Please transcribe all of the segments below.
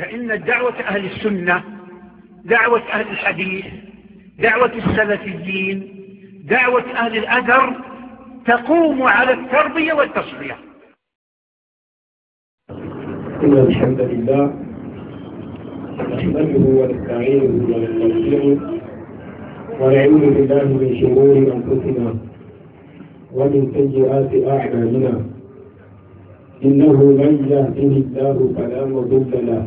فإن دعوة أهل السنة دعوة أهل الحديث دعوة السلفيين دعوة أهل الأثر تقوم على التربية والتصفية إن الحمد لله نحمده ونستعينه ونستغفره ونعوذ بالله من شرور أنفسنا ومن سيئات أعمالنا إنه من يهده الله فلا مضل له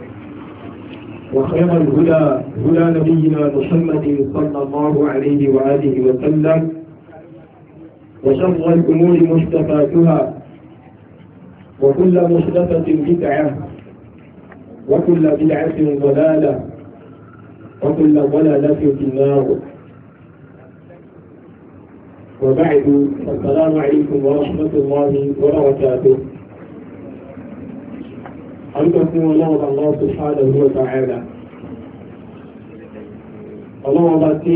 وخير الهدى هدى نبينا محمد صلى الله عليه وآله وسلم وشر الأمور مشتفاتها وكل مشتفة بدعة وكل بدعة ضلالة وكل ضلالة في النار وبعد السلام عليكم ورحمة الله وبركاته àdúgbò fún ọlọ́wọ́ Allah subhanahu wa ta'ala ọlọ́wọ́ bá tí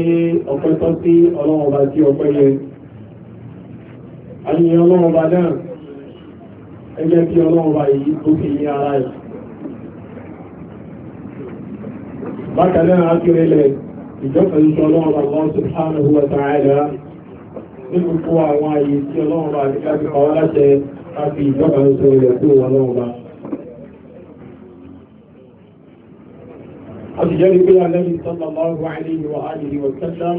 ọpẹ́ tọ́ sí ọlọ́wọ́ bá tí ọpẹ́ yẹ àyìn ọlọ́wọ́ bá náà ẹgbẹ́ tí ọlọ́wọ́ bá yìí tó fi ní ara ẹ̀ bákan náà akérèlẹ̀ ìjọba ìṣọ́ ọlọ́wọ́ Allah subhanahu wa ta'ala ní gbogbo àwọn àyè tí ọlọ́wọ́ bá ní káfíkọ́ àtijọ́rí pé alẹ́bí sallallahu alayhi wa alihi wa sallam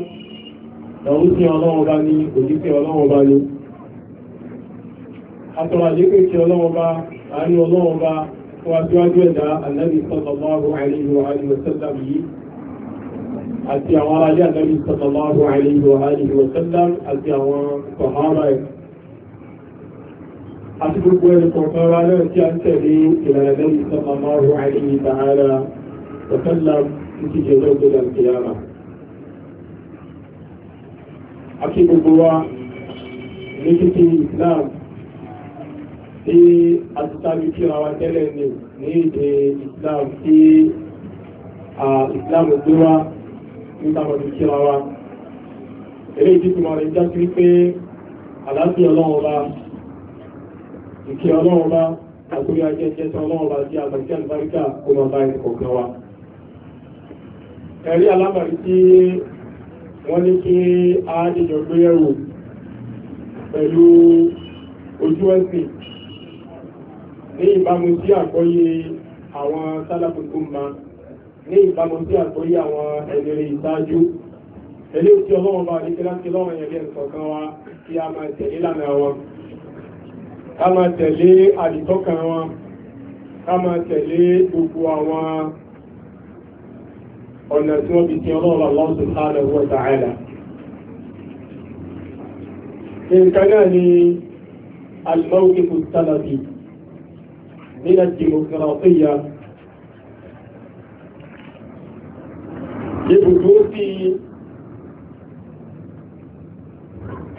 lọ́wọ́ sí ọlọ́wọ́ bá ní òjíṣẹ́ ọlọ́wọ́ bá ní àtọ̀rọ̀dé pé kí ọlọ́wọ́ bá àánú ọlọ́wọ́ bá fún aṣíwájú ẹ̀dá alẹ́bí sallallahu alayhi wa alihi wa sallam yìí àti àwọn aráyé alẹ́bí sallallahu alayhi wa alihi wa sallam àti àwọn sọ̀hárà ẹ̀ àti gbogbo ẹni kọ̀ọ̀kan rárẹ̀ tí a ń tẹ̀lé ìlànà lẹ́yìn sallallahu alayhi wa alihi wa sallam وسلم títí di ọjọ́ ìgbéga ìkìyàrá. Àti gbogbo wa ní títí Islam tí a ti sáájú kí ra wa tẹ́lẹ̀ ní ní èdè Islam tí Islam gbé wa ní sábàbí kí ra wa. Eré ìdíkùnmọ̀ rẹ̀ já sí pé àlàáfíà ọlọ́run bá ìkẹ́ ọlọ́run bá àkórí ajẹ́jẹ́ tí ọlọ́run bá sí àgbàjẹ́ àlùbáríkà kó máa bá ẹnì kọ̀ọ̀kan wa ẹ̀rí alámàrí tí wọ́n ní kí a níjọ gbé ẹ̀rù pẹ̀lú ojú ẹ̀sìn ní ìbámu sí àkọ́yé àwọn sálàkùnkùn ma ní ìbámu sí àkọ́yé àwọn ẹ̀lẹ́rẹ̀ ìsáájú ẹ̀lẹ́ òsì ọlọ́wọ́ bá ní kíláàkì lọ́wọ́ ẹ̀rẹ́ ìkọ̀ọ̀kan wa kí a máa tẹ̀lé lánàá wọn ọ̀nà tí wọ́n fi ti ọlọ́run Allah subhanahu wa ta'ala. nǹkan náà ni al-mawqif as-salafi min ad-dimuqraṭiyya ibùdó sí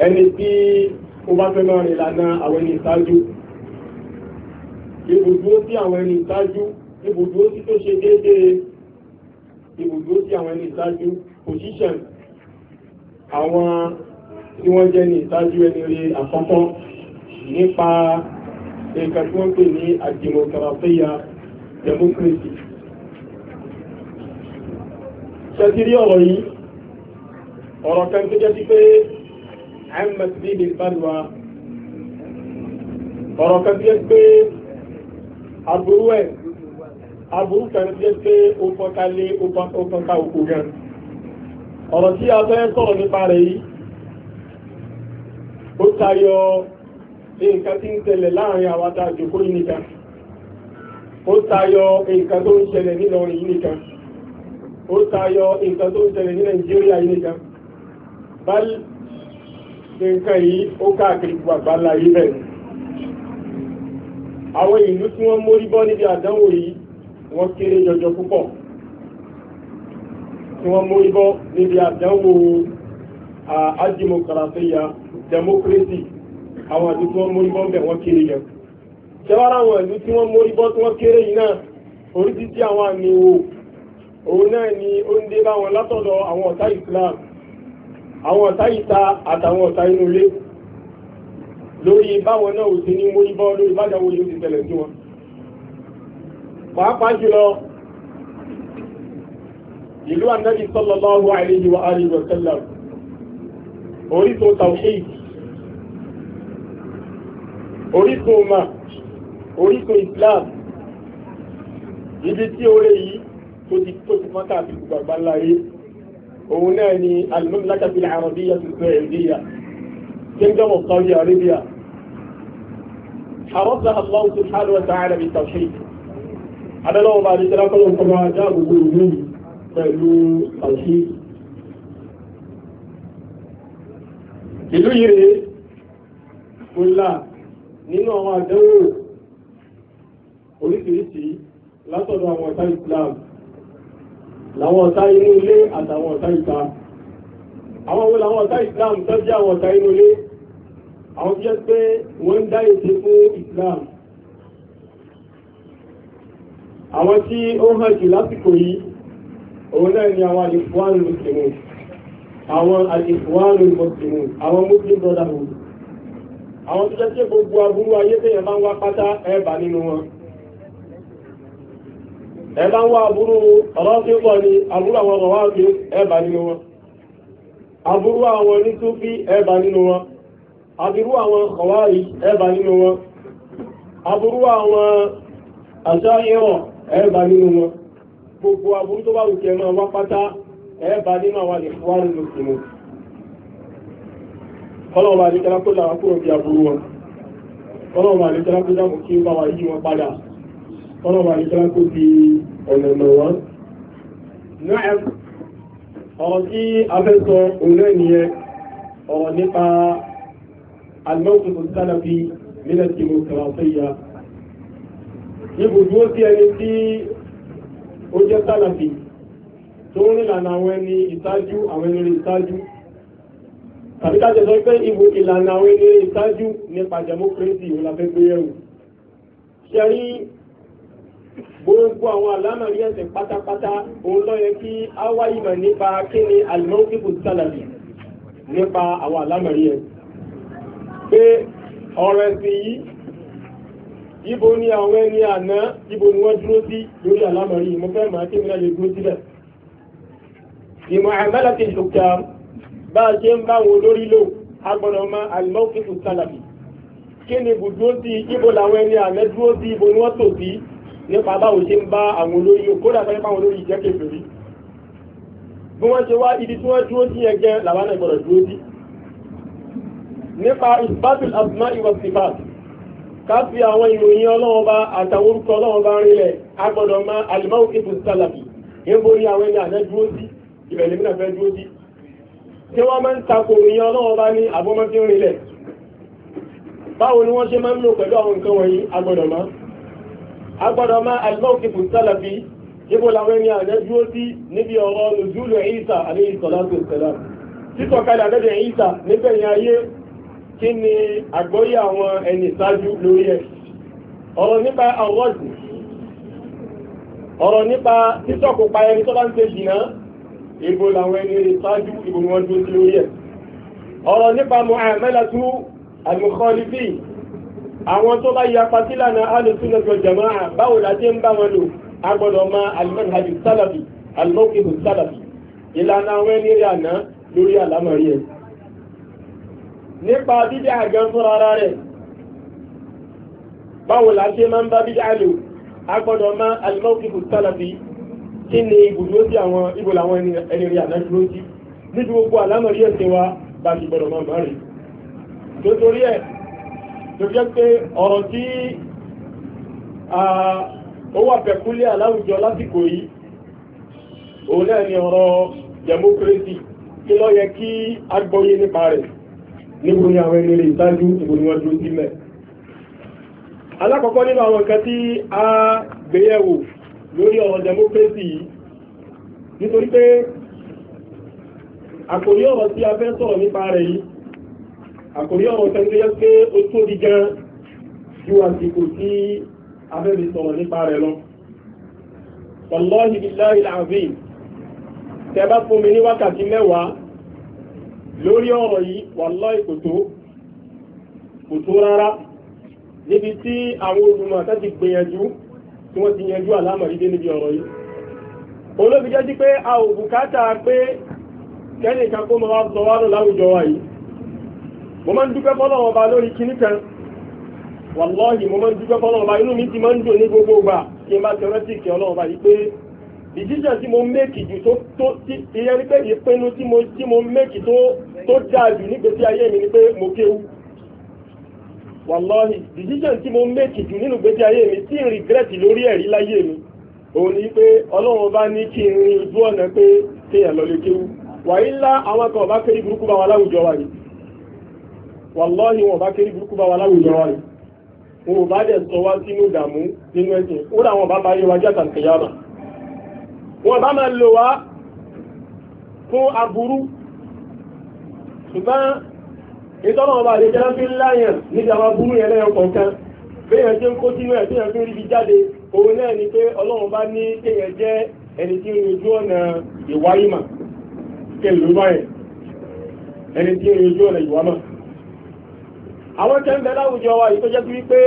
ẹni tí ó bá fẹ́ máa rìn lànà àwọn ẹni ìsáájú ibùdó sí àwọn ẹni ìsáájú ibùdó sí tó ṣe déédéé ibùdó tí àwọn ẹni ìsájú position àwọn tí wọ́n jẹ́ ní ìsájú ẹni rí àkọ́kọ́ nípa nǹkan tí wọ́n pè ní àdìmọ̀tàràfẹ́yà democracy ṣẹ́tírí ọ̀rọ̀ yìí ọ̀rọ̀ kan tó jẹ́ sí pé msd lè bálùwà ọ̀rọ̀ kan tó jẹ́ pé aburú aburú kan jẹ́ pé ó fọ́nká lé ó fọ́nká oko gan ọ̀rọ̀ tí a fẹ́ sọ̀rọ̀ nípa rẹ̀ yìí ó tayọ nǹkan tí ń ṣẹlẹ̀ láàrin àwọn tá a jòkó yìí nìkan ó tayọ nǹkan tó ń ṣẹlẹ̀ nílọrin yìí àwọn ìlú tí wọ́n mórí bọ́ níbi àdánwò yìí wọ́n kéré jọjọ púpọ̀ tí wọ́n mú ibọ́ níbi àdánwò àjìmọ̀kàràfẹ́yà democracy àwọn àti tí wọ́n mú ibọ́ bẹ̀ wọ́n kéré yẹn ṣẹ́wárá àwọn ìlú tí wọ́n mú ibọ́ tí wọ́n kéré yìí náà oríṣiríṣi àwọn àmì wò òun náà ni ó ń dé báwọn látọ̀dọ̀ àwọn ọ̀tá Islam àwọn ọ̀tá ìta àtàwọn ọ̀tá inú ilé lórí báwọn náà ò sí ní mú ibọ́ lórí bájáwó yóò ti tẹ̀lẹ̀ sí wọn pàápàá jùlọ ìlú ànábì sallallahu alayhi wa alihi wa sallam orísun tawhid orísun ma orísun islam ibi tí oore yìí tó ti tó ti fọ́n káàkiri gbàgbà láyé òun náà ni al-mamlakatul arabiyyah as-saudiyyah kingdom of Saudi Arabia حرسها الله سبحانه وتعالى بالتوحيد abẹ́lọ́wọ́ bá dìtẹ́lá kọ́lọ̀ kọba dáàbòbò ìlú pẹ̀lú àṣí ìlú yìí rèé kólà nínú àwọn àdẹ́wò oríṣiríṣi látọ̀dọ̀ àwọn ọ̀tá Islam làwọn ọ̀tá inú ilé àtàwọn ọ̀tá ìta àwọn wo làwọn ọ̀tá Islam tọ́jú àwọn ọ̀tá inú ilé àwọn tí wọ́n ń dá ète fún Islam àwọn tí ó hàn jù lásìkò yìí òun náà ni àwọn àlìfúwánù mùsùlùmù àwọn àlìfúwánù mùsùlùmù àwọn muslim brotherhood àwọn tó sí gbogbo aburú ayé tẹ̀yẹ̀ bá ń wá pátá ẹ̀bà nínú wọn ẹ̀bá ń wá aburú ọ̀rọ̀ tí pọ̀ ní aburú àwọn ọ̀rọ̀ wá bí ẹ̀bà nínú wọn aburú àwọn onítúfí ẹ̀bà nínú wọn aburú ẹ̀ẹ́bà nínú wọn gbogbo aburú tó bá wù kẹ́ máa wá pátá ẹ̀ẹ́bà nínú àwọn àlèkùwárí lòsìmù ọlọ́ọ̀bà àlèkẹ́lá kó làwọn kúrò bí aburú wọn ọlọ́ọ̀bà àlèkẹ́lá kó dáàbò kí bá wa yí wọn padà ọlọ́ọ̀bà àlèkẹ́lá kó fi ọ̀nà mọ̀ wọn. ọ̀rọ̀ tí a sọ òun náà nìyẹn ọ̀rọ̀ nípa الموقف السلفي من الديمقراطية níbùdó sí ẹni tí ó jẹ́ sálàfì tó ń rìnlànà àwọn ẹni ìṣáájú àwọn ẹni ìṣáájú tàbí ká jẹ́sọ́ pé ibù ìlànà àwọn ẹni ìṣáájú nípa democracy ìwò la fẹ́ gbé yẹ̀wò ṣe rí gbogbo àwọn àlámàrí ẹ̀sìn pátápátá òun ló yẹ kí á wá ìmọ̀ nípa kí ni alimọ́kìkù sálàfì nípa àwọn àlámàrí ẹ̀ pé ọ̀rọ̀ ẹ̀sìn yìí ibo ni àwọn ẹni àná ibo ni wọ́n dúró sí lórí àlámọ̀rí mo fẹ́ màá kí mi náà lè dúró síbẹ̀. ìmọ̀ àmàlà ti ṣùkà bá a ṣe ń bá wọn olórí lò a gbọ́dọ̀ mọ àlùmọ́kì tó kálàbì. kí ni ibùdúró sí ibo làwọn ẹni àná dúró sí ibo ni wọ́n tò sí nípa báwo ṣe ń bá àwọn olórí lò kódà fẹ́ bá àwọn olórí jẹ́ kékeré. bí wọ́n ṣe wá ibi tí wọ́n dúró sí yẹn gẹ́ làwọn náà gbọ́dọ̀ dúró sí. nípa ìsbátùl asma ìwà sifat ká fi àwọn ìròyìn ọlọ́wọ́n bá àtàwọn orúkọ ọlọ́wọ́n bá rinlẹ̀ a gbọ́dọ̀ máa alimawo kébù sálàbì níbo ni àwọn ẹni àná dúró sí ìrẹ̀lẹ̀ mìíràn fẹ́ dúró sí. tí wọ́n máa ń takò ìròyìn ọlọ́wọ́n bá ní àbọ́mọ́fín rinlẹ̀ báwo ni wọ́n ṣe máa ń lò pẹ̀lú àwọn nǹkan wọ̀nyí a gbọ́dọ̀ máa a gbọ́dọ̀ máa alimawo kébù sálàbì làwọn ẹni àná dúró sí níbi ọ̀rọ̀ kí ni àgbọ́yé àwọn ẹni ìsájú lórí ẹ̀ ọ̀rọ̀ nípa àwọ́dì ọ̀rọ̀ nípa títọ́kùpa ẹni tó bá ń ṣe jìnnà ìbò làwọn ẹni ìsájú ìbò ni wọ́n dúró sí lórí ẹ̀ ọ̀rọ̀ nípa mu'amalatu al-mukhalifi àwọn tó bá yapa sílànà al-sunnah wal la ṣe lórí àlámọ̀rí nípa bídí àgán fúnra ara rẹ̀ báwo la ṣe máa ń bá bídí àlò agbọ́dọ̀ máa alimọ́kìkù sálàbí kí ni ibùdó sí àwọn ibò làwọn ẹni rí àná dúró sí níbi gbogbo àlámọ̀rí ẹ̀sẹ̀ wa bá ti gbọ́dọ̀ máa máa rìn nítorí ẹ̀ tó jẹ́ pé ọ̀rọ̀ tí ó wà pẹ̀kúlẹ̀ aláwùjọ lásìkò yìí òun náà ni ọ̀rọ̀ democracy kí ló yẹ kí agbóyé nípa rẹ̀ níbo ni àwọn eléré ìtajú ìbò ni wọ́n dúró sílẹ̀ alákọ̀ọ́kọ́ nínú àwọn nǹkan tí a gbéyẹ̀wò lórí ọ̀rọ̀ democracy yìí nítorí pé àkòrí ọ̀rọ̀ tí a fẹ́ sọ̀rọ̀ nípa rẹ̀ yìí àkòrí ọ̀rọ̀ tẹ́lẹ̀ pé ó tóbi gan ju àsìkò tí a fẹ́ fi sọ̀rọ̀ nípa rẹ̀ lọ wallahi billahi alazim tẹ́ bá fún mi ní wákàtí mẹ́wàá lórí ọ̀rọ̀ yìí wallahi kò tó kò tó rárá níbi tí àwọn olùmọ̀ tá ti gbìyànjú tí wọ́n ti yanjú àlámọ̀rídé níbi ọ̀rọ̀ yìí olóbi jẹ́ sí pé a ò bùkátà pé kẹ́nìkan kó mọ́ wá sọ wá nù láwùjọ wa yìí mo máa ń dúpẹ́ fọ́lọ́wọ́ ba lórí kíní kan wallahi mo máa ń dúpẹ́ fọ́lọ́wọ́ ba inú mi ti máa ń dùn ní gbogbo ìgbà kí n bá ti rántí ìkẹ́ ọlọ́wọ́ yìí pé decision tí mo make jù tó tó tí ìyẹn ni pé ìpinnu tí mo tí mo make tó tó dáa jù nígbèsí ayé mi ni pé mo kéwú wàlọ́ọ̀hì decision tí mo make jù nínú gbèsè ayé mi tí n regret lórí ẹ̀rí láyé mi òun ni pé ọlọ́run bá ní kí n rin ojú ọ̀nà pé kéèyàn lọ lè kéwú wàyí ńlá àwọn kan ọba kéré burúkú bá wa láwùjọ wa yìí wàlọ́ọ̀hì wọn ọba kéré burúkú bá wa láwùjọ wa yìí wọn ò bá dẹ̀ sọ wá sínú ìdààmú nínú ẹ̀sìn ó dà wọn bá bá yé wájú àtàkẹ́yàmà wọ́n bá máa lò wá fún aburú ṣùgbọ́n ìtọ́nà ọba àlejẹ́lá fi láyàn níbi àwọn aburú yẹn lẹ́yìn kọ̀ọ̀kan béèyàn jẹ́ ń kó sínú ẹ̀ téèyàn fi ríbi jáde òun náà ni pé ọlọ́run bá ní kéèyàn jẹ́ ẹni tí ń rojú ọ̀nà ìwà ìmọ̀ kẹlò báyìí ẹni tí ń rojú ọ̀nà ìwà mọ̀ àwọn tẹ́ ń bẹ láwùjọ wa yìí tó jẹ́ pé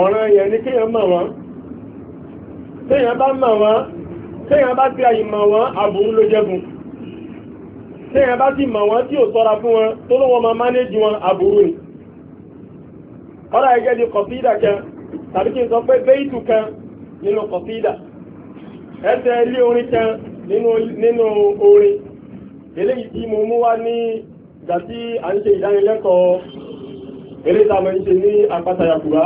ọ̀ràn yẹn ni kéèyàn mọ̀ wọ́n téèyàn bá mọ̀ wọ́n téèyàn bá ti àìmọ̀ wọn àbúrú ló jẹ́gun téèyàn bá ti mọ̀ wọn tí ò sọ́ra fún wọn tó ló wọn máa mánéjì wọn àbúrú ni ọ̀rọ̀ ẹgẹ́ di kọ̀fídà kan tàbí kí n sọ pé béètù kan nínú kọ̀fídà ẹsẹ̀ ilé orin kan nínú orin eléyìí tí mo mú wá ní ìgbà à ń ṣe ìdánilẹ́kọ̀ọ́ eléyìí tá ń ṣe ní apáta yakuba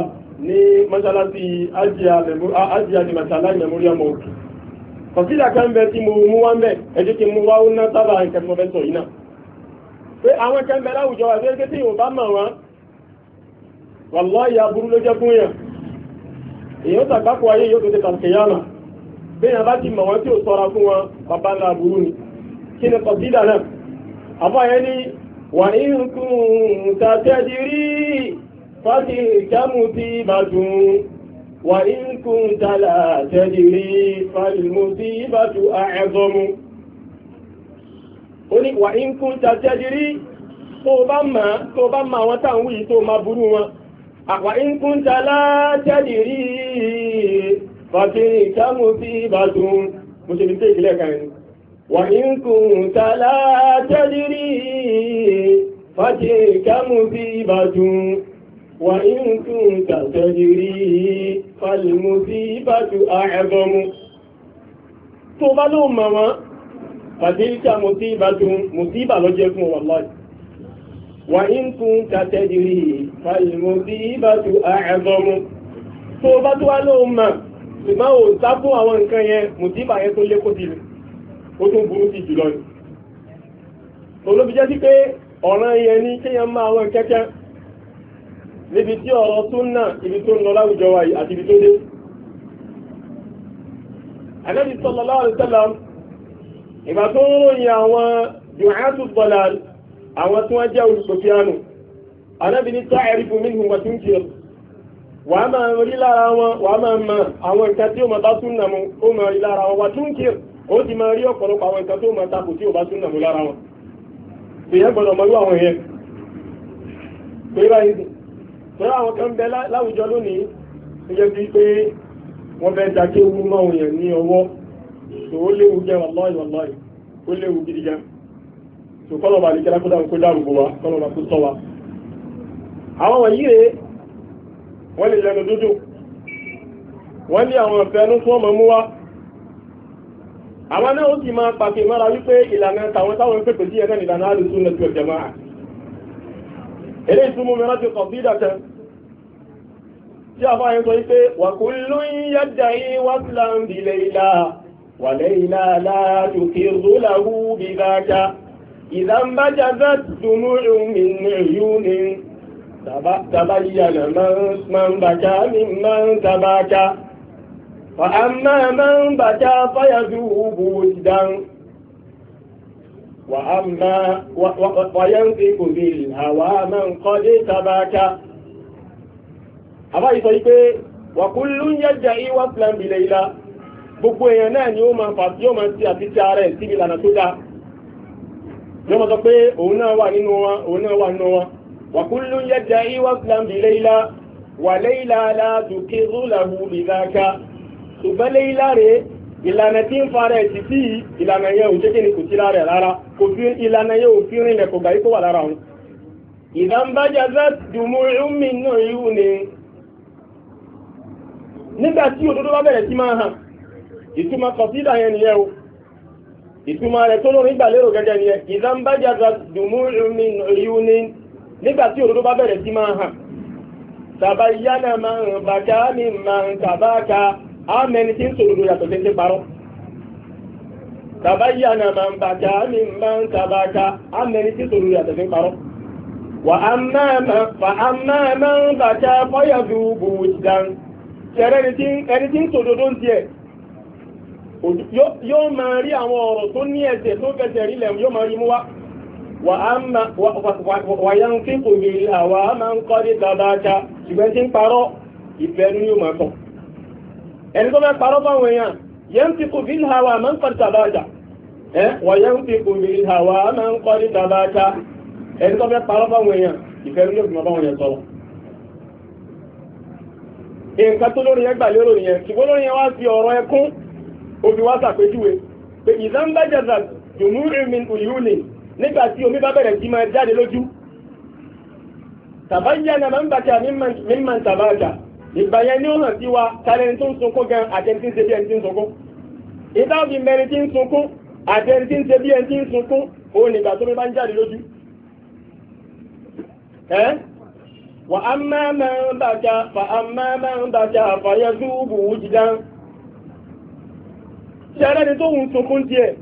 ní mọ́ṣáláṣí ájíà di màṣálá memorial mosque kọ̀sídà kan bẹ tí mo mú wá ń bẹ̀ ẹjọ́ kí mo wá ó ná sábà nǹkan mo fẹ́ sọ yìí náà pé àwọn kan bẹ láwùjọ wa pé tí yóò bá mọ̀ wọn wàlláhì aburú ló jẹ́ fún yàn èèyàn tàgbákò ayé yóò tó ti kàlùkìyàmà bí yàn bá ti mọ̀ wọn tí ò sọra fún wọn bàbá ńlá aburú ni kí ni kọ̀sídà náà àbọ̀ yẹn ni wà ní nkùn tàtẹ́dìrí fásitì kẹ́mù ti bàtún. وإن كنت لا تدري فالمصيبة أعظم وإن كنت تدري tó bá mọ̀ tó bá mọ̀ àwọn táwọn wíyí tó máa burú wọn àpá ìkúnta látẹ́lì rí fàtí ìkámú sí ìbàdùn mo ṣe fi tẹ́ ìkìlẹ̀ kan ní wà ìkúnta látẹ́lì rí fàtí ìkámú sí ìbàdùn وإن كنت تجري فالمصيبة أعظم تبلو ماما فتلك مصيبة مصيبة لجيكم والله وإن كنت تجري فالمصيبة أعظم tòbátó wá ló mà ṣùgbọ́n ò sá fún àwọn nǹkan yẹn mùsíbà yẹn tó lékò sí ó tún burú sí jùlọ ni olóbi jẹ́ sí pé ọ̀ràn yẹn ní kéèyàn máa àwọn kẹ́kẹ́ níbi tí ọ̀rọ̀ súnà ibi tó ń lọ láwùjọ wa yìí àti ibi tó dé. Ànábì sallallahu alaihi wasallam ìgbà tó ń ròyìn àwọn du'atu dalal àwọn tí wọ́n jẹ́ olùsòfíànù Ànábì ní ta'rifu minhum wa tunkir wàá máa rí lára wọn wàá máa mọ àwọn nǹkan tí ó máa bá súnà mu ó máa rí lára wọn wa tunkir ó sì máa rí ọ̀pọ̀lọpọ̀ àwọn nǹkan tó máa takò tí ó bá súnà mu lára tọ́lá àwọn kan bẹ láwùjọ lónìí tó jẹ́ bí pé wọ́n fẹ́ da kí ewu máa yàn ní ọwọ́ tó ó léwu jẹ́ wallahi wallahi ó léwu gidi gan tó kọ́lọ̀ bá lè kẹ́lá kó dáhùn kó dáhùn bò wá kọ́lọ̀ bá kó sọ wa. àwọn wọ̀nyí rèé wọ́n lè lẹ́nu dúdú wọ́n ní àwọn ìfẹ́nu fún ọmọ mú wá àwọn náà ó sì máa pàṣẹ mọ́ra wípé ìlànà tàwọn táwọn pèpè sí ẹ̀rẹ́ ìlànà àlùsùn lẹ́tù ọ̀jẹ̀ máa eléyìí tún mú mi rántí kọ̀ǹpútà kan tí a fáyé sọ wípé wàkúlù yàjà yìí wàsílám bìlẹ̀ ìlà wàlẹ̀ ìlà aláàjù kí rúlàwù bí dájá ìdánbájá zàtúmùrù mi nìyú ni tabayyana man bàjá mi man tabájá fa'amma man bàjá fayazúbù dán wa'amma wayanti kùbìl hawa man kọ́dé tabájá àbáyé sọ wípé wàkúlù ń yẹ́jà ìwà islam ilẹ̀ ìlà gbogbo èèyàn náà ni ó máa fà yóò máa ti àti ti ara ẹ̀ síbi ìlànà tó dáa yóò máa sọ pé òun náà wà nínú wọn òun náà wà nínú wọn wàkúlù ń yẹ́jà ìwà islam ilẹ̀ ìlà wà lẹ́yìnlá aládùúkè rúlàhù ìlàkà ṣùgbọ́n lẹ́yìnlá rèé ìlànà tí ń fara ẹ̀ sí sí ìlànà yẹn ò jẹ́kẹ́ ni kò sí lára ẹ̀ rárá ìlànà yẹn ò fi rinlẹ̀ kò gbà yí kó wà lára òun. ìdánbájá zat dùmú ìhùn mi náà yìí ni nígbà tí òdodo bá bẹ̀rẹ̀ sí máa hàn ìtumọ̀ kọ̀sídà yẹn nìyẹn o ìtumọ̀ rẹ̀ tó lórí ìgbà lérò gẹ́gẹ́ nìyẹn ìdánbájà dùnmú ríu ní nígbà tí òdodo bá bẹ̀rẹ̀ sí máa hàn tàbá yánà máa ń bàkà ní máa ń kàbáka ámẹni tí ń sòdodo yàtọ̀ tí ń ti parọ́ tàbá yánà máa ń bàkà ní máa ń kàbáka ámẹni tí ń sòdodo yàtọ̀ tí ń parọ́ wà á máa máa ń bàkà fọ́yà dùbù dán ṣẹ̀rẹ́ ẹni tí ń tòdodo ń tiẹ̀ yóò máa rí àwọn ọ̀rọ̀ tó ní ẹsẹ̀ tó fẹsẹ̀ rí lẹ̀mú yóò máa rí mú wá wàyá ń fi kò yìí àwa máa ń kọ́ ní dáadáa ṣùgbọ́n tí ń parọ́ ìfẹ́ ní yóò máa tàn ẹni tó fẹ́ parọ́ fáwọn èèyàn yẹn ń fi kò bí ìhàwà máa ń kọ́ ní dáadáa wàyá ń fi kò yìí àwa máa ń kọ́ ní dáadáa ẹni tó fẹ́ yóò nǹkan tó lórí yẹn gbà lérò yẹn ṣùgbọ́n lórí yẹn wá sí ọ̀rọ̀ ẹkún omi wá sàpèjúwe pé ìzánbájàdà yòmú rèmi òyúni nígbà tí omi bá bẹ̀rẹ̀ sí máa jáde lójú tàbáyá na máa ń bàtà mímọ̀ tàbájà ìgbà yẹn ní ọ̀nà tí wa tàlẹ́ni tó ń sunkún gan àtẹni tí ń ṣe bí ẹni tí ń sunkún ìdáàbí mẹ́rin tí ń sunkún àtẹni ń ṣe bí ẹni tí ń sunkún òun nígbà tó mi bá ń jáde lójú. وأما من بكى فأما من بكى فيذوب وجدا ṣẹlẹ̀ ni tó ń sunkún díẹ̀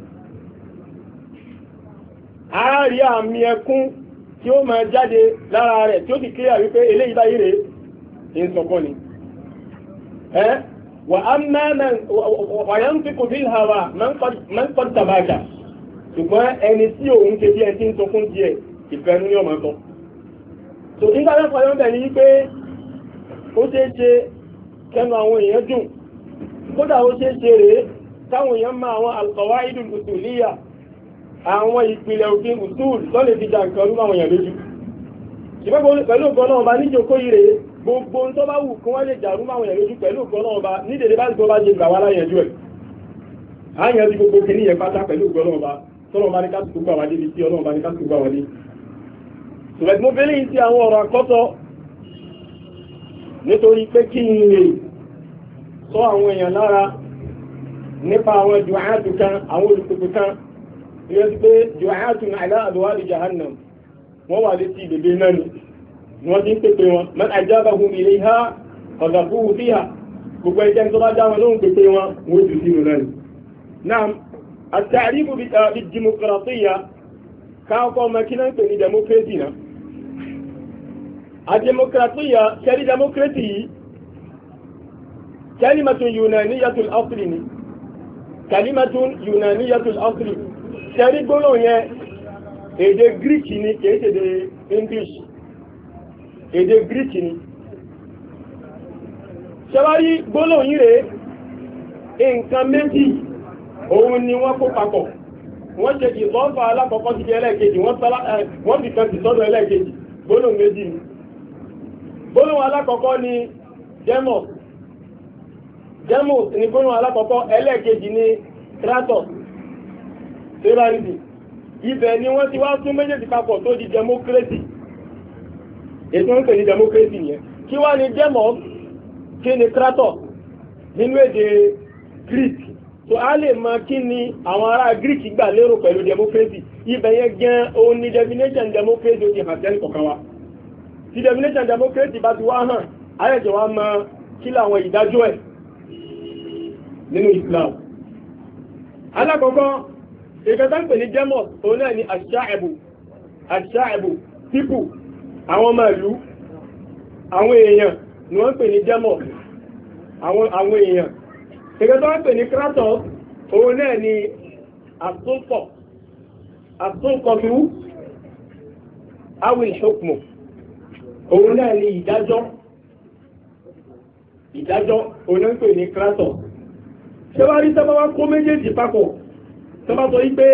àárí àmì ẹkún tí ó máa jáde lára rẹ̀ tí ó ti kíyà wípé eléyìí báyìí rèé ń sọkún ni ẹ́ wà á mẹ́rin wàyẹ̀ ń fi kò bí hàwà mẹ́ńkọ́dì tàbákà ṣùgbọ́n ẹni tí òun ṣe bí ẹ ti ń sunkún díẹ̀ ìfẹ́ ní ọmọ sọ tò nígbà náà fọyọ́ bẹ̀ ni wípé ó ṣeé ṣe kẹnu àwọn èèyàn dùn kódà ó ṣeé ṣe rèé táwọn èèyàn máa àwọn alqawaidul usuliyya àwọn ìpìlẹ̀ òfin usul lọ́lẹ̀ fi jà nǹkan lúmọ̀ àwọn èèyàn lójú ṣùgbọ́n pẹ̀lú ògbọ́n náà ọba níjókòó yìí rèé gbogbo tó bá wù kí wọ́n lè jà rúmọ̀ àwọn èèyàn lójú pẹ̀lú ògbọ́n náà ọba nídèdè bá gbọ́ bá ṣe gbà wá láyẹ̀jú ẹ̀ àyàn ti gbogbo kìíní yẹn pátá pẹ̀lú ògbọ́n náà ọba tọ́lọ́ ọba ní ká ṣùgbẹ́gbọ́bẹ̀lẹ̀ yìí ti àwọn ọ̀rọ̀ àkọ́tọ̀ nítorí pé kí n lè sọ àwọn èèyàn lára nípa àwọn kan àwọn olùpèpè kan ilé ti pé jùháàtù àìlá àdúwádìí jahannam wọ́n wà ha tó bá dáwọn lóhùn pèpè a àdèmọkìrátìyà kẹrí dẹmọkìrátì yìí kẹlímẹtún yunaniyatul asli ni kẹlímẹtún yunaniyatul asli kẹrí gbólóhùn yẹn èdè greek ni kìí ṣèdè english èdè greek ni ṣẹwárí gbólóhùn yìí rèé nǹkan méjì òun ni wọ́n kó papọ̀ wọ́n ṣe ìlọ́fà alákọ̀ọ́kọ́ ti di ẹlẹ́ẹ̀kejì wọ́n fi kan ti sọ́dọ̀ ẹlẹ́ẹ̀kejì gbólóhùn méjì ni gbólóhùn alákọ̀ọ́kọ́ ni jẹ́mọ̀ jẹ́mọ̀ ni gbólóhùn alákọ̀ọ́kọ́ ẹlẹ́ẹ̀kejì ni kratos sevaridi ibẹ̀ ni wọ́n ti wá tún méjèèjì papọ̀ tó di democracy ètò ń pè ní democracy yẹn kí wá ni jẹ́mọ̀ kí ni kratos nínú èdè greek so a lè mọ kí ni àwọn ará greek gbà lérò pẹ̀lú democracy ibẹ̀ yẹn gan òun ni definition democracy ó ti hàn sẹ́ni kọ̀ọ̀kan wa tí definition democracy bá ti wá hàn ayẹ̀jẹ̀ wa mọ kí làwọn ìdájọ́ ẹ̀ nínú Islam alákọ̀ọ́kọ́ ìkẹtàǹpẹ̀ ní jẹ́mọ̀ òun náà ni àṣàẹ̀bù àṣàẹ̀bù pípù àwọn ọmọ ìlú àwọn èèyàn ni wọ́n ń pè ní jẹ́mọ̀ àwọn èèyàn ìkẹtàǹpẹ̀ ní kratos òun náà ni àtúnkọ̀ àtúnkọ̀tú awil hukmu òun náà ni ìdájọ́ ìdájọ́ onípe ní kratos ṣé wá rí sábà wá kó méjèèjì papọ̀ sábà sọ wípé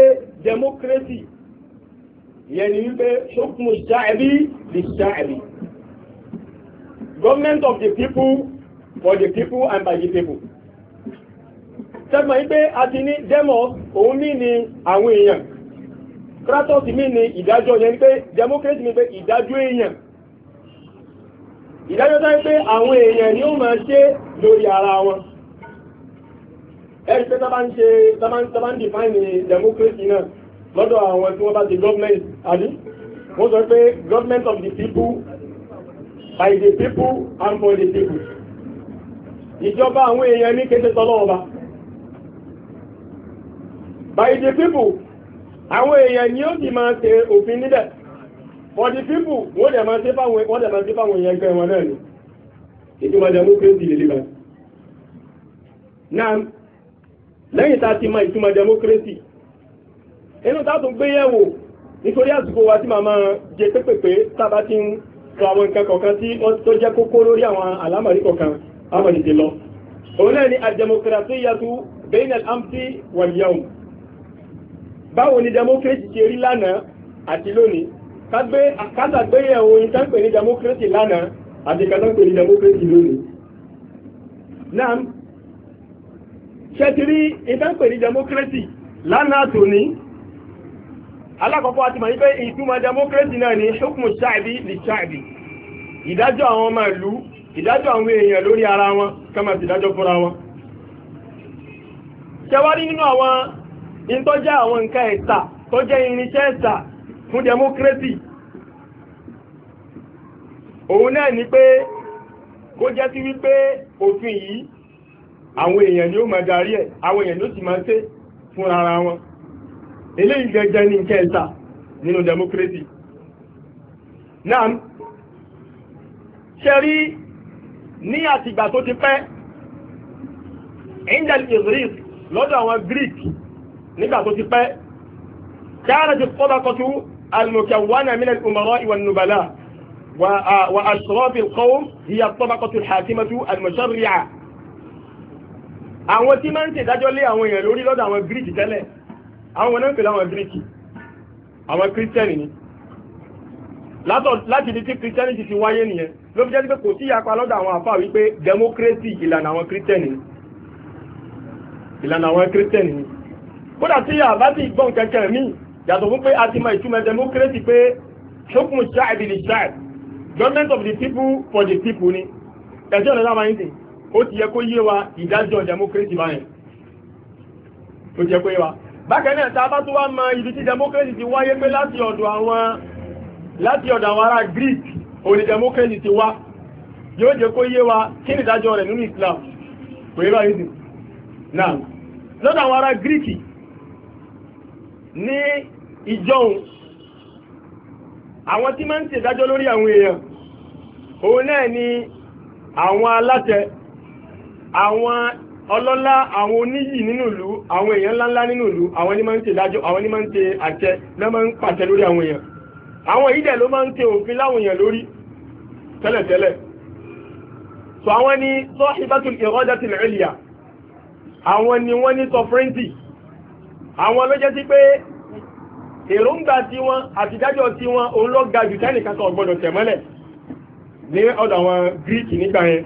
democracy yẹn ni wípé ṣókùn ṣáàbí lè ṣáàbí government of the people for the people and by the people sẹ́gbọ̀n yìí pé a ti ní demos òun mí ni àwọn èèyàn kratos mí ni ìdájọ́ yẹn ni pé democracy mi pé ìdájọ́ èèyàn ìdájọ́ tó ń pé àwọn èèyàn ni ó máa ṣe lórí ara wọn ẹ̀rí pé tábà ń ṣe tábà ń define democracy náà lọ́dọ̀ àwọn tí wọ́n bá ṣe government àbí wọ́n sọ pé government of the people by the people and for the people ìjọba àwọn èèyàn ní kété tọ́lọ́wọ́ bá by the people àwọn èèyàn ni ó sì máa ṣe òfin níbẹ̀ for the people wọ́n dẹ̀ máa ṣe fáwọn wọ́n dẹ̀ máa ṣe fáwọn èèyàn ẹgbẹ́ wọn náà ni ètò ìwà democracy lè lébà náà lẹ́yìn tá a ti mọ ìtumọ̀ democracy inú tá a tún gbé yẹ̀wò nítorí àsìkò wa tí màmá jẹ pépèpé tábà ti ń sọ àwọn nǹkan kọ̀ọ̀kan tí ó jẹ́ kókó lórí àwọn àlámọ̀rí kọ̀ọ̀kan àmọ̀rí ti lọ òun náà ni àdèmọ̀kìràtì yàtú bẹ́ẹ̀nà amtí wàlíyàwó báwo ni democracy ṣe rí lánàá àti lónìí o kásàgbéyẹ̀wò ìtẹ́ǹpẹ̀ ní democracy lánàá àti kátàǹpẹ̀ ní democracy lónìí náà ṣẹ́tìrí ìtẹ́ǹpẹ̀ ní democracy lánàá tó ní alákọ̀ọ́kọ́ àti màá yí pé ìtumọ̀ democracy náà ní ṣókùnmù ṣáàbí lè ṣáàbí ìdájọ́ àwọn ọmọ ìlú ìdájọ́ àwọn èèyàn lórí ara wọn kama ti dájọ́ fúnra wọn ṣẹwárí nínú àwọn ìtọ́jẹ́ àwọn nǹkan ẹ̀ta tó jẹ́ irinṣẹ́ ẹ̀ta fún democracy òun náà ni pé kó jẹ́ sí wípé òfin yìí àwọn èèyàn ni ó máa darí ẹ̀ àwọn èèyàn ló sì máa ṣe fún ara wọn eléyìí gẹ́gẹ́ ní kẹta nínú democracy náà ṣe rí ní àtìgbà tó ti pẹ́ angel israel lọ́dọ̀ àwọn greek nígbà tó ti pẹ́ kí ara ti kọ́ bá kọ́ tó ìwọ̀n nùbàlá وأشراف القوم هي الطبقة الحاكمة المشرعة àwọn tí máa ń tẹ̀dájọ́ lé àwọn èèyàn lórí lọ́dọ̀ àwọn gíríkì tẹ́lẹ̀ àwọn náà ń pèlè àwọn gíríkì àwọn kírísítẹ́nì ni láti ibi tí kírísítẹ́nì ti ti wáyé nìyẹn ló fi jẹ́ pé kò sí ìyapa lọ́dọ̀ àwọn àfáà wípé democracy ìlànà àwọn kírísítẹ́nì ni ìlànà àwọn kírísítẹ́nì ni kódà tí yà bá ti gbọ́n kẹ̀kẹ́ míì yàtọ̀ fún pé a ti mọ ìtumọ̀ democracy pé ṣókùn ṣáàbì lè ṣáàbì government of the people for the people ni ẹjọ́ ọ̀nà láwọn ẹ̀yìn tì ó ti yẹ kó yé wa ìdájọ́ democracy báyẹn ó ti yẹ kó yé wa bákan náà tá a bá tó wá mọ ibi tí democracy ti wáyé pé láti ọ̀dọ̀ àwọn láti ọ̀dọ̀ àwọn ará Greek òní democracy ti wá yóò jẹ́ kó yé wa kí ni ìdájọ́ rẹ̀ nínú Islam kò yé báyìí tì náà lọ́dọ̀ àwọn ará Greek ní ìjọ́un àwọn tí máa ń ṣèdájọ́ lórí àwọn èèyàn òun náà ni àwọn aláṣẹ àwọn ọlọ́lá àwọn oníyì nínú ìlú àwọn èèyàn ńláńlá nínú ìlú àwọn ni máa ń ṣèdájọ́ àwọn ni máa ń ṣe àṣẹ náà máa ń pàṣẹ lórí àwọn èèyàn àwọn yìí dẹ̀ ló máa ń ṣe òfin láwọn èèyàn lórí tẹ́lẹ̀tẹ́lẹ̀ so àwọn ni sahibatul iradatil ulya àwọn ni wọ́n ní sovereignty àwọn ló jẹ́ sí pé èròǹgbà tí wọn àtidájọ́ tí wọn òun lọ ga jù tẹ́nì kankan ọ̀gbọ́dọ̀ tẹ̀mọ́lẹ̀ ní ọ̀dọ̀ àwọn gíríkì nígbà yẹn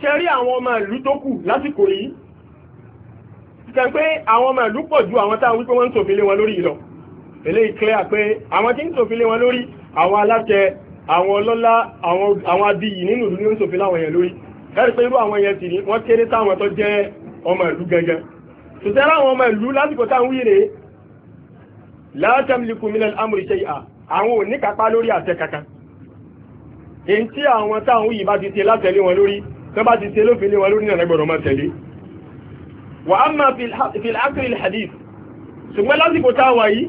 ṣe rí àwọn ọmọ ìlú tó kù lásìkò yìí kẹ́ pé àwọn ọmọ ìlú pọ̀ ju àwọn táwọn wípé wọ́n ń ṣòfin lé wọn lórí lọ eléyìí clear pé àwọn tí ń ṣòfin lé wọn lórí àwọn aláṣẹ àwọn ọlọ́lá àwọn abiyì nínú ìlú ni ó ń ṣòfin láwọn yẹn lórí ẹ̀rí pé irú àwọn yẹn sì ni wọ́n kéré táwọn tó jẹ́ ọmọ ìlú gangan sùtẹ́rà àwọn ọmọ ìlú lásìkò tá à ń wí rèé la tamliku min al-amri shay'a àwọn ò ní kápá lórí àṣẹ kankan èyí tí àwọn táwọn yìí bá ti ṣe látẹ̀lé wọn lórí tó bá ti ṣe lófin lé wọn lórí nàlẹ́ gbọ́dọ̀ máa tẹ̀lé. wa amma fil asri al-hadith ṣùgbọ́n lásìkò táwọn yìí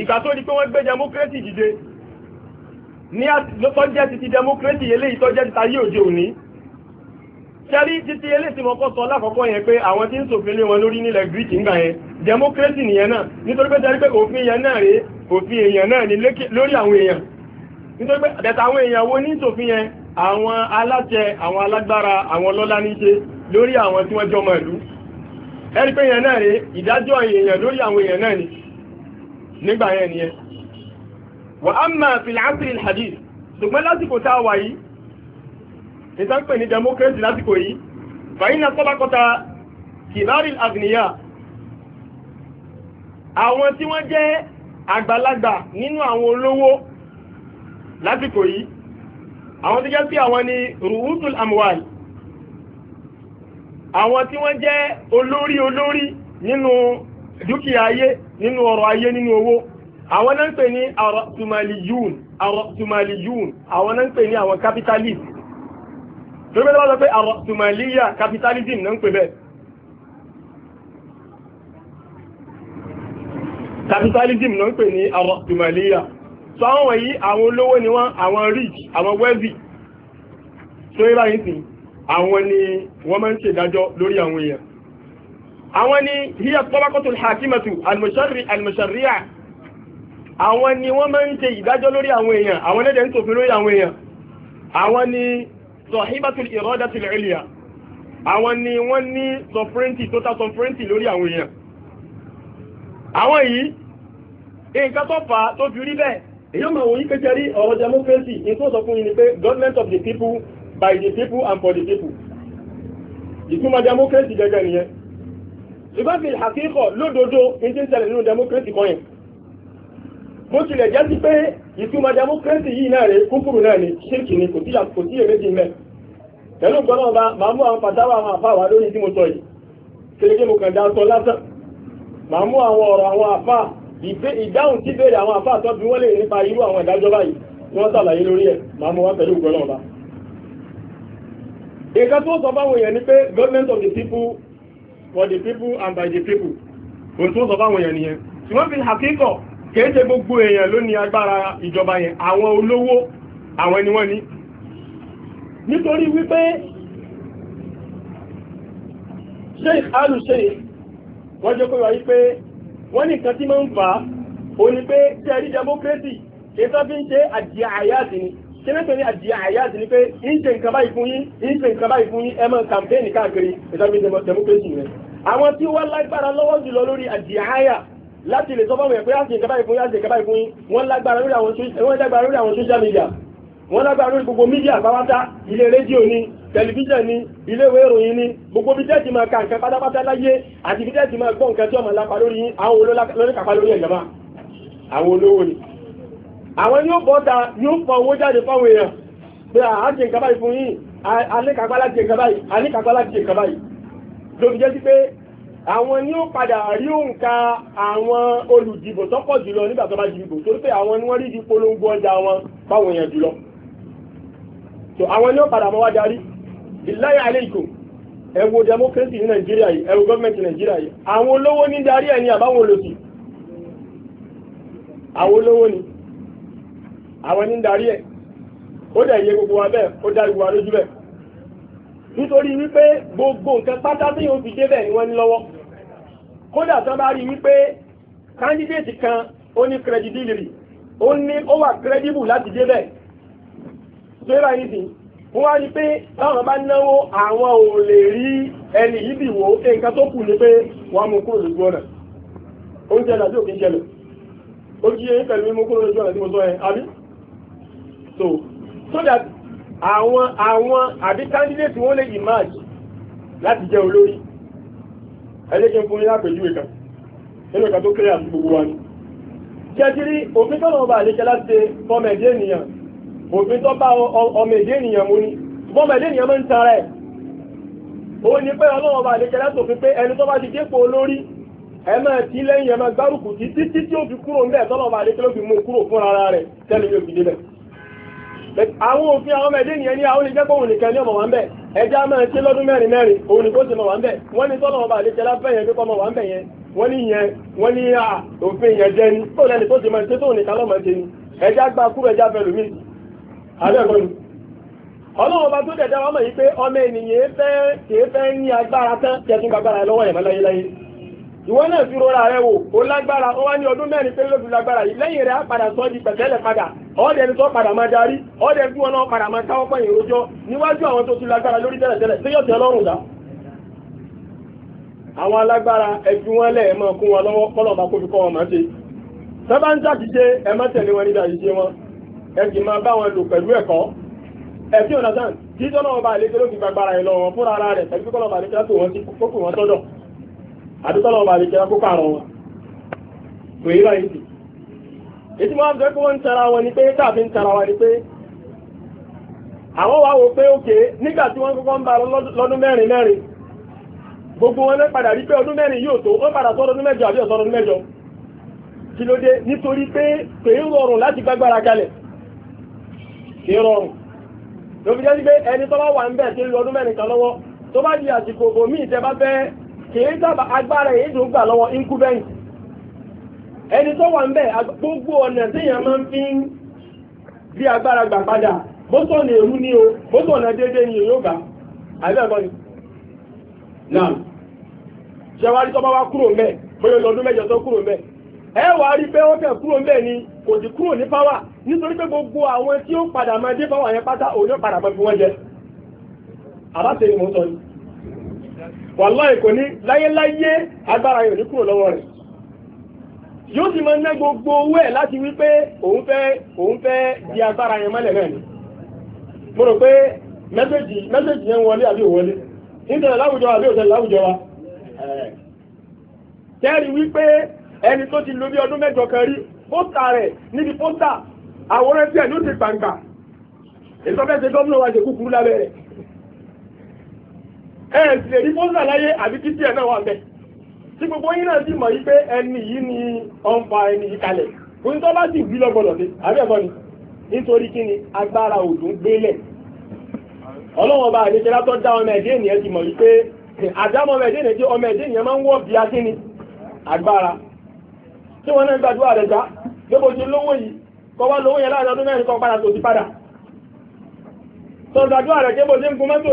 ìgbà tó di pé wọ́n gbé democracy dìde ní tó jẹ́ ti ti democracy eléyìí tó jẹ́ ti ta yí òde òní sẹ́rí títí eléyìí mọ́kọ́ sọ lákọ̀ọ́kọ́ yẹn pé àwọn tí ń lé wọn lórí nílẹ̀ Greek ńgbà yẹn democracy nìyẹn náà nítorí pé sẹ́rí pé òfin yẹn náà rèé òfin èèyàn náà ni lórí èèyàn wo ní yẹn àwọn aláṣẹ àwọn alágbára àwọn ní ṣe lórí àwọn ìtànpẹ̀ ní democracy lásìkò yìí fàyínà sọ́lákọ́ta kìbárì àgbìníyà àwọn tí wọ́n jẹ́ àgbàlagbà nínú àwọn olówó lásìkò yìí àwọn tí jẹ́ sí àwọn ni ruhusul amwal àwọn tí wọ́n jẹ́ olórí olórí nínú dúkìá ayé nínú ọrọ̀ ayé nínú owó àwọn náà ń pè ní arọ̀tùmàlìyún arọ̀tùmàlìyún àwọn náà tó bẹ́ẹ̀ lọ́wọ́ pé àrọ̀tùmọ̀lìyà capitalism náà ń pè bẹ́ẹ̀ capitalism náà ń pè ní àrọ̀tùmọ̀lìyà so àwọn wọ̀nyí àwọn olówó ni wọ́n àwọn rich àwọn wealthy tó yẹ báyìí sí àwọn ni wọ́n máa ń ṣèdájọ́ lórí àwọn èèyàn àwọn ni hiya tabaqatul hakimatu almusharri àwọn ni wọ́n máa ń ṣe ìdájọ́ lórí àwọn èèyàn àwọn ẹlẹ́dẹ̀ẹ́ ń ṣòfin lórí àwọn èèyàn àwọn ni sahibatul iradatul ulya àwọn ni wọ́n ní sovereignty total sovereignty lórí àwọn èèyàn àwọn yìí nǹkan tó fà á tó fi rí bẹ́ẹ̀ èyí ọmọ òun yìí kékeré rí ọ̀rọ̀ democracy ní tó sọ fún yìí ni pé government of the people by the people and for the people ìtumọ̀ democracy gẹ́gẹ́ nìyẹn ìbáfi àkíkọ̀ lódodo ní tí ń ṣẹlẹ̀ nínú democracy kan bó tilẹ̀ jẹ́ sí pé ìtumọ̀ democracy yìí náà rè kúkúrú náà ni ṣéèkì ni kò sí kò sí èrè jìn mẹ́ pẹ̀lú gbọ́dọ̀ ọba màá mú àwọn pàtàkì àwọn àfa wa lórí tí mo sọ yìí kéréké mo kàn dá sọ lásán màá mú àwọn ọ̀rọ̀ àwọn àfa ìdáhùn tí béèrè àwọn àfa àtọ́ bí wọ́n lè nípa irú àwọn ìdájọ́ báyìí wọ́n ṣàlàyé lórí ẹ̀ màá mú wá pẹ̀lú gbọ́dọ̀ ọba nǹkan tó sọ fáwọn èèyàn ni pé government of the people for the people and by the people kò tó sọ fáwọn èèyàn nìyẹn ṣùgbọ́n fi hàkíkọ̀ kéèṣe gbogbo èèyàn ló ní agbára ìjọba yẹn àwọn olówó àwọn ni wọ́n ní nítorí wípé sheikh alùsè wọ́n jẹ́ pé wáyé pé wọ́n ní nǹkan tí máa ń fà á ó ní pé tí a rí democracy kéèṣe fi ń ṣe àdìyà àyáàdì ni kílẹ̀tọ̀ ní àdìyà àyáàdì ni pé ń ṣe nǹkan báyìí fún yín ń ṣe nǹkan báyìí fún yín ẹ máa kàmpéènì káàkiri ìtọ́jú democracy rẹ̀ àwọn tí wọ́n lágbára lọ́wọ́ jùlọ lórí àdìyà àyáàdì láti lè sọ fáwọn èèyàn pé láti ìkẹ́bá ìfún láti ìkẹ́bá ìfún yín wọ́n lágbára lórí àwọn social media wọ́n lágbára lórí gbogbo mídíà pápátá ilé rédíò ni tẹlifíṣàn ni ilé ìwé ìròyìn ni gbogbo bí tẹ́ẹ̀tì máa ka nǹkan pátápátá láyé àti bí tẹ́ẹ̀tì máa gbọ́ nǹkan tí ọmọ lápá lórí yín àwọn olórí kàpá lórí ẹ̀jọba àwọn olówó ni. àwọn yóò bọ́ta yóò fọ owó jáde fáwọn èèyàn pé àti nǹkan báyìí fún yín alékàpá láti nǹkan báyìí alékàpá láti nǹkan báyìí lóbi jẹ́ sí pé àwọn ni ó padà rí òǹkà àwọn olùdìbò tó pọ̀ jùlọ nígbà tó bá dìbò torí pé àwọn ni wọ́n rí di polongo ọjà wọn báwọn èèyàn jùlọ so àwọn ni ó padà mọ́ wá darí billahi alaykum ẹ wo democracy ní nàìjíríà yìí ẹ wo gọ́ọ̀mẹ̀ntì nàìjíríà yìí àwọn olówó ní darí ẹ̀ ní àbáwọn olòṣì àwọn olówó ni àwọn ní darí ẹ̀ ó dẹ̀ yẹ gbogbo wa bẹ́ẹ̀ ó darí gbogbo wa lójú bẹ́ẹ̀ nítorí wípé gbogbo nǹkan pátá tí yóò fi débẹ̀ ni wọ́n ní lọ́wọ́ kódà tán bá rí wípé kándídéètì kan ó ní credibility ó ní ó wà credible láti débẹ̀ tó yẹ báyìí nìsín wọ́n wá ní pé táwọn bá náwó àwọn ò lè rí ẹni yìí bì wò ó pé nǹkan tó kù ni pé wọ́n mú kúrò lójú ọ̀nà ó ń ṣẹlẹ̀ àti òkè ń ó jí eyín pẹ̀lú mímú kúrò lójú ọ̀nà tí mo sọ yẹn àbí so so that àwọn àwọn àbí candidate wọ́n lè emerge láti jẹ́ olórí ẹlẹ́gbẹ̀ẹ́ fún ilá pẹ̀lú ìkan nínú ìkan tó kéré àti gbogbo wa ni jẹ́jírí òfin tọ́nà ọba àlékẹ́ láti fọmọ ẹ̀dẹ́ ènìyàn òfin tó bá ọmọ ẹ̀dẹ́ ènìyàn mú ni fọmọ ẹ̀dẹ́ ènìyàn máa ń tara ẹ̀ ó ní pé ọlọ́run ọba àlékẹ́ láti òfin pé ẹni tó bá ti dépò olórí ẹ máa ti lẹ́yìn ẹ máa gbárùkù títí tí ó fi kúrò ńbẹ̀ tọ́nà ọba àlékẹ́ ló fi mú kúrò fún ara rẹ̀ tẹ́lẹ̀ yóò fi débẹ̀ àwọn òfin àwọn ọmọdé nìyẹn ní àwọn olùjẹ́pọ̀ òun nìkan ní ọmọ wa ń bẹ̀ ẹja máa ṣe lọ́dún mẹ́rin mẹ́rin òun nìkan sì mọ̀ wá ń bẹ̀ wọ́n ní tọ́lọ̀ ọba àlejò lábẹ́ yẹn pípọ́ mọ̀ wá ń bẹ̀ yẹn wọ́n ní yẹn wọ́n ní òfin yẹn jẹ́ ni tó lẹ́ni tó ti máa ṣe tó nìkan lọ́mọ ṣe ni ẹja gba kúrò ẹja fẹ́ lómi àbẹ́ẹ̀kọ́ni ọlọ́run ọba tó dẹ̀dá wa mọ̀ yìí pé ọmọ ènìyàn fẹ́ kì í fẹ́ ní agbára tán kẹ́tùn gbàgbára lọ́wọ́ yẹn mọ́ láyé ìwọ náà fi rora rẹ wò ó lágbára ó wá ní ọdún mẹ́rin pé lóbi lágbára yìí lẹ́yìn rẹ̀ á padà sọ di pẹ̀tẹ́lẹ̀ padà ọ̀ọ́dẹ ni tó padà máa darí ọ̀ọ́dẹ tí wọn náà padà máa káwọ́ pẹ̀yìn rojọ́ níwájú àwọn tó ti lágbára lórí tẹ́lẹ̀tẹ́lẹ̀ tí yóò tẹ́ lọ́rùn dá. àwọn alágbára ẹbí wọn lẹ̀ ẹ̀ máa kún wọn lọ́wọ́ kọ́lọ̀ bá kófi kọ́ wọn máa ṣe sábà ń ṣàtìṣe ẹ má tẹ̀lé wọn nígbà ìṣe wọn ẹ sì máa bá wọn lò pẹ̀lú ẹ̀kọ́ ẹ̀bí ọ̀nà sáà kí tọ́lọ́wọ́ bá àlékeló fi gbàgbára ẹ̀ lọ́wọ́ fúnra ara rẹ̀ ẹ̀bí kọ́lọ́ bá àlékeló tó wọn sí kókò wọn sọ́dọ̀ àdúgbọ́lọ́ ọba àdìjẹ́ kó pààrọ̀ wọn kò yí báyìí sí ètí wọ́n fẹ́ kó wọ́n ń tara wọn ni pé káàfin tara wọn ni pé àwọn wa wò pé òkè nígbà tí wọ́n kọ́kọ́ ń ba lọ́dún mẹ́rin mẹ́rin gbogbo wọn lẹ́ padà rí pé ọdún mẹ́rin yóò tó wọ́n padà sọ́dún mẹ́jọ àbí ọ̀sọ́dún mẹ́jọ kí ló dé nítorí pé pé ń rọrùn láti gbágbára kalẹ̀ kí rọrùn lóbi jẹ́ sí pé ẹni tó bá wà ń bẹ̀ tí ń lọ ọdún mẹ́rin kan lọ́wọ́ tó bá di àsìkò òmíì tẹ bá fẹ́ kìí dábàá agbára èyí tó gbà lọ́wọ́ incumbent ẹni tó wà ń gbogbo ọ̀nà téèyàn máa ń fi ń bí agbára gbà padà bóso èrú ni o bóso ọ̀nà déédéé ni yóò gbà àbẹ́ẹ̀kọ́ ni. náà ṣẹwárí tó bá wá kúrò ń bóyá ọdún mẹ́jọ tó kúrò ń ẹ wà á rí pé ó gbogbo àwọn tí ó padà máa dé fáwà yẹn pátá òun yóò padà wàláì kò ní láyéláyé agbára yóò ní kúrò lọ́wọ́ rẹ̀ yóò sì máa ná gbogbo owó ẹ̀ láti wí pé òun fẹ́ òun fẹ́ di agbára yẹn mọ́lẹ̀ náà ni mo rò pé mẹ́sẹ̀jì mẹ́sẹ̀jì yẹn wọlé àbí òwọlé nítorí láwùjọ àbí òṣèlú láwùjọ wa tẹ́rì wípé ẹni tó ti lò bí ọdún mẹ́jọ kan rí pósítà rẹ̀ níbi pósítà àwòrán tí ẹ̀ ló ti gbàǹgbà ìsọfẹ́sẹ̀ gómìnà wa ṣe kúkúrú lábẹ́ rẹ̀ ẹ sì lè rí mọ́sà láyé àbí kí díẹ̀ náà wà ń bẹ̀ tí gbogbo yín náà sì mọ̀ yí pé ẹni yìí ni ọ̀nfà ẹni yìí kalẹ̀ kò ní tọ́ bá sì wí lọ́gbọ̀dọ̀ sí àbí ẹ̀kọ́ ni nítorí kí ni agbára òjò ń gbélẹ̀ ọlọ́wọ́n bá àdéjẹ́ látọ́ dá ọmọ ẹ̀dẹ́ ènìyàn ti mọ̀ wípé àdámọ́ ọmọ ẹ̀dẹ́ ènìyàn ọmọ ẹ̀dẹ́ ènìyàn máa ń wọ̀ bí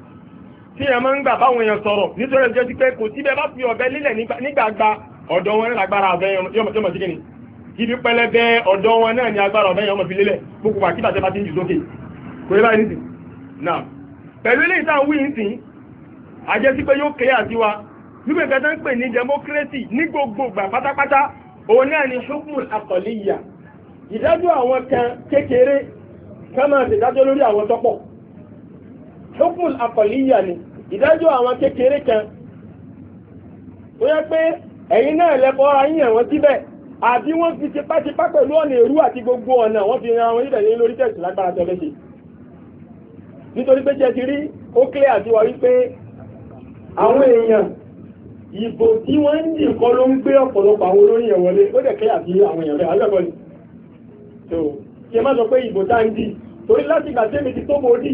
tí ẹ máa ń gbà báwọn èèyàn sọ̀rọ̀ nítorí ẹjọ́ ti pé kò sí bẹ́ẹ̀ bá fi ọ̀bẹ lílẹ̀ nígbàgbà ọ̀dọ̀ wọn lágbára ọ̀bẹ yọmọ sí kíni ibi pẹlẹbẹ ọ̀dọ̀ wọn náà ni agbára ọ̀bẹ yọmọ fi lélẹ̀ gbogbo wà kí bàtẹ́ bá ti ń jù sókè kò yẹ báyìí nísìn náà pẹ̀lú ilé ìtàn wí nísìn àjẹ́ sí pé yóò kéré àti wa wípé nǹkan tó ń pè ní democracy ní gbogbo ìgbà pátápátá òun náà ni hukmul akọ̀líyà ìdájọ́ àwọn kan kékeré ká máa ṣèdájọ́ lórí àwọn tọ́pọ̀ hukmul akọ̀líyà ni ìdájọ́ àwọn kékeré kan ó yẹ pé ẹ̀yin náà lẹ́kọ́ ara yín àwọn síbẹ̀ àbí wọ́n fi tipátipá pẹ̀lú ọ̀nà èrú àti gbogbo ọ̀nà wọ́n fi ran àwọn ibẹ̀ ní lórí tẹ̀sí lágbára tẹ̀lé ṣe nítorí pé jẹ́ ti rí ó kílẹ̀ àti wà wípé àwọn èèyàn ìbò tí wọ́n ń dì kọ́ ló ń gbé ọ̀pọ̀lọpọ̀ àwọn olórí yẹn wọlé ó dẹ̀ kílẹ̀ àti àwọn èèyàn rẹ̀ alẹ́kọ̀ọ́ ni so kí ẹ má sọ pé ìbò tá ń dì torí láti ìgbà tí èmi ti tó mo dì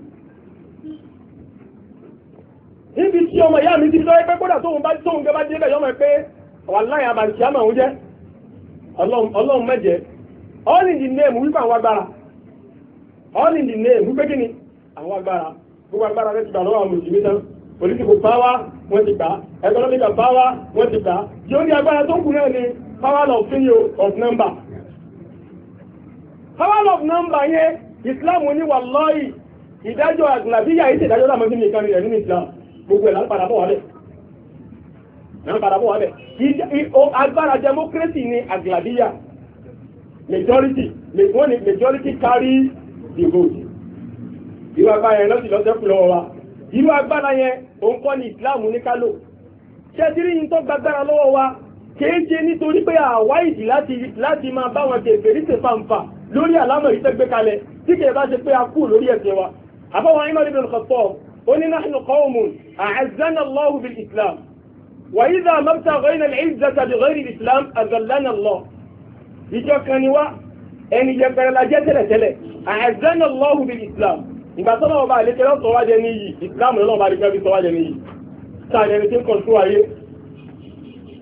níbi tí ọmọ ìyá mi ti sọ pé kódà tóun bá tóun gẹ́gẹ́ bá dé bẹ́ẹ̀ yọmọ pé wàláhì àbàlùkì àmọ̀ òun jẹ́ ọlọ́run mẹ́jẹ all in the name wípé àwọn agbára all in the name wípé kí ni àwọn agbára gbogbo agbára rẹ ti gbà lọ́wọ́ àwọn mùsùlùmí political power wọ́n ti gbà economic power wọ́n ti gbà tí ó ní agbára tó ń gbogbo ẹ̀ lápadà bọ̀ wálẹ̀ lápadà bọ̀ wálẹ̀ agbára democracy ni àgìlàdíyà majority wọ́n ni majority carry the vote irú agbára yẹn lọ́sì lọ́sẹ̀kù lọ́wọ́ wa irú agbára yẹn òun kọ́ ni Islam ní kálò ṣẹ́dírí yìí tó gbàgbára lọ́wọ́ wa kìí ṣe nítorí pé àwa ìdí láti máa bá wọn ṣe ìfèrí ṣe fàǹfà lórí àlámọ̀ ìtẹ́gbẹ́kalẹ̀ tí kìí bá ṣe pé a kú lórí ẹ̀sìn wa àbáwọn ayé náà lè bẹ̀rẹ̀ kọ̀ قل نحن قوم أعزنا الله بالإسلام وإذا ما ابتغينا العزة بغير الإسلام أذلنا الله ìjọ kan ni wá ẹni yẹpẹrẹ la jẹ́ tẹ́lẹ̀tẹ́lẹ̀ أعزنا الله بالإسلام ìgbà tó lọ́wọ́ bá àlékẹ́ lọ́sọ̀ wá jẹ níyì ìsìlámù lọ́wọ́ bá àlékẹ́ lọ́sọ̀ wá jẹ níyì sáàlẹ̀ ẹni tí ń kọ̀ọ̀tún ayé.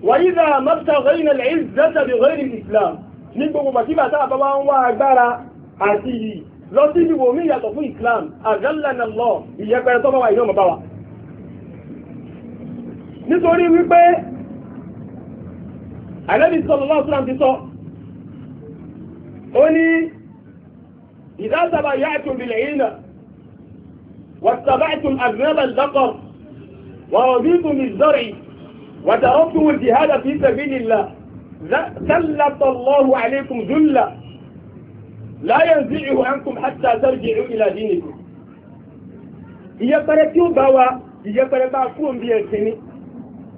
وإذا ما ابتغينا العزة بغير الإسلام ní gbogbo bàtí bàtà bàbá ń wá agbára àti yìí lọ sí ibi wòmí ìyàtọ̀ fún Islam àgẹ́lẹ́nà lọ ìyẹpẹrẹ tó bá wa ìyọ́ bá wa. nítorí wípé àlẹ́bí sọ̀rọ̀ lọ́sùn àti sọ ó ní ìdásàbà yàtò bìlẹ̀ yìí nà واتبعتم أذناب البقر ورضيتم بالزرع وتركتم الجهاد في سبيل الله سلط الله عليكم ذلة la yanzi'uhu ankum tí ó bá wa ìyẹpẹrẹ bá fún bí ẹ̀sìn ni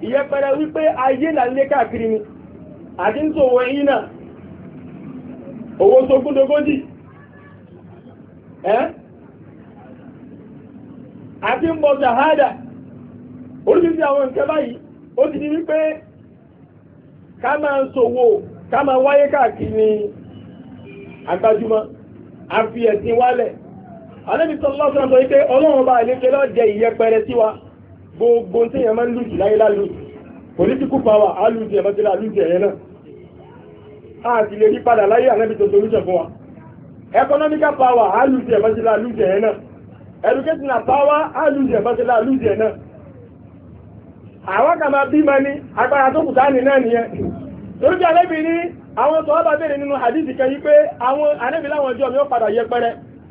ìyẹpẹrẹ wípé ayé là ń lé káàkiri ni àti ń sòwò ẹyin náà owó tó gúndogójì ẹ́ àti ń bọ̀ ṣàhádà oríṣiríṣi àwọn nǹkan báyìí ó ti di wípé ká máa ń agbájúmọ́ a fi ẹ̀sìn wálẹ̀ alẹ́bí sọ́lọ́ sọ́nà sọ wípé ọlọ́run bá ilé kẹlẹ́ jẹ ìyẹpẹrẹ sí wa gbogbo tí èèyàn máa ń lùjì láyé lálùjì political power á lùjì ẹ̀mọ́tí lálùjì náà a ti lè rí padà láyé alẹ́bí solution fún wa economical power á la ẹ̀mọ́tí lálùjì náà educational power ẹ̀mọ́tí náà àwọn ní agbára tó kù sáà àwọn sọ bá bèèrè nínú hadithi kan yí pé àwọn anẹ́bí láwọn ọjọ́ mi ó padà yẹpẹrẹ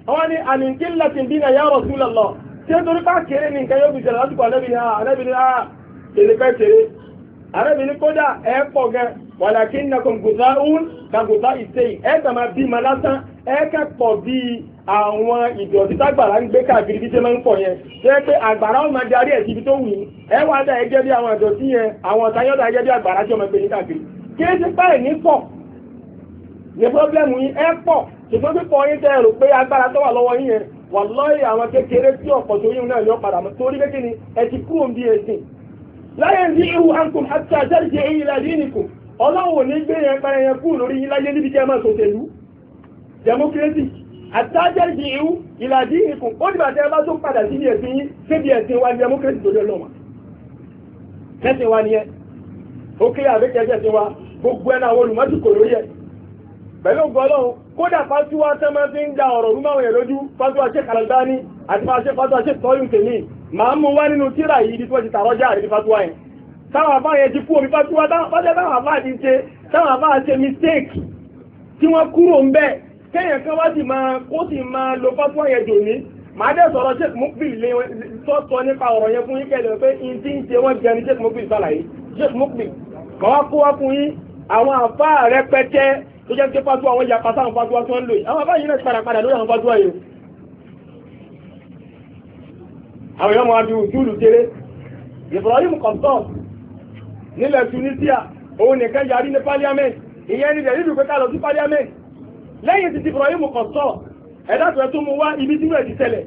àwọn ni àníkí latin dina ya Rasulullah tí ó torí bá kéré ní nǹkan yóò fi jẹ̀rọ lásìkò anẹ́bí ni anẹ́bí ah, ni àà ah, kéré pẹ́ kéré anẹ́bí ni kódà ẹ pọ̀ gẹ walakinnakum ghutha'un ka ghutha'is sayl ẹ kà máa bí ma lásán ẹ kà pọ̀ bí àwọn ìdọ̀tí tágbàrá ń gbé káàkiri bí ṣe máa ń pọ̀ yẹn jẹ́ pé àgbàrá ó máa darí ẹ̀ síbi tó wù yín ẹ wá dá ẹgẹ́ bí àwọn ìdọ̀tí yẹn àwọn ọ̀tá yọ̀dá ẹgẹ́ bí àgbàrá tí ó ní káàkiri kéèsì páì ní pọ̀ ní pọ́blẹ́mù yín ẹ pọ̀ ṣùgbọ́n pípọ̀ yín tẹ́ rò pé agbára tó wà lọ́wọ́ yín yẹn wà lọ́yẹ̀ àwọn kékeré tí ọ̀pọ̀ tó yín náà yọ padà mọ́ torí pé kí ni ẹ ti kúrò bí ẹ̀sìn láyé ní ihu ankum àti àjáde èyí ìlàjì nìkùn ọlọ́wọ́ ní gbé yẹn pẹ́rẹ́ yẹn kúrò lórí yín láyé níbi kẹ́ máa sòṣèlú democracy àti àjáde ihu ìlàjì nìkùn ó dìbà tẹ́ bá tó padà síbi ẹ̀sìn ẹ̀sìn wa democracy tó lé lọ́wọ́ ẹ̀sìn wa ni ẹ ó kéré àbẹ́kẹ́ ẹ̀sìn wa gbogbo ẹnu àwọn olùmọ́tì kò lóye pẹ̀lú gọlọ́hún kódà fásitìwá tẹ́ máa fi ń da ọ̀rọ̀ rúmọ́ àwọn èèyàn lójú fásitìwá ṣe Al-Albani àti fásitìwá ṣe tọ́yún tèmi màá mú wá nínú tíra yìí ibi tí wọ́n ti tàrọ́jà àti fásitìwá yẹn táwọn àbá yẹn ti kú omi fásitìwá táwọn àbá ti ṣe táwọn àbá ṣe mistake tí wọ́n kúrò ń bẹ́ẹ̀ kéèyàn kan wá sì máa kó sì máa lo fásitìwá yẹn dò ní màá dẹ̀ sọ̀rọ̀ sheik mukbil lé sọ́sọ nípa ọ̀rọ̀ yẹn fún yín kẹ́lẹ̀ pé n ti ń ṣe wọ́n jẹun àwọn àfáà rẹpẹtẹ tó jẹ́ pé fatuwa àwọn ìyapa sáwọn fatuwa tó ń lò yìí àwọn àfáà yìí náà padà padà lórí àwọn fatuwa yìí àwọn èèyàn máa fi ojúlù kéré Ibrahim Kọ̀tọ́ nílẹ̀ Tunisia òun nìkan yarí ní parliament ìyẹn ní dẹ̀lílù pé ká lọ sí parliament lẹ́yìn ti ti Ibrahim Kọ̀tọ́ ẹ̀dá tó ẹ tó mú wá ibi tí mo ẹ̀ ti tẹ̀lẹ̀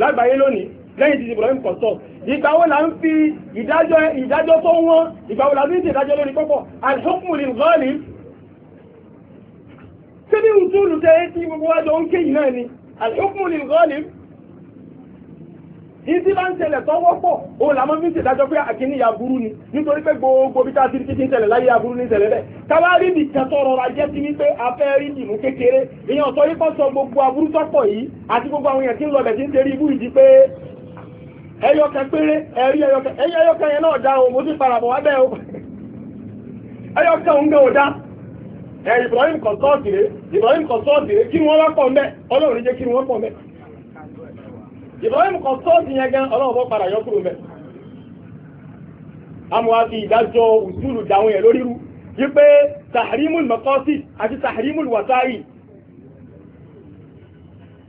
lágbàáyé lónìí lẹ́yìn ti Ibrahim kọ̀tọ̀ ìgbà wo la ń fi ìdájọ́ ìdájọ́ tó wọ́n ìgbà wo la ń fi ìdájọ́ lórí pọ́pọ̀ al-hukmu lil-ghali tí ní ìtúlù tẹ́ tí gbogbo wájọ ń kéyìn náà ni al-hukmu lil-ghali ìdí bá ń tẹ̀lẹ̀ tó wọ́pọ̀ o làmọ́ fi ń ṣèdájọ́ pé àkíní ya burú ni nítorí pé gbogbo bí táà títí ń tẹ̀lẹ̀ láyé ya burú ní tẹ̀lẹ̀ bẹ́ẹ̀ káwá rí nìkan tọrọ ra jẹ́ sí wípé afẹ́ rí ìmú kékeré èèyàn sọ yípo sọ gbogbo aburú tọ́pọ̀ yìí àti gbogbo àwọn èèyàn tí ń lọ bẹ̀ tí ń tẹ̀rí ibú ìdí pé ẹyọkẹ péré ẹrí ẹyọkẹ ẹyẹ ẹyọkẹ yẹn náà dá òun mo ti parabọ̀ wá bẹ́ẹ̀ o ẹyọkẹ òun gbé o dá ẹ Ibrahim consult rè Ibrahim consult rè kí wọ́n wá pọ̀ mbẹ́ Ọlọ́run jẹ́ kí Ibrahim yẹn gan yẹn lórí yí pé àti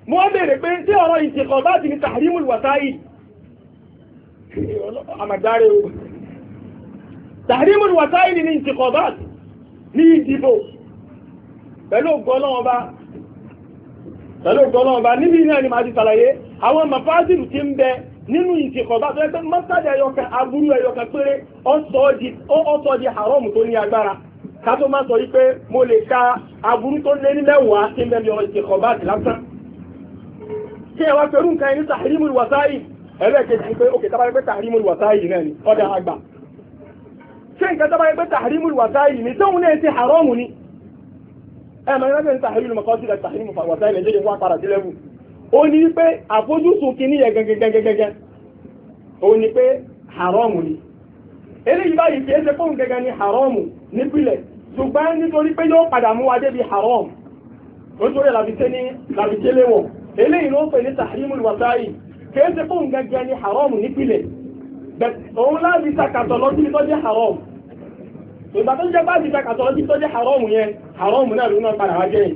mo wá béèrè pé ọ̀rọ̀ ìṣèkọ̀ bá ti ní wasaari. àmàdáre o tàrímù wàtáìlì ní ìtìkọ̀bá ní ìdìbò pẹ̀lú ògbọ́lọ́wọ́ba pẹ̀lú ògbọ́lọ́wọ́ba níbi náà ni màá ti sàlàyé àwọn mafásìlù ti ń bẹ nínú ìtìkọ̀bá tó ẹgbẹ́ mọ́sádì ẹyọkan aburú ẹyọkan péré ọ̀sọ̀ di haramu tó ní agbára ká tó di sọ yí pé mo ka aburú tó lé ní mẹ́wàá tí ń bẹ mi ọ̀ ẹlẹ́ẹ̀kejì pé òkè tábàyẹ pé tàrímù wàtáyì náà ni ọ̀dà àgbà ṣé nǹkan tábàyẹ pé tàrímù wàtáyì ni tóun náà ti haramu ni ẹ mọ̀ nígbà tí tàrímù mọ̀kọ́ sílẹ̀ tàrímù wàtáyì lè jẹ́jẹ́ fún apara sí lẹ́wù ó ní pé àfojúsùn kìíní yẹ gẹ́gẹ́gẹ́gẹ́gẹ́ ó ní pé haramu ni eléyìí báyìí fi ẹsẹ̀ fóun gẹ́gẹ́ ni haramu nípìnlẹ̀ ṣùgbọ́n nítorí pé yóò padà mú wa débi haram nítorí làbíṣẹ́ ní kìí ṣe fún gẹ́gẹ́ ní haram nípìnlẹ̀ bẹ̀ òun láti ṣàkàtọ̀ lọ síbi tó jẹ́ haram ìgbà tó jẹ́ báyìí ṣàkàtọ̀ lọ síbi tó jẹ́ haram yẹn haram náà ló náà padà wá jẹ́ yìí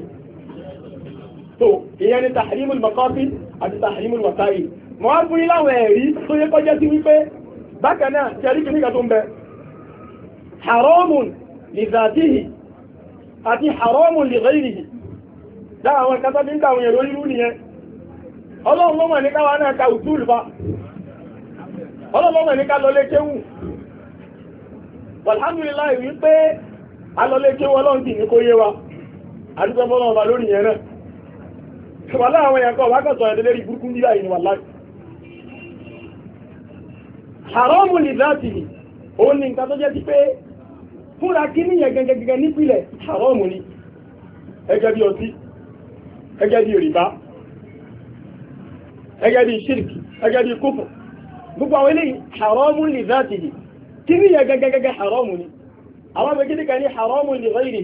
tó ìyẹn ni tahrimul maqasid àti tahrimul wasail mo wá fún yín láwọn ẹ̀rí tó yẹ kọjá sí wípé bákan náà ṣẹ̀rí kìíní kan tó ń bẹ haramun li zatihi àti haramun li ghayrihi dáhà àwọn àwọn èrò irú nìyẹn ọlọ́run ló mọ̀ ní káwa náà ka ùtúùlù fa ọlọ́run ló mọ̀ ní ká lọlé kéwù alhamdulilayi wípé alọlé kéwù ọlọ́run kì ní kó yé wa àdúgbò fọlọ́ ọba lórí yẹn náà ṣùgbọ́n láwọn èèyàn kan wákàn sọ̀rọ̀ ẹ̀dẹ́lẹ́ rí burúkú ni òun ni ni ẹgẹ́ bí ọtí ẹgẹ́ bí òrìbá gẹ́gẹ́ bí ṣírìkì gẹ́gẹ́ bí kúfù gbogbo àwọn eléyìí haramu li dhatihi kíní yẹ gẹ́gẹ́gẹ́gẹ́ haramu ni àwọn ọmọ kíní kan ní haramu li ghayrihi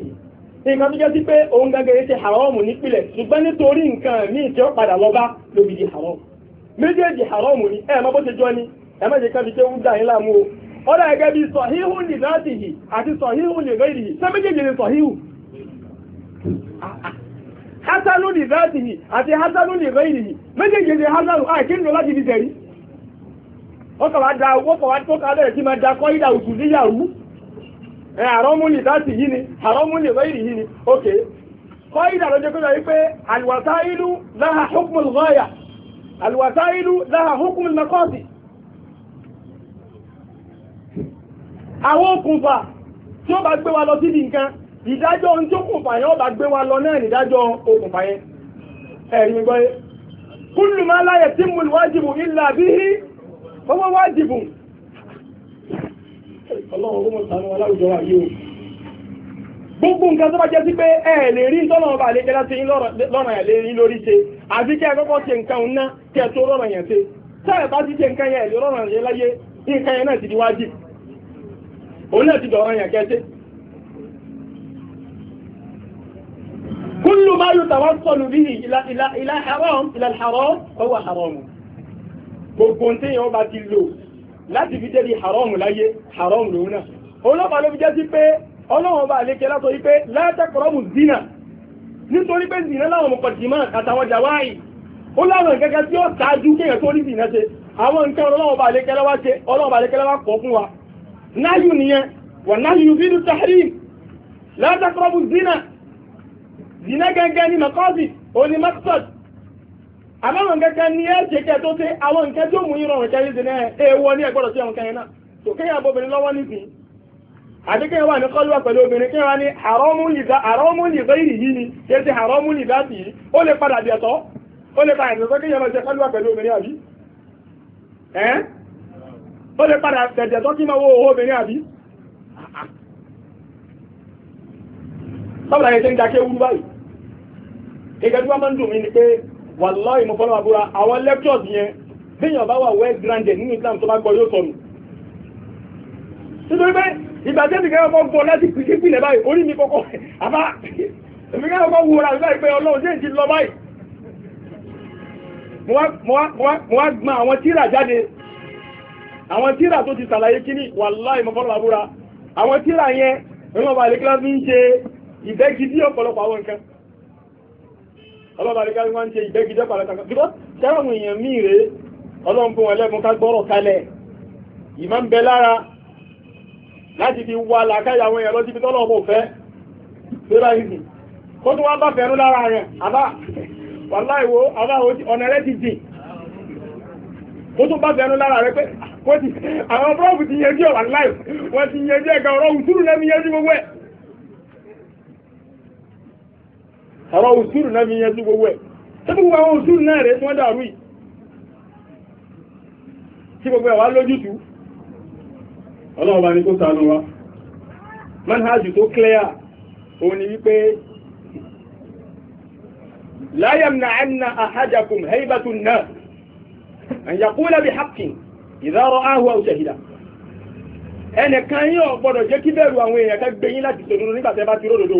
nǹkan tó jẹ́ sí pé òun gẹ́gẹ́ ti haramu nípìlẹ̀ ṣùgbọ́n nítorí nǹkan míì tí ó padà lọ bá lóbi di haramu méjèèjì haramu ni ẹ̀ má bó ti jọ ni ẹ̀ má ti kábi tí ó ń dà yín láàmú o ọ̀dà gẹ́gẹ́ bí sọ̀híhù li dhatihi àti sọ̀híhù li ghayrihi sẹ́ méjèèjì ni sọ̀híhù hasanu ní zatihi àti hasanu ní ghairihi méjèèjì ní hasanu àìkíni lọ láti fi tẹ̀rí wọ́n kà wá da wọ́n kà wá tó ká bẹ̀rẹ̀ sí máa da kọ́ ìdà òtù níyàwó ẹ̀ àrọ́mú ní zatihi ni àrọ́mú ní ghairihi ni ok kọ́ ìdà lọ́jọ́ pé wípé alwasailu laha hukmul ghaya alwasailu laha hukmul maqasid àwọn okùnfà tí ó bá gbé wa lọ sí nǹkan ìdájọ́ ohun tó kùnfà yẹn ọba gbé wa lọ náà nídájọ́ okùnfà yẹn ẹ̀rí mi gbọ́ yé kúlù máa láyẹ̀ tí mo wájú bù ilà bí hí owó wájú bù ọlọ́run ó mọ̀ sánú aláwùjọ wa yìí o gbogbo nǹkan tó bá jẹ́ sí pé ẹ lè rí tọ́lọ́ ọba àlejò láti yín lọ́rọ̀ yẹn lè rí lórí ṣe àbí kí ẹ kọ́kọ́ ṣe nǹkan ńná kí ẹ tó rọ̀rọ̀ yẹn ṣe tẹ́ẹ̀ bá ti ṣe nǹkan yẹn lè rọ̀rọ̀ yẹn láyé nǹkan yẹn náà ti di wájú òun náà ti dọ̀rọ̀ yẹn kẹ́ṣe ما يتوصل به إلى إلى إلى حرام إلى الحرام هو حرام gbogbo ntẹ yẹn ọba ti حرام لا fi débi haram láyé haram lòun náà ọlọ́pàá ló fi jẹ́ sí pé ọlọ́wọ́n ọba àlekẹ́ látọ̀ yí pé la taqrabu zina nítorí pé zina láwọn muqaddimat àtàwọn jàwáì ó láwọn nǹkan kan tí ó ṣáájú kéèyàn tó rí zina ṣe àwọn nǹkan ọlọ́wọ́n ọba àlekẹ́ ṣe ọlọ́wọ́n ọba àlekẹ́ kọ́ fún wa náyù nìyẹn wà náyù yufidu tahrim la taqrabu zina zina gẹ́gẹ́ ní makọ́sì òní maksud àmọ́ àwọn gẹ́gẹ́ ní ẹ̀ ṣe kẹ́ tó ṣe àwọn nǹkan tí ó mú yín rọrùn kẹ́rin zina ẹ̀ wọ ní ẹ̀gbọ́dọ̀ sí àwọn kẹ́yìn náà tó kéèyàn bọ́ obìnrin lọ́wọ́ nísìn àti ni kí ẹ ti àrọ́mú lìbá sì yìí ó lè padà bí ẹ̀tọ́ ó lè padà bẹ̀tọ́ kéèyàn máa ṣe kọ́lùwà pẹ̀lú obìnrin àbí ń dakẹ́ wúrú báyìí gẹ́gẹ́ bí wọ́n máa ń dùn mí ni pé wàláhì mo àbúrà àwọn lectures yẹn bíyàn bá wà well grounded nínú Islam tó bá gbọ́ yóò sọnù. nítorí pé ìgbà tí èmi kẹ́kọ̀ọ́ gbọ́ láti pìkì pìlẹ̀ báyìí orí mi kọ́kọ́ àbá èmi kẹ́kọ̀ọ́ wo ra ìgbà ìpè ọlọ́run ṣé ìdí lọ báyìí. mo wá gbọ́n àwọn tíra jáde àwọn tíra tó ti sàlàyé kíní wàláhì mo àbúrà àwọn tíra yẹn ìwọ̀n bá lè ọlọ́ba àríkà ni wọ́n ń ṣe ìgbẹ́gidẹ́ pàlàkàkà bíkọ́ sẹ́wọ̀n èèyàn míì rèé ọlọ́run fún wọn lẹ́mú ká gbọ́rọ̀ kalẹ̀ ìmọ̀ ń bẹ lára láti fi wà làkàyà àwọn èèyàn lọ síbi tọ́lọ́ mọ̀ fẹ́ lóra ìsìn kó tún wá bá fẹ́rú lára rẹ̀ àbá wàláìwò àbá ọ̀nà rẹ̀ ti dì ó tún bá bẹnu lára rẹ pé àwọn bọ́ọ̀bù ti yẹjú ọ̀wà láì wọ́n ti yẹjú ẹ̀ka ọ̀rọ̀ àwọn òṣùrù náà fi yẹn sí gbogbo ẹ̀ tí gbogbo àwọn òṣùrù náà rẹ̀ tí wọ́n dàrú yìí tí gbogbo ẹ̀ wá lójútù ọlọ́run bá ní kó ṣàánú wa manhajù tó clear òun ni wípé la yamna'anna ahadakum haibatu an-nas an yaqula bi haqqin idha ra'ahu ẹnìkan yóò gbọ́dọ̀ jẹ́ kí bẹ̀rù àwọn èèyàn ká gbé láti sòdodo nígbà bá ti ródòdó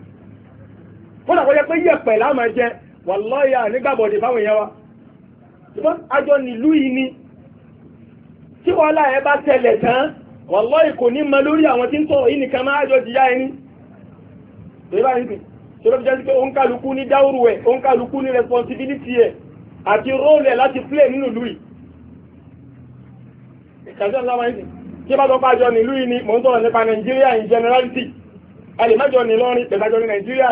kódà kó yẹ pé yẹ̀pẹ̀ la máa jẹ wàláyà nígbàbọ̀dé fáwọn èèyàn wa ṣùgbọ́n àjọ nílùú yìí ni tí wàhálà ẹ bá tẹlẹ̀ tán wàláyì kò ní mọ lórí àwọn tí ń tọ̀ yìí nìkan máa àjọ jìyà ẹni èyí bá níbi ṣọlọ́ fi jẹ́ pé ó ń kálukú ní dáwùrù ẹ̀ ó ń kálukú ní responsibility ẹ̀ àti róòlù ẹ̀ láti play nínú ìlú yìí ìkàṣẹ́ ńlá máa ń sìn tí bá tọ́pá àjọ nílùú yìí ni mò ń generality a lè májọ ní lọ́rin pẹ̀lú àjọ ní Nàìjíríà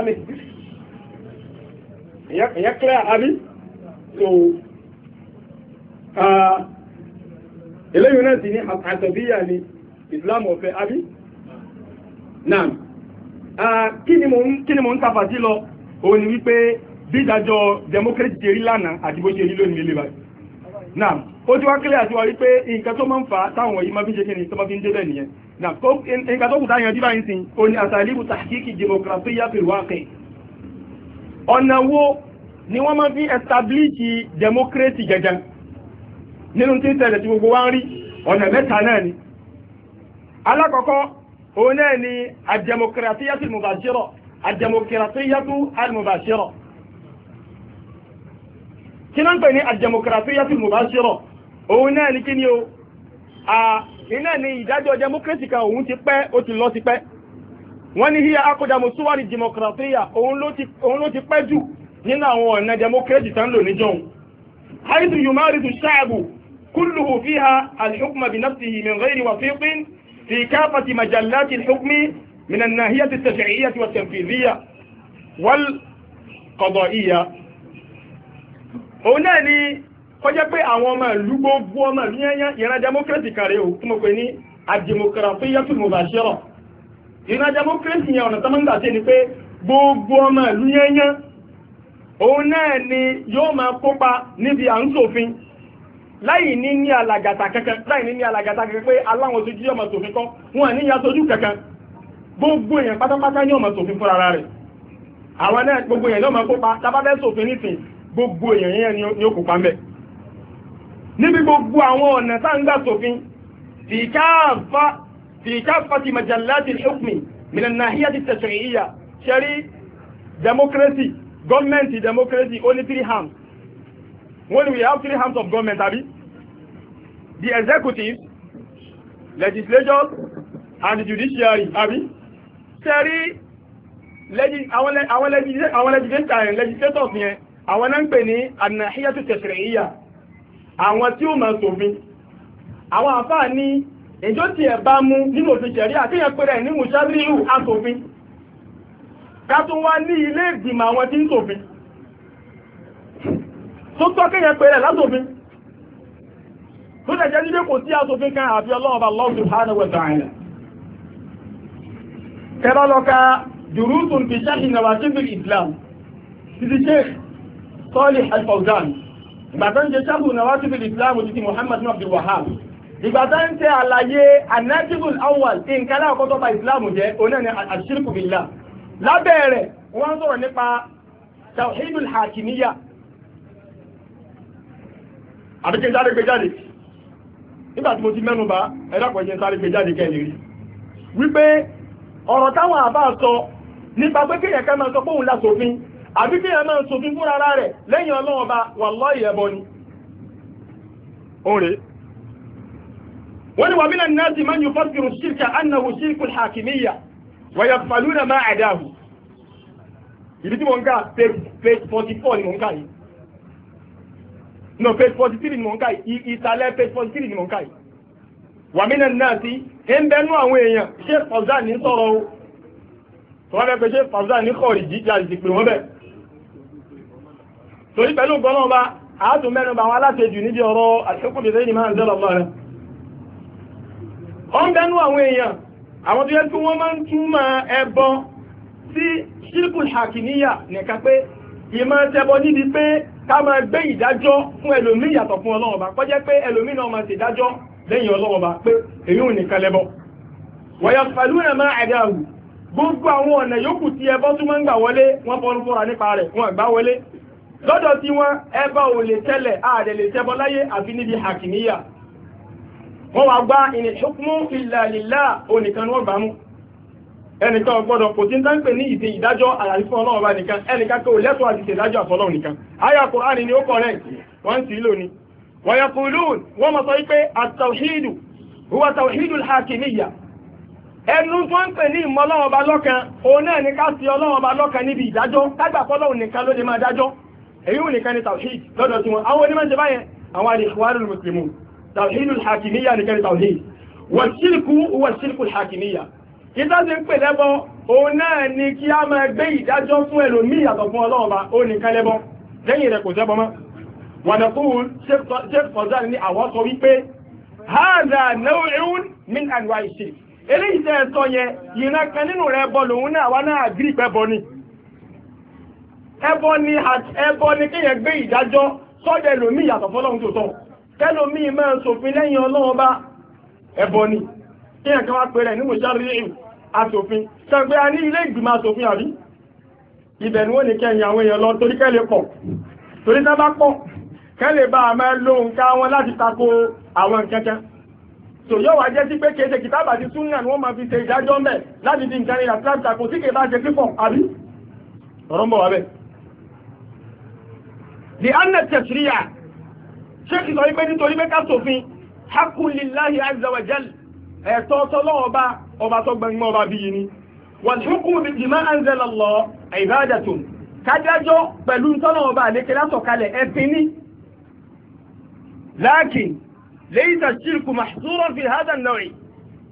ìyá clear àbí so eléyìí náà sì ní àtọ̀bíyà ni Islam ọ̀fẹ́ àbí náà kí ni mo ń tàfà sí lọ òun ni wípé bí ìdájọ́ democracy ti rí lánàá àti bó ṣe rí lónìí nílé báyìí náà ó ti wá kílẹ̀ àti wá wípé nǹkan tó máa ń fà á táwọn yìí máa fi ń ṣe kí ni tó máa fi ń débẹ̀ nìyẹn náà nǹkan tó kù táyàn dí báyìí ni àtàlíbù tàkíkì democracy yàtọ̀ ìwà ọ̀nà wo ni wọ́n máa fi establish democracy gẹ̀gẹ̀ nínú tí ń tẹ̀lẹ̀ tí gbogbo wa ń rí ọ̀nà mẹ́ta náà ni alákọ̀ọ́kọ́ òun náà ni àdẹmọkìrátìyàtì mùbàṣírọ̀ àdẹmọkìrátìyàtù àlùmùbàṣírọ̀ kí ló ń pè ní àdẹmọkìrátìyàtì mùbàṣírọ̀ òun náà ni kí ni o iná ni ìdájọ́ democracy kan òun ti pẹ́ ó ti lọ ti pẹ́ wọ́n ní hiya akudamu suwari dìmọ̀kìràtíyà òun ló ti pẹ́jù nínú àwọn ọ̀nà democracy tán lò níjọ́un haitu yumaridu sha'abu kulluhu fiha alhukma bi nafsihi min ghairi wafiqin fi kafati majallati alhukmi min annahiyati altafi'iyati waltanfidhiya walqadaiya òun náà ni kọjá pé àwọn ọmọ ìlú gbogbo ọmọ ìlú yẹn yẹn ìran democracy kàrẹ́ o tí mo pè ní ademokrafiyatu mubashira ìran democracy yẹn ọ̀nà tó máa ń ni pé gbogbo ọmọ ìlú yẹnyẹn òun náà ni yóò máa kópa níbi à ń ṣòfin láì ní ní alàgàtà kankan láì ní ní alàgàtà kankan pé aláwọn ojú yóò ya sojú kankan gbogbo èèyàn pátápátá yóò máa ṣòfin fúnra rẹ̀ àwọn náà gbogbo èèyàn yóò máa kópa tábàbẹ́ ṣòfin nísìn gbogbo èèyàn yẹn ni ó gbogbo àwọn ọ̀nà tá ń gbà في كافة مجلات الحكم من الناحية التشريعية شري democracy government democracy only three arms when we have three arms of government abi the executive legislature and the judiciary abi ṣẹ́rí àwọn legislators legislators yẹn àwọn náà ń pè ní anahiyatu tashri'iyya àwọn tí ó máa ṣòfin àwọn àfáà ní e tí ẹ bá mú nínú òfin ṣẹ̀rí àtẹ́yàn pé rẹ̀ ní mùsàlíhù asòfin ká tún wá ní ilé ìgbìmọ̀ àwọn tí ń ṣòfin tó tọ́ kéèyàn pé lásòfin tó dẹ̀ jẹ́ nílé kò sí asòfin kan àfi ọlọ́ọ̀bà Allah subhanahu wa ta'ala ka Islam títí Sheikh Salih al Islam Muhammad ìgbà tá ń tẹ àlàyé anajibul awal nǹkan aláàkọ́ tó ba ìsìláàmù jẹ́ òun náà ni àṣírkù billah lábẹ́ rẹ̀ wọ́n sọ̀rọ̀ nípa tawhidul hakimiyya àbíkẹ́ sáré gbé jáde nígbà tí mo ti mẹ́nu bà ẹ̀rọ àpọ̀jẹ́ sáré gbé jáde kẹ́ lè rí wípé ọ̀rọ̀ táwọn àbá sọ nípa pé kéèyàn ká máa sọ pé òun la ṣòfin àbí kéèyàn máa ṣòfin fúnra rẹ̀ lẹ́yìn ọlọ́wọ́ba wallahi ẹbọ ni wọ́n ní wà mílẹ̀ náà ti máa ń yọ fọ́sìkìrù ṣírkà annahu ṣírkù hakimiyya wa yaf'aluna ma adahu ìdí tí mo ń kà page forty four ni mo ń kà yìí no page forty three ni mo ń kà yìí ìsàlẹ̀ page forty three ni mo ń kà yìí wà mílẹ̀ náà ti ń bẹnu àwọn èèyàn ṣé fọ̀zán ní sọ̀rọ̀ o tọ́wọ́ bẹ́ẹ̀ pé ṣé fọ̀zán ní kọ̀ọ̀rì jíjà ìdìpè wọn bẹ́ẹ̀ torí pẹ̀lú gbọ́nà ọba àádùn mẹ́rin bá wọn aláṣejù níbi ọ̀rọ̀ àṣekúndínlẹ́yìn máa ń zẹ́lọ̀ mọ́ rẹ̀ ọ̀n bẹnu àwọn èèyàn àwọn tó yẹ kí wọ́n máa ń túmọ̀ ẹbọ sí ṣírkù hàkìníyà nìkan pé ìmọ̀ ẹbọ níbi pé ká máa gbé ìdájọ́ fún ẹlòmíì yàtọ̀ fún ọlọ́wọ́ba kọjá pé ẹlòmíì náà máa ṣèdájọ́ lẹ́yìn ọlọ́wọ́ba pé èyí ò nìkan lẹ́bọ wọ̀yọ̀ pẹ̀lú rẹ̀ máa ẹ̀dá àwù gbogbo àwọn ọ̀nà yòókù tí ẹbọ tún máa ń gbà wọlé wọ́n fọ́nú fọ́ra nípa rẹ̀ wọ́n gbá wọlé lọ́dọ̀ tí wọ́n ẹbọ ò lè tẹ́lẹ̀ ààrẹ lè tẹ́bọ láyé àfi níbi hàkìníyà wọ́n wá gbá ìní ṣùkmú ìlàlìlá onìkan ni wọ́n bá mú ẹnìkan ọgbọ́dọ̀ kò tí ń tán pè ní ìdí ìdájọ́ àyàfi fún ọlọ́run bá nìkan ẹnìkan ni ó correct wọ́n ń sì í lónìí wọ́n yẹ kúlù wọ́n mọ̀ sọ wípé àtàwíìdù huwa tàwíìdù hakimiyya ẹnu tó ń pè ní ìmọ̀ ọlọ́run bá lọ́kan òun náà ní ká sí ọlọ́run bá lọ́kan níbi ìdájọ́ kágbà fọlọ́run ló lè máa dájọ́ èyí ò ni tàwíìdù lọ́dọ̀ tí wọn àwọn onímọ̀ tàwíìlù hakimiyya ní kẹrin tàwíìlù wọ́n sílùkù wọ́n sílùkù hakimiyya ìta ti ń pè lẹ́bọ òun náà ni kí a máa gbé ìdájọ́ fún ẹlòmíì yàtọ̀ fún ọlọ́run bá ó nìkan lẹ́bọ lẹ́yìn rẹ̀ kò sẹ́bọ mọ́ wọ̀nà fún sheikh fọzán ní àwọn sọ wípé haza naw'un min anwa'i shirk eléyìí tẹ́ ẹ sọ yẹn ìran tó sọ kẹ́lòmíì máa ṣòfin lẹ́yìn ọlọ́run bá ẹ̀bọ ni kí ẹ̀kan wá pẹ̀rẹ̀ ní mùsàríyìn aṣòfin sẹ́gbẹ́ a ní ilé ìgbìmọ̀ aṣòfin àbí ibẹ̀ ni wọ́n ní kẹ́yìn àwọn èèyàn lọ torí kẹ́lẹ̀ pọ̀ torí sábà pọ̀ kẹ́lẹ̀ bá a máa lo nǹkan wọn láti tako àwọn kẹ́kẹ́ tò yóò wá jẹ́ sí pé kéde kìtàbà ti tún náà ni the annex tẹ̀síríyà ṣéèkì sọ wípé nítorí pé ká ṣòfin hakulilahi azawajal ẹ̀tọ́ tọ́lọ́wọ́ bá ọba tó gbẹ̀ngbọ́n ọba bíi ni wal hukmu bi ma anzala Allah ibadatun kájájọ́ pẹ̀lú tọ́lọ́wọ́ bá àlékè látọ̀kalẹ̀ ẹ̀sìn ní. láàkìn laysa shirku mahzura fi hadha an-naw'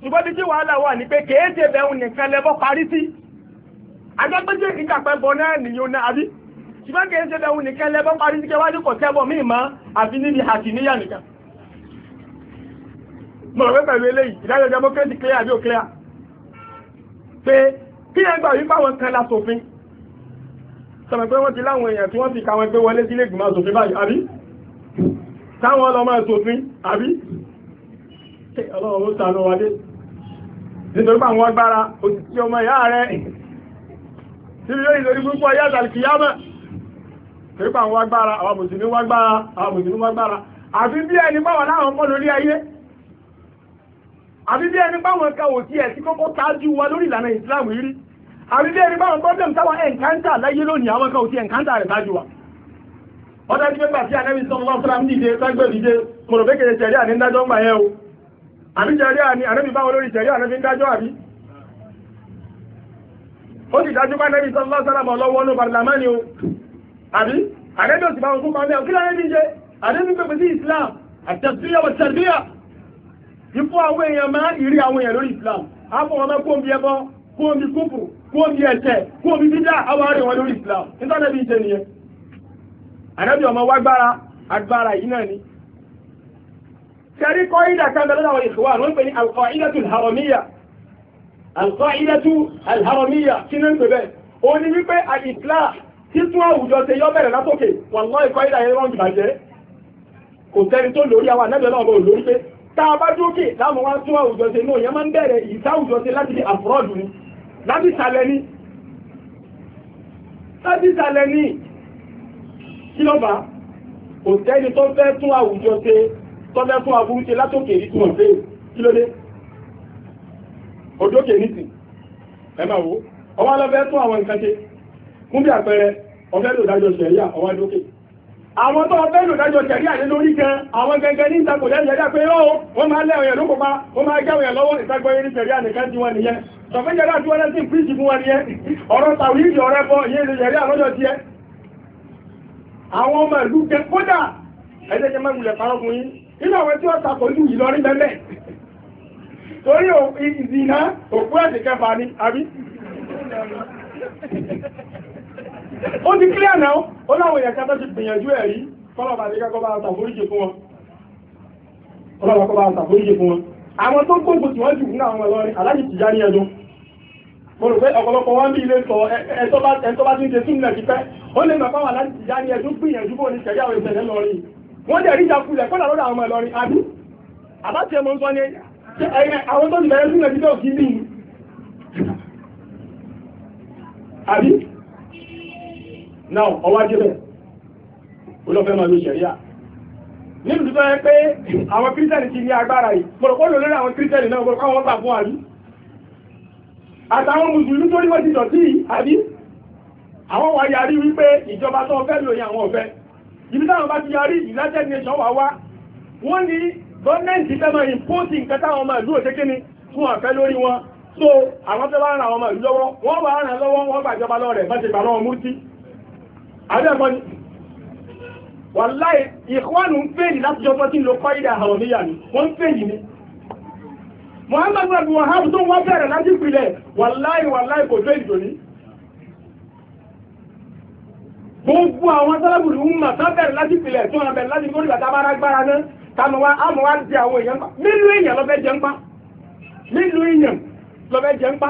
ṣùgbọ́n bí tí wàhálà wà ní pé kéèdè bẹ́ẹ̀ nìkan lẹ́bọ́ parí sí. adágbẹ́jẹ́ ìkàpẹ́ bọ̀ náà nìyó náà ṣùgbọ́n kì í ṣe bẹ̀rù nìkan lẹ́bọ́n parí sí kẹwàá ní tẹ́bọ̀ míì mọ́ àfi níbi àkìníyà nìkan. mo rò pé pẹ̀lú eléyìí ìdájọ́ democracy clear àbí ò pé kí ẹ gbà wípé àwọn kan la ṣòfin wọ́n ti láwọn èèyàn tí wọ́n ti kàwọn ẹgbẹ́ wọlé sílé ìgbìmọ̀ ṣòfin báyìí àbí táwọn ọlọ́mọ ṣòfin àbí ọlọ́run ló sànú wọlé nítorí pàwọn agbára òtítí ọmọ ìyá rẹ̀ tí yóò ìlórí púpọ̀ yá àtàlùkì yá pépà ń wágbára àwọn mùsùlùmí wágbára àwọn mùsùlùmí wágbára àfi bí ẹni báwọn láwọn mọ́ lórí ayé àfi bí ẹni báwọn kan ò tiẹ̀ sí kókó tájú wa lórí ìlànà ìsìláàmù yìí rí àfi bí ẹni báwọn problem táwọn ẹ̀ǹkáńtà láyé lónìí àwọn kan ò tiẹ̀ ẹ̀ǹkáńtà rẹ̀ tájú wa ọdá tí pépà tí anẹ́bí sọ wọn fúnra mi dìde ságbẹ́ dìde mọ̀rọ̀ pé kèrè tẹ̀lé àní ńdájọ́ ń gbà yẹn o àbí tẹ̀lé àní anẹ́bí báwọn lórí tẹ̀lé ànẹ́bí ńdájọ́ àbí ó sì dájú pé anẹ́bí sọ wọn sára mọ̀ lọ́wọ́ ní àbí àrẹ́dọ̀ sì bá wọn kó máa mẹ́wọ̀n kí láyé ní jẹ́ àdébí pẹ̀pẹ̀ sí Islam àtẹ̀síyà wọ tẹ̀síyà ìfọ́ àwọn èèyàn máa ìrí àwọn èèyàn lórí Islam àpò wọn máa kóòmì ẹbọ kóòmì kúfù kóòmì ẹ̀tẹ̀ kóòmì dídá àwọn àrẹ wọn lórí Islam nítàdébí jẹ nìyẹn àrẹ́bí ọmọ wá gbára agbára yìí náà ni kẹrí kọ́ ìdá kan bẹ̀rẹ̀ àwọn ìṣòwò àwọn pè ní alqaidatu alharamiyya alqaidatu alharamiyya kí náà ń pè bẹ́ẹ̀ òun ni wípé al-Islam títún àwùjọ ṣe yọ bẹ̀rẹ̀ látòkè wọn lọ ìkọ́ ìdá yẹn wọ́n gbàjẹ́ kò sẹ́ni tó lórí àwọn ànábẹ́ náà bọ̀ lórí pé tá a bá dókè láwọn wá tún àwùjọ ṣe náà yẹn máa ń bẹ̀rẹ̀ ìta àwùjọ ṣe láti di àfúrọ́dù ni láti sàlẹ̀ ni láti sàlẹ̀ ni kí ló bá kò sẹ́ni tó fẹ́ tún àwùjọ ṣe tó fẹ́ tún àbúrú ṣe látòkè ní tí wọ́n fẹ́ kí ló dé òdókè nìsín ẹ máa wò ọwọ́ lọ fẹ́ tún àwọn nǹkan ṣe fún bí àpẹẹrẹ ọ̀fẹ́ lò dájọ́ sẹ̀ríà ọwá dókè àwọn tó ọ̀fẹ́ lò dájọ́ sẹ̀ríà ní lórí kan àwọn gẹ́gẹ́ ní ìtakò lẹ́yìn ẹ̀dá pé ó wọ́n máa lẹ́ òyìn lóko pa ó máa gẹ́ òyìn lọ́wọ́ ìtagbọ́ eré sẹ̀ríà nìkan ti wọn nìyẹn sọfẹ́ jẹ́rẹ́ àti wọ́n lẹ́sìn fíjì fún wọn nìyẹn ọ̀rọ̀ tàwí ìdí ọ̀rẹ́ bọ ìyẹn ilé sẹ̀ríà lọ́jọ́ tiẹ̀ àwọn ọmọ ìlú kẹ kódà ẹ̀jẹ̀ jẹ́ mẹ́mú lẹ̀ parọ́ fún yín nínú àwọn tí wọ́n takò ju Ìlọrin bẹ́ẹ̀ torí ìdìnnà òkú ẹ̀sìn kẹfà ni àbí ó ti clear now ó láwọn èèyàn kátó ti gbìyànjú ẹ̀ rí kọ́lọ̀bà ní kọ́kọ́ bá ṣàforíjì fún wọn kọ́lọ̀bà kọ́ bá ṣàforíjì fún wọn àwọn tó gbogbo tí wọ́n jù ní àwọn ọlọ́rin aláàjì ti já ní ẹjọ́ mo rò pé ọ̀pọ̀lọpọ̀ wọn bí ilé sọ ẹ̀tọ́ bá ti ń ṣe súnmọ̀ ti pẹ́ ó lè mọ̀ fáwọn aláàjì ti já ní ẹjọ́ gbìyànjú bó ní ṣẹ̀yà òun ìṣẹ̀lẹ̀ lọ́rin wọ́n dẹ̀ ríjà kulẹ̀ kọ́lá lọ́dọ̀ àwọn ọlọ́rin àbí àbáṣe mo ń sọ ní àwọn tó ti bẹ̀rẹ̀ súnmọ̀ ti bẹ́ẹ̀ òkì bí àbí náà ọwájú rẹ̀ olófẹ́ máa ló ṣẹ̀ríà nínú tó yẹ pé àwọn kírísẹ́nì ti ní agbára yìí mọ̀rọ̀ pọ̀ lórí àwọn kírísẹ́nì náà mọ̀rọ̀ káwọn gbà fún àrí àtàwọn mùsùlùmí tó ní wọ́n ti dọ̀tí àbí àwọn wà yarí wípé ìjọba tó fẹ́ lóye àwọn ọ̀fẹ́ ibi táwọn bá ti yarí United Nations wà wá wọ́n ní gọ́ọ̀mẹ́ntì fẹ́ máa impose nǹkan táwọn ọmọ ìlú òṣèké ni fún àfẹ́ lórí wọn so àwọn tó bá ń ra àwọn ọmọ ìlú lọ́wọ́ wọ́n bá ń ra lọ́wọ́ wọ́n gbàjọba lọ́rẹ̀ bá ti gbà lọ́wọ́ múrtí àbí ẹ̀kọ́ ni wàláì ìkọ́nù ń fèèlì láti jọ tí ń lo kọ́ìdà àwọn níyà ni wọ́n ń fèèlì ni Muhammadu abu wahab tó wọ́n bẹ̀rẹ̀ láti ìpìlẹ̀ wàláì wàláì kò tó ìjò ní gbogbo àwọn sálábùrù ń mà sábẹ̀rẹ̀ láti ìpìlẹ̀ tó àbẹ̀ láti kórìí bàtà bára gbára náà tàmùwá àmùwá ti àwọn èèyàn pa mílíọ̀nù èèyàn lọ́fẹ́ jẹ́ ń pa mílíọ̀nù èèyàn lọ́fẹ́ jẹ́ ń pa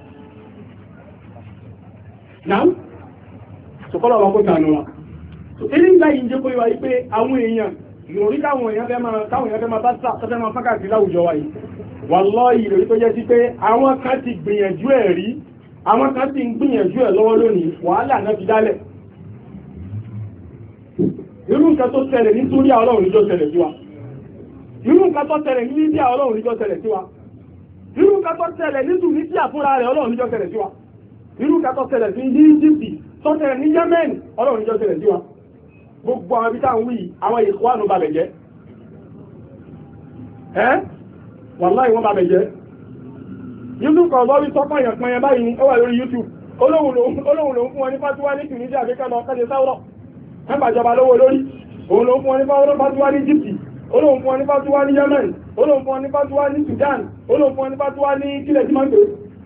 náà sọ̀kọ́lọ̀ wọn kó tànù wọn ilé ńlá yìí jẹ́ kóyọ wáyé pé àwọn èèyàn lórí táwọn èèyàn fẹ́ máa táwọn èèyàn fẹ́ máa bá sáfẹ́ máa fákàtí láwùjọ wa yìí wàlọ́ọ̀yì lórí tó jẹ́ sí pé àwọn kan ti gbìyànjú ẹ̀ rí àwọn kan ti ń gbìyànjú ẹ̀ lọ́wọ́ lónìí wàhálà náà fi dálẹ̀ irú nǹkan tó tẹ̀lẹ̀ nítorí ọlọ́run níjọ́ tẹ̀lẹ̀ sí wa irú nǹkan tó tẹ̀lẹ̀ ní nídíà ọlọ́run níjọ́ tẹ̀lẹ̀ sí wa irú nǹkan tó tẹ̀lẹ̀ nítorí ọlọ́run níjọ́ tẹ̀lẹ̀ sí wa irú kàtọ́ ṣẹlẹ̀ sí ní Íjíbítì tó ṣẹlẹ̀ ní Yemen ọlọ́run níjọ́ ṣẹlẹ̀ sí wa gbogbo àwọn abíta ń wí àwọn ìkọ́wànù balẹ̀ jẹ́ ẹ́ wàláì wọ́n balẹ̀ jẹ́ yusuf kan lọ́wọ́ sọ́kàn èèyàn pẹ́yẹ báyìí ó wà lórí YouTube olóhùn ló ń fún wọn ní fásiwá ní Tunisia àfikà lọ kẹ́lẹ̀ sáwọ́rọ̀ mẹ́bàjọba lówó lórí òun ló ń fún wọn ní fásiwá ní Egypt olóhùn fún wọn ní fásiwá ní Yemen olóhùn fún wọn ní fásiwá ní Sudan olóhùn fún wọn ní fásiwá ní kílẹ̀ tí máa ń pè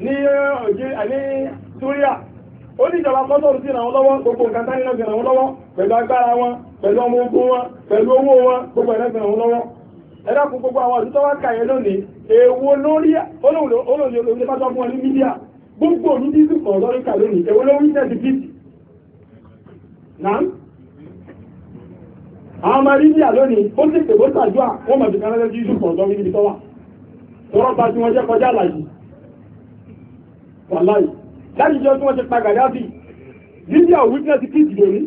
ní uh, Súríà ó ní ìjọba kọ́tọ̀rù sí ìrànwọ́ lọ́wọ́ gbogbo nǹkan tání náà ìrànwọ́ lọ́wọ́ pẹ̀lú agbára wọn pẹ̀lú ọmọ ogun wọn pẹ̀lú owó wọn gbogbo ẹ̀rẹ́ ìrànwọ́ lọ́wọ́ ẹ̀dá kún gbogbo àwọn àdúgbò wá kàyẹ lónìí èwo lórí olóòlò fún ọ ní láti jọ tí wọ́n ti pa Gaddafi Libya witness kí ìdìbò rí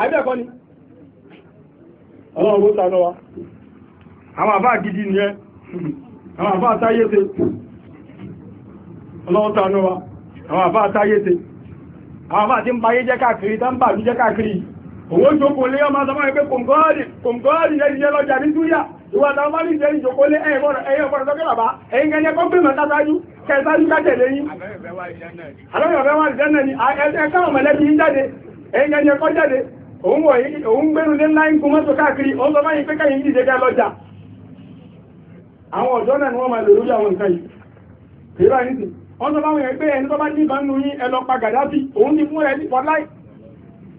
àbẹ́ẹ̀kọ́ ni ọlọ́run ó sànú wa àwọn àbá gidi ni ẹ àwọn àbá táyé ṣe ọlọ́run sànú wa àwọn àbá táyé ṣe àwọn àbá tí ń bayé jẹ́ káàkiri tá ń bà ní jẹ́ káàkiri òun ó jókòó lé ọmọ sọmọ ẹgbẹ́ kòǹgọ́ọ̀dì kòǹgọ́ọ̀dì ìwọ àtàwọn máa ní ìjẹ́ ìjòkó lé ẹ̀yìn bọ̀rọ̀ ẹ̀yìn bọ̀rọ̀ sọ́kẹ́ bàbá ẹ̀yìn kẹ́ni ẹ̀kọ́ pé màtá sáájú kẹsàájú kájẹ̀ lẹ́yìn. àlọ́ ìbẹ̀ wà ìjẹ́ náà ni ẹ̀ka ọ̀mọ̀lẹ́bí ń jáde ẹ̀yìn kẹ́ni ẹ̀kọ́ jáde òun gbẹ́nu lé ńlá ń gun mọ́tò káàkiri ó sọ báyìí pé káyìn ìdíje ká lọ́jà. àwọn ọ̀dọ́ náà ni wọ́n máa lò lórí àwọn nǹkan yìí kì í bá yín sí wọ́n sọ báwọn yẹn pé ẹni tó bá ní ìbánu yín ẹ lọ pa Gàdáfì òun ti mú ẹ ní pọ́láì.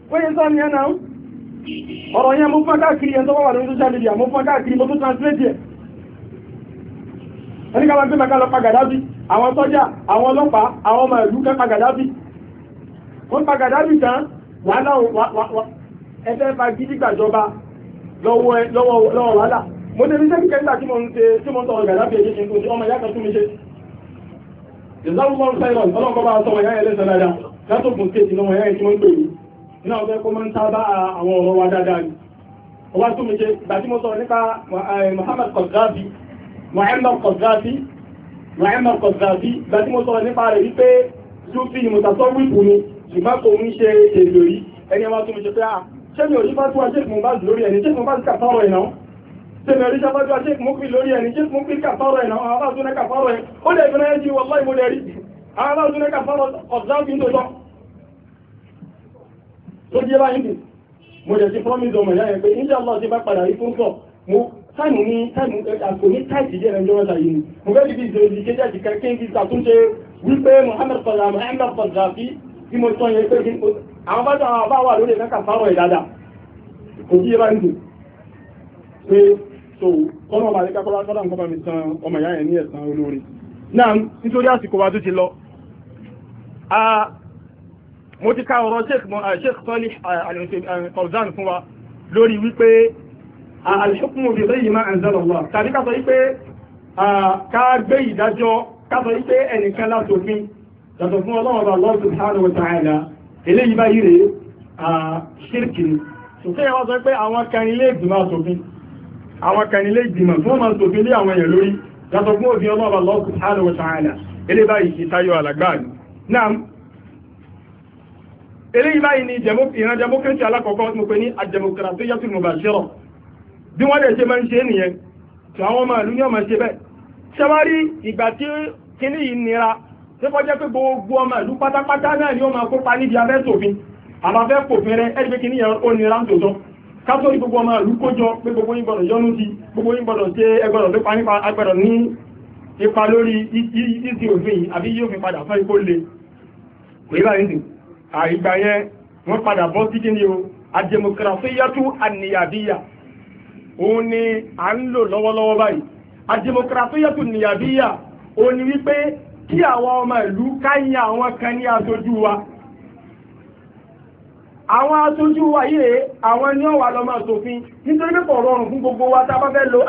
wọ́n yẹ sọ ni ẹ náà ọ̀rọ̀ yẹn mo fọ́n káàkiri ẹ̀tọ́ wà lórí social media mo fọ́n káàkiri mo tún translate ẹ̀ ẹni ká máa gbé mẹ́ka lọ pa Gaddafi àwọn sọ́jà àwọn ọlọ́pàá àwọn ọmọ ìlú kẹ́ pa Gaddafi wọ́n pa Gaddafi tán wàhálà ẹ̀fẹ́ fa gidi gbàjọba lọ́wọ́ wàhálà mo tẹ̀lé iṣẹ́ kíkẹ́ nígbà tí mo ń ṣe tí mo ń sọ̀rọ̀ Gaddafi èyí ṣe ń tó ọmọ ìyá kan tún mi ṣe ìzáwọ́ wọn sáyọ̀ ọlọ́kọ́ bá sọ ọmọ ìyá yẹn lẹ́sẹ̀ dáadáa látòkùn stéètì lọ́mọ ìyá yẹn tí iná ọ̀fẹ́ kó máa ń sábà àwọn ọ̀rọ̀ wa dáadáa ni ọwá tó méje ìgbà sọ nípa Muhammad Qaddafi Muhammad Qaddafi Muhammad Qaddafi ìgbà tí mo sọ eh, nípa rẹ̀ wípé Sufi ni mùtàtọ́ wípù ni ṣùgbọ́n kò ń ṣe èlò yìí ẹni ọwá tó méje pé à ah, ṣé mi ò rí fásitì wa ṣé mo bá lórí ẹni ṣé mo bá kà fọ́rọ̀ ẹ̀ náà ṣé mi ò rí fásitì wa ṣé mo fi lórí ẹni ṣé mo fi kà fọ́rọ̀ ẹ̀ náà àwọn bá tún ní kà fọ́rọ̀ ẹ̀ ó lè fi náà ẹ́ tó jẹ́ báyìí dì mo jẹ̀ sí promise ọmọ ìyá yẹn pé nílẹ̀ ọlọ́ ti bá padà rí fún pọ̀ mo táìmù ní táìmù àpò ní táìtì jẹ́ ẹ̀rọ ìjọba yìí ni mo fẹ́ dìbí ìṣòro ìdíje jáde kẹ́kẹ́ kí ṣàtúnṣe wípé Muhammad kọlá Muhammad kọlá fi bí mo sọ yẹn pé kí àwọn bá àwọn bá wà lórí ẹ̀ka fáwọn ìdádà kò sí ẹbá nìyí pé so ọmọ ọba àti kakọ́lá sọ́dà nǹkan bá mi san ọmọ ìyá yẹn ní ẹ̀sán olóore náà nítorí àsìkò wa tó ti lọ mo ti ká ọ̀rọ̀ sheikh eh, Salih eh, al-Fawzan eh, fún wa lórí wípé al-hukmu bi ghayri ma anzala Allah tàbí ká sọ wípé ká gbé ìdájọ́ ká sọ wípé ẹnìkan látòfin yàtọ̀ fún ọlọ́run bá Allah subhanahu wa ta'ala eléyìí báyìí rèé ṣírkì ni ṣùgbọ́n yẹn wá sọ pé àwọn kan ilé ìgbìmọ̀ asòfin àwọn kan ilé ìgbìmọ̀ tó máa sòfin lé àwọn èèyàn lórí yàtọ̀ fún òfin ọlọ́run bá Allah subhanahu wa ta'ala báyìí ṣe tayọ àlàgbáàlú náà eléyìí báyìí ni ìran democracy alákọ̀ọ́kọ́ mo pè ní àdemokrasi yàtúrú mubashira bí wọ́n dẹ̀ ṣe máa ń ṣe nìyẹn tí àwọn ọmọ ìlú ní ọmọ ṣe bẹ́ẹ̀ ṣẹwárí ìgbà tí kíní yìí nira tí wọ́n jẹ́ pé gbogbo ọmọ ìlú pátápátá náà ni ó máa kópa níbi abẹ́sòfin àbáfẹ́ kòfin rẹ ẹ̀rí pé kíní yẹn ó nira ń tòótọ́ kátólì gbogbo ọmọ ìlú kójọ pé gbogbo yín gbọdọ̀ yọnu sí gbogbo yín gbọdọ̀ ṣe ẹgbọdọ̀ lópa nípa agbọdọ̀ ní ipa lórí ìsì òfin àbí yóò fi padà fẹ́ kó le kò yí báyìí àìgbà yẹn wọ́n padà bọ́ sí kíni o àdèmọkìràfíyàtú àníyàbíyà òun ni à ń lò lọ́wọ́lọ́wọ́ báyìí àníyàbíyà òun ni wípé kí àwọn ọmọ ìlú káyìn àwọn kan ní aṣojú wa àwọn wa yìí àwọn ni ó wà lọ máa ṣòfin nítorí pé rọrùn fún gbogbo wa tá a bá fẹ́ lo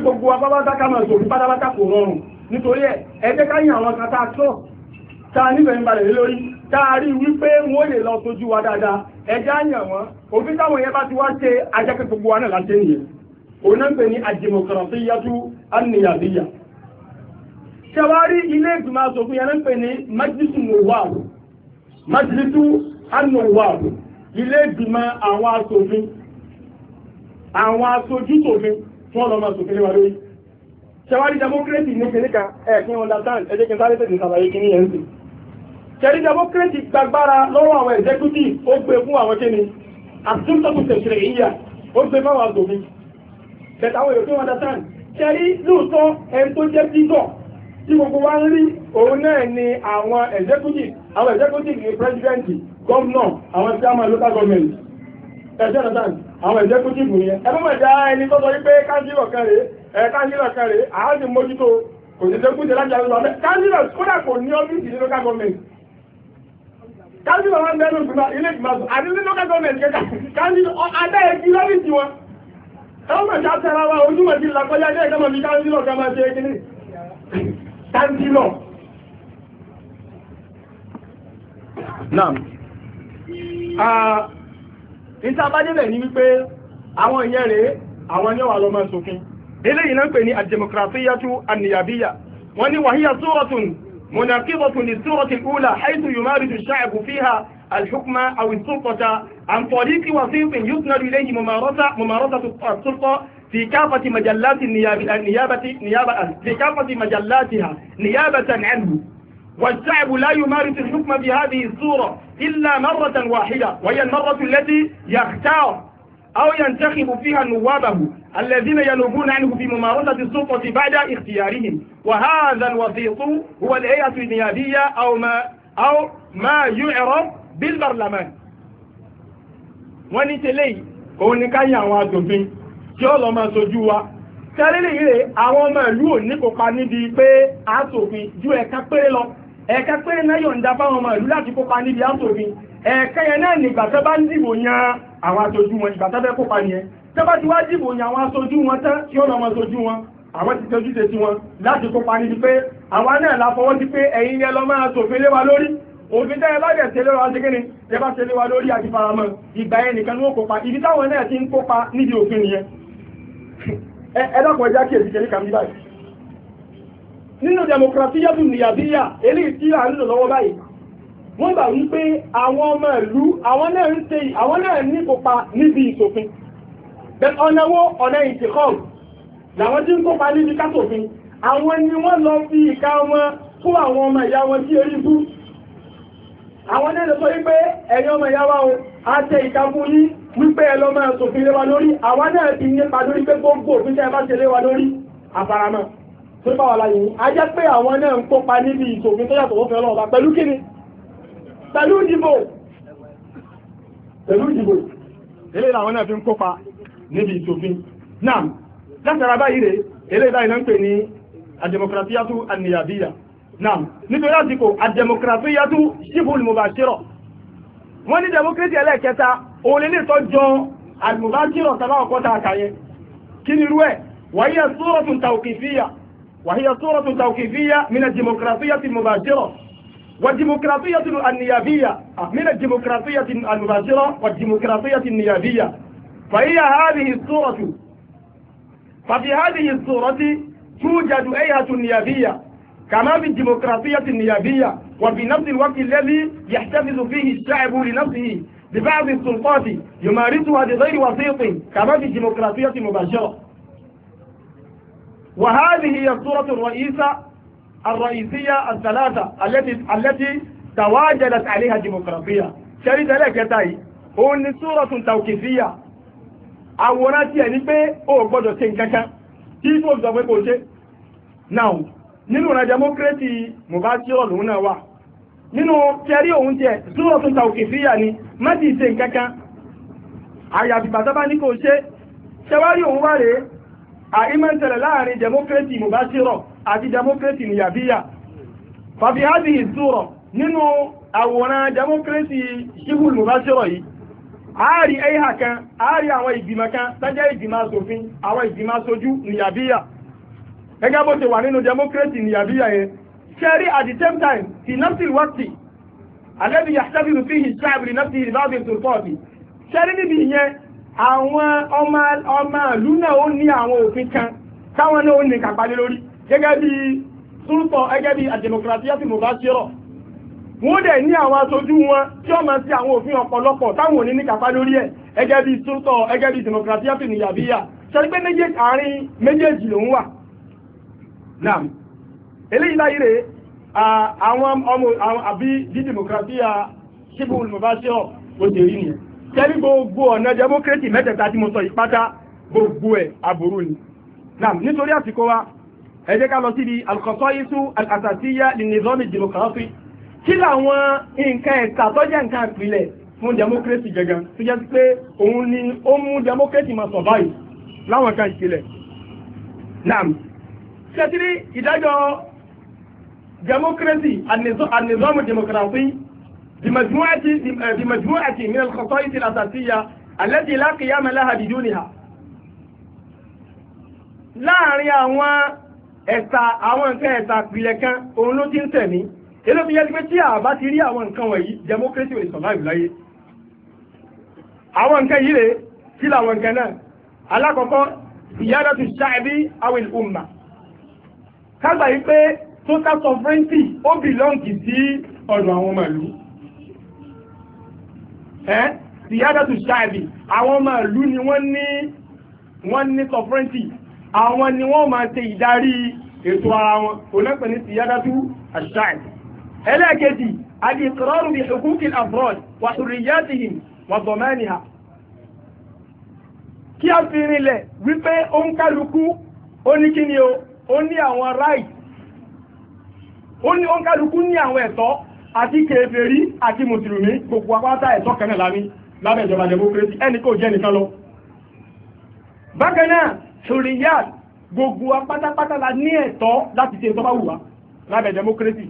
gbogbo wa bá bá dáká máa ṣòfin pátápátá kò rọrùn nítorí ẹ jẹ́ káyìn àwọn kan tá a tọ́ ta níbẹ̀ ń balẹ̀ lórí ta rí wípé wọ́n lè lọ tójú wa dáadáa ẹja yàn wọ́n òfin táwọn yẹn bá ti wá ṣe ajẹ́pẹ́ gbogbo wa náà láti nìyẹn òun náà ń pè ní àdìmọ̀kìrọ̀síyàtú àníyàníyà ṣẹwárí ilé ìgbìmọ̀ asòfin yẹn ń pè ní májísù nùwàbù májísù ànùwàbù ilé ìgbìmọ̀ àwọn asòfin àwọn aṣojú tòfin tí wọ́n lọ máa sòfin léwa lórí ṣẹwárí democracy ní kìnníkà ẹ̀ẹ́kín understand ẹ̀jẹ̀ kí n sáré tètè sàlàyé kìnníyẹn sí i tẹ̀rí democracy gbagbára lọ́wọ́ àwọn executive ó gbé fún àwọn kíni àtúntọ́tù tẹ̀sílẹ̀ ìyá ó gbé fáwọn àgbòmí bẹ̀tà àwọn èrò tó wọ́n dáta tẹ̀rí lóòótọ́ ẹni tó jẹ́ dídọ̀ tí gbogbo wa ń rí òun náà ni àwọn executive àwọn executive ni president governor àwọn chairman local government ẹ̀ṣẹ́ dáta àwọn executive yẹn ẹ mọ̀ dá ẹni tó sọ wípé káńsílọ̀ kan rèé ẹ̀ káńsílọ̀ kan rèé àá sì mójútó kò ní sẹ́kùtì láti àwọn local government káńtì wọn wọn bẹnu ìgbìmọ̀ ilé ìgbìmọ̀ àti ilé lọ́kà gọ́ọ̀mẹ̀ntì kẹta káńtì adá ẹ̀kí lọ́rìsì wọn káwọn ṣe àtẹ̀ra wa ojúmọ̀ ti làkọjá ilé ìgbìmọ̀ mi káńtì lọ kẹ́ máa ṣe kíní káńtì lọ. Naam. Ìta bá débẹ̀ ní wípé àwọn ìyẹn rèé àwọn ní wà lọ máa ṣòfin. Eléyìí náà ń pè ní àdèmọ̀kìràfíyàtú àníyàbíyà. Wọ́n ní wàhíyà sóòrọ̀tún مناقضة للسورة الأولى حيث يمارس الشعب فيها الحكم أو السلطة عن طريق وسيط يسند إليه ممارسة ممارسة السلطة في كافة مجلات النيابة النيابة نيابة في كافة مجلاتها نيابة عنه والشعب لا يمارس الحكم بهذه الصورة إلا مرة واحدة وهي المرة التي يختار أو ينتخب فيها نوابه الذين يلوبون عنه في ممارسة السلطة بعد اختيارهم وهذا الوسيط هو الهيئة النيابية أو ما أو ما يعرف بالبرلمان wọ́n ní tẹ́lẹ̀ yìí òun ni ká yẹ àwọn aṣòfin tí ó lọ máa sojú wa tẹ́lẹ̀ lè rè àwọn ọmọ ìlú ò ní kópa níbi pé aṣòfin ju ẹ̀ka péré lọ ẹ̀ka péré náà yọ̀ǹda fáwọn ọmọ ìlú láti kópa níbi aṣòfin ẹ̀ka yẹn náà nígbà tó bá ń dìbò yan àwọn aṣojú wọn ìgbà tó bẹ́ kópa nìyẹn tẹ́bá ti wá dìbò yàn àwọn aṣojú wọn tán tí ó lọ́mọ aṣojú wọn àwọn ti tẹ́jú tẹ́tí wọn láti kópa níbi pé àwa náà la fọwọ́ sí pé ẹ̀yin yẹn lọ máa ṣòfin lé wa lórí òfin tẹ́ ẹ bá dẹ̀ tẹ́lé wa ṣégéni tẹ́ bá tẹ́lé wa lórí àti faramọ́ ìgbà yẹn nìkan ló kópa ibi táwọn náà ti ń kópa níbi òfin nìyẹn ẹ dákun ẹja kí èsìkẹ́ níkà níbà yìí nínú democracy yẹ́bù nìyàbíyà eléyìí tí à ń lò lọ́wọ́ báyìí wọ́n gbà wípé àwọn ọmọ ìlú àwọn náà ń ṣe àwọn náà ní kópa níbi ìṣòfin bẹ́ẹ̀ ọ̀nàwó ọ̀nà ìtìkọ́ọ̀ làwọn tí ń kópa níbi kátòfin àwọn ni wọ́n lọ fi ìka wọn fún àwọn ọmọ ìyá wọn tí orí bú àwọn nílò sọ wípé ẹ̀yin ọmọ ìyá wa o a tẹ ìka fún yín wípé ẹ lọ máa sòfin lé wa lórí àwa náà ti nípa lórí pé gbogbo òfin tẹ́ ẹ bá ṣe lé wa lórí àfaramọ́ tó bá wà láyé a jẹ́ pé àwọn náà ń kópa níbi ìṣòfin tó yàtọ̀ òfin ọlọ́ọ̀bá pẹ̀lú kíni pẹ̀lú ìdìbò pẹ̀lú ìdìbò ilé làwọn náà fi ń kópa níbi ìṣòfin náà látara báyìí rè eré báyìí náà ń pè ní àdèmọkìrátìyàtú àníyàbíyà náà nítorí àsìkò àdèmọkìrátìyàtú ṣífù lùmùbàṣírọ wọn ní democracy ẹlẹ́ẹ̀kẹta òun lè tọ́ jọ àlùmùbàṣírọ tàbá ọkọ tá a kà yẹn kí ni irú ẹ wàhíyà sóòrọ̀tún tàwùkìfíyà wàhíyà sóòrọ̀tún tàwùkìfíyà mìnà dèmọkìrátìyàtú lùmùbàṣírọ والديمقراطية النيابية من الديمقراطية المباشرة والديمقراطية النيابية فهي هذه الصورة ففي هذه الصورة توجد أيهة نيابية كما في الديمقراطية النيابية وفي نفس الوقت الذي يحتفظ فيه الشعب لنفسه ببعض السلطات يمارسها بغير وسيط كما في الديمقراطية المباشرة وهذه هي الصورة الرئيسة الرئيسية الثلاثة التي التي تواجدت عليها الديمقراطية شريط لك يا تاي هو صورة توقيفية àwòrán tiẹ̀ ní pé ó gbọ́dọ̀ ṣe nǹkan kan tí tó sọ pé kò ṣe now nínú ọ̀nà democracy mubashiro lòun náà wà nínú kẹrí òun tiẹ̀ zúrò tún ta òkè fíyà ni má ti ṣe nǹkan kan àyàfi bàtàbá ní kò ṣe ṣẹwárí òun wà rèé àìmọ̀ntẹ̀lẹ̀ láàrin democracy mubashiro àti democracy nìyàbíyà fàfihàbí ìzúrọ̀ nínú àwòrán democracy shibul mubashiro yìí aari ẹ̀yà kan aari àwọn ìgbìmọ̀ kan tẹ́jẹ́ ìgbìmọ̀ asòfin àwọn ìgbìmọ̀ aṣojú nìyàbíyà gẹ́gẹ́ bó ṣe wà nínú democracy nìyàbíyà yẹn at the same time ti nafsi waqti alẹ́bi yàtẹ́bìrù fi hìṣẹ́ àbìrì nafsi ìbáwí tòótọ́ọ̀bì ṣẹ́rí níbi ìyẹn àwọn ọmọ ọmọ ìlú náà ó ní àwọn òfin kan táwọn náà ó ní kápálẹ́ lórí gẹ́gẹ́ bí sultan gẹ́gẹ́ bí wọ́n dẹ̀ ní àwọn aṣojú wọn tí wọ́n máa ti àwọn òfin ọ̀pọ̀lọpọ̀ táwọn òní ní kàfá lórí ẹ̀ ẹgẹ́ bíi ẹgẹ́ bíi pé méjèèjì àárín méjèèjì ló ń wà. nam eléyìí láyé rè àwọn ọmọ àbí di democratia ṣíbù olùmọ̀báṣẹ́ òṣèré nìyẹn gbogbo ọ̀nà democracy mẹ́tẹ̀ẹ̀ta tí mo sọ gbogbo ẹ̀ aburú ni. nítorí àsìkò wa ká lọ síbi kí làwọn nǹkan ẹ̀ka tó jẹ́ nǹkan ìpìlẹ̀ fún democracy gangan tó jẹ́ pé òun ni ó mú democracy máa survive láwọn nǹkan ìpìlẹ̀ naam ṣètìrí ìdájọ́ democracy anizamu democracy بمجموعة من الخصائص الأساسية التي لا قيام لها بدونها láàrin àwọn ẹ̀ka àwọn nǹkan ẹ̀ka ìpìlẹ̀ kan òun ló ti ń tẹ̀mí eléyìí yẹn ti pé tí a ti rí àwọn nǹkan wọ̀nyí democracy will survive láyé àwọn nǹkan yìí rè kí làwọn nǹkan náà alákọ̀ọ́kọ́ ìyádọ́tù ṣáàbí awil umma kágbà yìí pé total sovereignty ó bìlọ́ǹgì sí ọ̀dọ̀ àwọn ọmọ ìlú ẹ́ ìyádọ́tù ṣáàbí àwọn ọmọ ìlú ni wọ́n ní wọ́n ní sovereignty àwọn ni wọ́n máa ṣe ìdarí ètò ara wọn onípẹ̀ ní ìyádọ́tù ṣáàbí ẹlẹ́ẹ̀kejì alìkọ́rọ́rù bí hukuki afrod wà hurriyatihim wà dhamaniha kí a fi rinlẹ̀ wípé ó ń kálukú ó ní kíni o ó ní àwọn right ó ní ó ń kálukú ní àwọn ẹ̀tọ́ àti kèfèrí àti mùsùlùmí gbogbo apáta ẹ̀tọ́ kan náà lámí lábẹ́ ìjọba democracy ẹni kò jẹ́ nìkan lọ bákan náà hurriyat gbogbo apátápátá la ní ẹ̀tọ́ láti ṣe ìtọ́ bá wù wá lábẹ́ democracy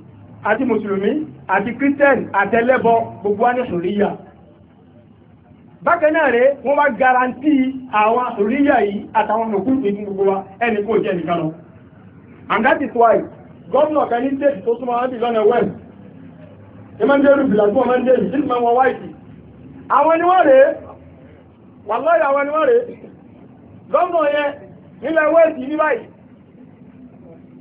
àti mùsùlùmí àti Christian, àtẹlẹ́bọ gbogbo wa ní ṣòríyà bákan náà rẹ̀ wọ́n bá garanti àwọn ṣòríyà yìí àtàwọn òkú ìpín gbogbo wa ẹni kò jẹ́ nìkan lọ and that is why gómìnà kan ní state tó súnmọ́ wọn bí lọ́nà west emmanuel bilago emmanuel six man wọn wáìtì àwọn ni wọ́n rèé wàlọ́yà àwọn ni wọ́n rèé gómìnà yẹn nílẹ̀ west ní báyìí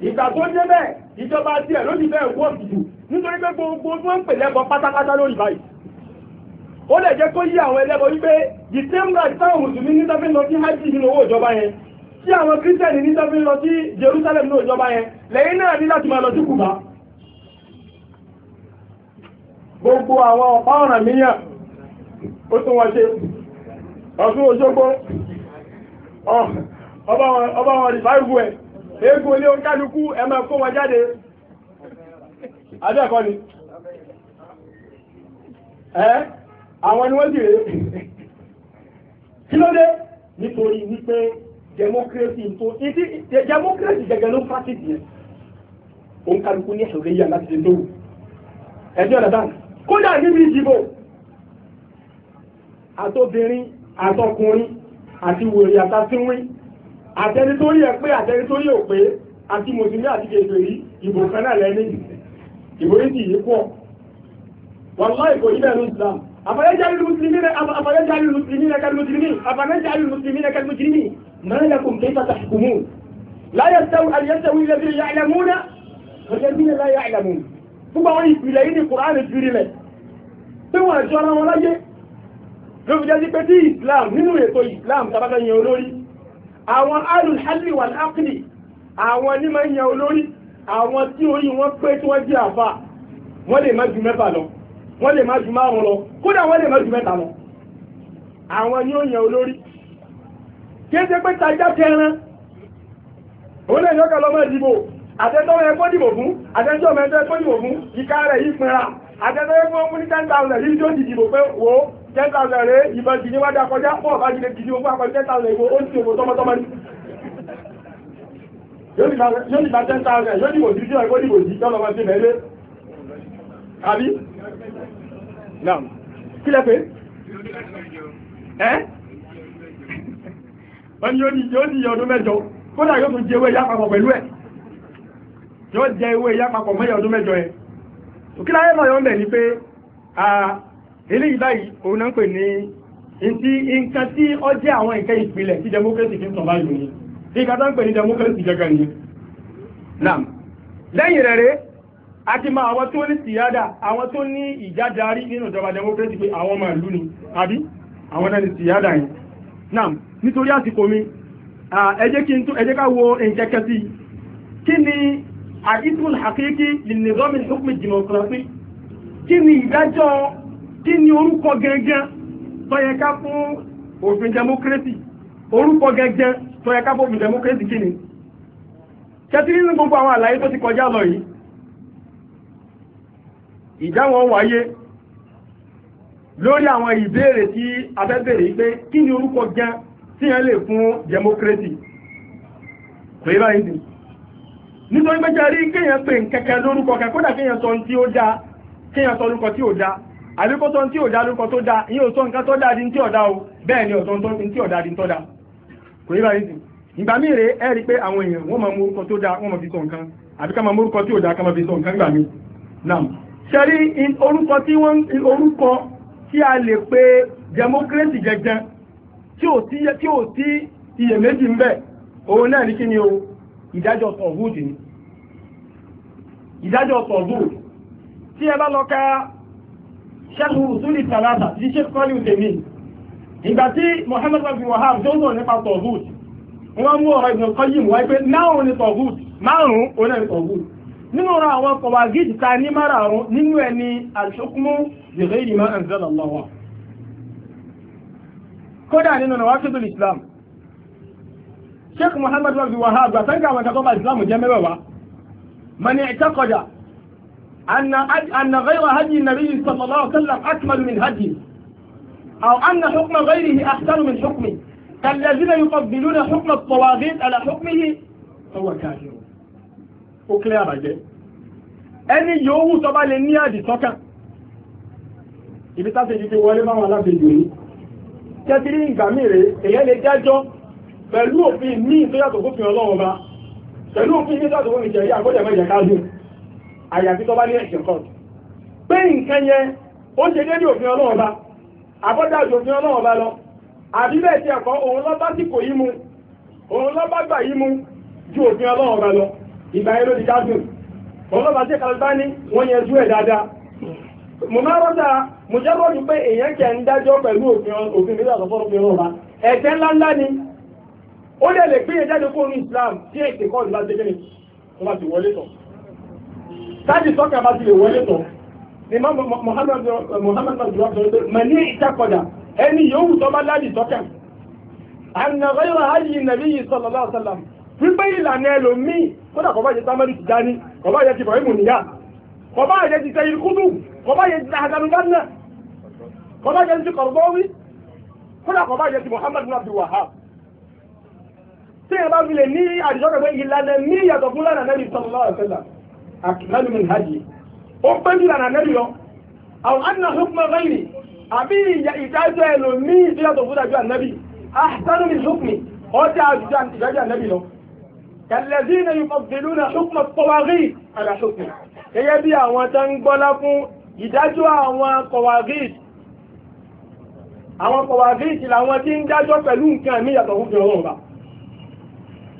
ìgbà tó dé bẹ́ẹ̀ ìjọba tiẹ̀ ló ti fẹ́ẹ̀ wọ́ ìdù nítorí pé gbogbo wọn ń pè lẹ́bọ pátápátá lórí báyìí ó lè jẹ́ kó yí àwọn ẹlẹ́bọ wípé the same right táwọn mùsùlùmí ní sáfẹ́ lọ sí hajj nínú owó ìjọba yẹn tí àwọn kírísítẹ́nì ní sáfẹ́ lọ sí Jerusalem nínú ìjọba yẹn lẹ́yìn náà ní láti máa lọ sí Kùbá gbogbo àwọn ọ̀pá ọ̀ràn míyàn ó tún wọ́n ṣe Ọ̀ṣun Òṣogbo ọba wọn rìfáìwù ẹ̀ eégún ilé oníkálukú ẹ máa kó wọn jáde adẹ́kọ́ ni ẹ́ àwọn ni wọ́n sì rèé kí ló dé nítorí wípé democracy tó ìdí democracy gẹ́gẹ́ ló practice yẹn oníkálukú ní ẹ̀sùn léyà láti lè lóru ẹ̀sìn ọ̀dà dáhùn kódà níbi ìdìbò àtobìnrin àtọkùnrin àti wòrì àtàtúwìn àtẹni tó yẹ pé àtẹni tó yẹ ò pé àti mùsùlùmí àti kèfè rí ìbò kan náà lẹ́ni ìbò yìí sì yí pọ̀ wàláhì kò yíbẹ̀ ní Islam àfàlẹ́jáàrí mùsùlùmí rẹ̀ àfàlẹ́jáàrí mùsùlùmí rẹ̀ kẹ́lú mùsùlùmí àfàlẹ́jáàrí mùsùlùmí rẹ̀ kẹ́lú mùsùlùmí máa lakum kayfa tahkumun la yastawi al-yastawi alladhina ya'lamuna walladhina la ya'lamun gbogbo àwọn ìpìlẹ̀ yìí ni Kùránì fi àwọn alùhálì wà lápìlì àwọn ní máa ń yan olórí àwọn tí orí wọn pé tí wọ́n jẹ́ àfà wọ́n lè má ju mẹ́fà lọ wọ́n lè má ju márùn lọ kódà wọ́n lè má ju mẹ́ta lọ àwọn ni ó yan olórí kéde pé tajá kẹran òun lè yọkà lọ́mọ ìdìbò àtẹ́tọ́wọ́ ẹ̀kọ́ dìbò fún àtẹ́tọ́wọ́ ẹ̀kọ́ dìbò fún ìka rẹ̀ yìí pinra àtẹ́tọ́wọ́ ẹ̀kọ́ fún ní ten thousand yìí tó dìbò pé wò ó ten thousand rẹ̀ ìbọn jìnnì wá dá kọjá pọ̀ bá jìnnì jìnnì ogún àpọ̀ ten thousand ìbò ó ti òbò tọmọtọmọ ní. yóò nígbà ten thousand yóò nígbò sí sí ọ̀rẹ́ kó nígbò sí tọ́lọ́ wọn sí mẹ́lẹ́. àbí naam kí lẹ pé ẹ́ wọ́n ní yóò ní ọdún mẹ́jọ kódà yóò tún jẹ ewé ìyá papọ̀ pẹ̀lú ẹ̀ yóò jẹ ewé ìyá papọ̀ mẹ́yà ọdún mẹ́jọ ẹ̀ òkìlá ẹ̀ mọ̀ yọ̀ ń eléyìí báyìí òun náà ń pè ní ntí nǹkan tí ó jẹ́ àwọn nǹkan ìpìlẹ̀ tí democracy fi ń sọ báyìí ni nǹkan tó ń pè ní democracy gẹ́gẹ́ ni. nam lẹ́yìn rẹ̀ rẹ̀ a ti mọ àwọn tó ní síyádà àwọn tó ní ìjádarí nínú ìjọba democracy pé àwọn ọmọ ìlú ni àbí àwọn náà ní síyádà yẹn. nam nítorí àsìkò mi ẹ jẹ́ kí n tó ẹ jẹ́ ká wo nǹkan kẹsí kí ni àdìsùn àkíkí lè nìzọ́mì ìhùkùn ìdìmọ̀kìrọ̀sì kí ni ìdájọ́ kí ni orúkọ gẹ́gẹ́ tó yẹ ká fún òfin democracy orúkọ gẹ́gẹ́ tó yẹ ká fún òfin democracy kí ni kẹtí nínú gbogbo àwọn àlàyé tó ti kọjá lọ yìí ìdáwọn wáyé lórí àwọn ìbéèrè tí a fẹ́ béèrè yìí pé kí ni orúkọ gan tí yẹn lè fún democracy pé báyìí nítorí pé jẹ́ rí kéèyàn pé nkẹ́kẹ́ lórúkọ kẹ́kọ́dà kéèyàn sọ ohun tí ó dáa kéèyàn sọ orúkọ tí ó dáa àbí kó sọ ní tí ò dá lórúkọ tó dá ìyẹn ò sọ nǹkan tó dá di ní tí ò dá o bẹ́ẹ̀ ni ọ̀sán tó ní tí ò dá di ní tó dá kò yí báyìí sí ìgbà míì rèé ẹ rí i pé àwọn èèyàn wọ́n máa mú orúkọ tó dá wọ́n máa fi sọ nǹkan àbí ká máa mú orúkọ tí ò dá ká máa fi sọ nǹkan gbà mí nam ṣẹ́rí orúkọ tí wọ́n orúkọ tí a lè pe democracy gẹ́gẹ́ tí ò sí tí ò sí iyèméjì ń bẹ òun náà ní kí ni o ìdájọ́ tọ̀húùdì ni ìdájọ́ tọ̀húùdì tí ẹ bá lọ ká sẹ́kù usuli salasa ti ṣe kọ́lí òtẹ̀mí ìgbà tí Muhammad bin Wahab tó ń sọ̀rọ̀ nípa tọ̀gùt wọ́n mú ọ̀rọ̀ Ibn Qayyim wáyé pé náà ni tọ̀gùt márùn-ún oní ẹni tọ̀gùt nínú ọ̀rọ̀ àwọn kọ̀wàgí ta ní márùn-ún nínú ẹni al-hukmu bi ghayri ma anzala kódà nínú nawaqidul Islam Sheikh Muhammad bin Wahab gbàtẹ́ńkà àwọn ìkàtọ́ أن أن غير هدي النبي صلى الله عليه وسلم أكمل من هديه أو أن حكم غيره أحسن من حكمه كالذين يقبلون حكم الطواغيت على حكمه فهو كافر وكلا رجل ẹni yòówù tó bá lè ní àdìsọ́kàn ibi tá ti di wọlé báwọn alábejì ní tẹ́tìrí ìgbàmí rẹ̀ èyẹ́ lè dájọ́ pẹ̀lú òfin ní ìtọ́yàtọ̀ fófin ọlọ́wọ́ bá pẹ̀lú òfin ní ìtọ́yàtọ̀ fófin ìjẹ̀rí àgbọ́dẹ̀mẹ́jẹ̀ káàdùn àyàfi tó bá ní ẹ̀sìn kan pé nǹkan yẹn ó ṣe òfin ọlọ́run ọba àbọ́dájú òfin ọlọ́run ọba lọ àbí bẹ́ẹ̀ tí ẹ̀kọ́ òun lọ bá kò yí mu òun lọ gbà yí mu ju òfin ọlọ́run ọba lọ ìgbà yẹn ló òun ní wọ́n ẹ̀ dáadáa mo máa rọ́ta mo jẹ́ bọ́ọ̀dù pé èèyàn ọba ni sáàdì sọ́kà bá ti lè wọlé tán ni Muhammad abdullah sọ pé mẹ́ni ìtakọ̀dà ẹni yòówù tó bá láàdì sọ́kà ànàrẹ́ ìwà ayé nàbí yìí sallallahu alaihi wasallam wípé ìlànà ẹlòmíì kódà kọ́ bá jẹ tamari Tijani kọ́ bá jẹ ti Ibrahim nìyà kọ́ bá jẹ ti sẹ́yìn kúdù kọ́ bá jẹ ti Hasanu Banna kọ́ bá jẹ ti Qaradawi kódà kọ́ bá jẹ ti Muhammad Abdul Wahhab tí ẹ bá fi lè ní àdìsọ́kà pé ìlànà ní ìyàtọ̀ fún lánàá Nabi sallallahu alaihi wasallam akínáàlú mi hajj ó pẹ́ jù lànà nẹ́bí lọ àwọn àdínà hukuma báyìí àbí ìdájọ́ ẹ̀ lò ní ìdílé tó fúdà ju ànábì àtàlù mi hukumi ọjà àjùjọ ìdájọ́ ànábì lọ kẹlẹ́sí ní ìfọ̀bìlú na hukuma kọwárí àdá hukumi gẹ́gẹ́ bí àwọn tó ń gbọ́lá fún ìdájọ́ àwọn kọwárí àwọn kọwárí ti làwọn tí ń dájọ́ pẹ̀lú nǹkan mi yàtọ̀ fún fi ọlọ́run bá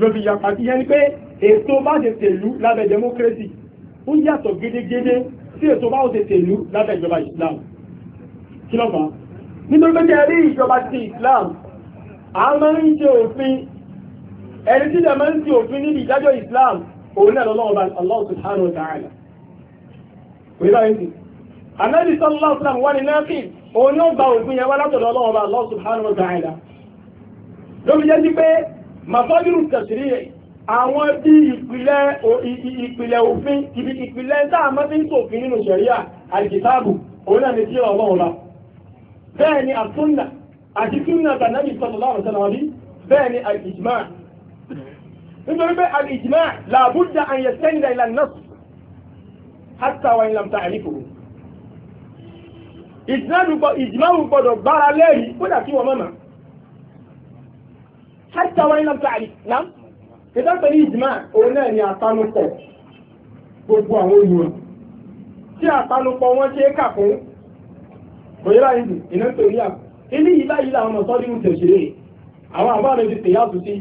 ló fi yàtọ̀ àti yẹn ni pé ètò bá ṣe tèlú lábẹ́ democracy ó yàtọ̀ gédégédé sí ètò bá ṣe tèlú lábẹ́ ìjọba Islam kí ló fà á nítorí pé kẹrí ìjọba ti Islam a máa ń ṣe òfin ẹni tí dẹ̀ máa ń ṣe òfin níbi ìdájọ́ Islam òun náà lọ́wọ́ bá Allah subhanahu wa ta'ala kò yí báyìí sí Ànábì sallallahu alaihi wasallam wà ní náà òun yóò gba òfin yẹn wá látọ̀dọ̀ Ọlọ́run bá Allah subhanahu wa ta'ala lóbi jẹ́ sí pé masọ́júrù tẹ̀sírí àwọn bí ìpìlẹ̀ òfin ibi ìpìlẹ̀ tá a máa fi ń ṣòfin nínú ṣẹ̀ríà àìkìtáàbù òun náà ni tí ọlọ́run la bẹ́ẹ̀ ni àtúnnà àti súnnà tànàbí sallallahu alaihi wasallam bẹ́ẹ̀ ni àìkìjìmá nítorí pé àìkìjìmá làbújá àyè sẹ́ńdà ìlànà hatta wa in lam ta'rifu ìjìmá gbọ́dọ̀ gbára lẹ́rìí kódà kí wọ́n hátà wáyé náà tààrí náà ìdá pẹ̀lú ìjìmá òun náà ni àpanupọ̀ gbogbo àwọn olùwọ̀n tí àpanupọ̀ wọn ṣe é kà fún kò yẹ láyé dùn iná tó ní àpò ilé yìí báyìí làwọn ọ̀sán nínú tẹ̀sílẹ̀ àwọn àbá rẹ̀ ti tẹ̀yàtù sí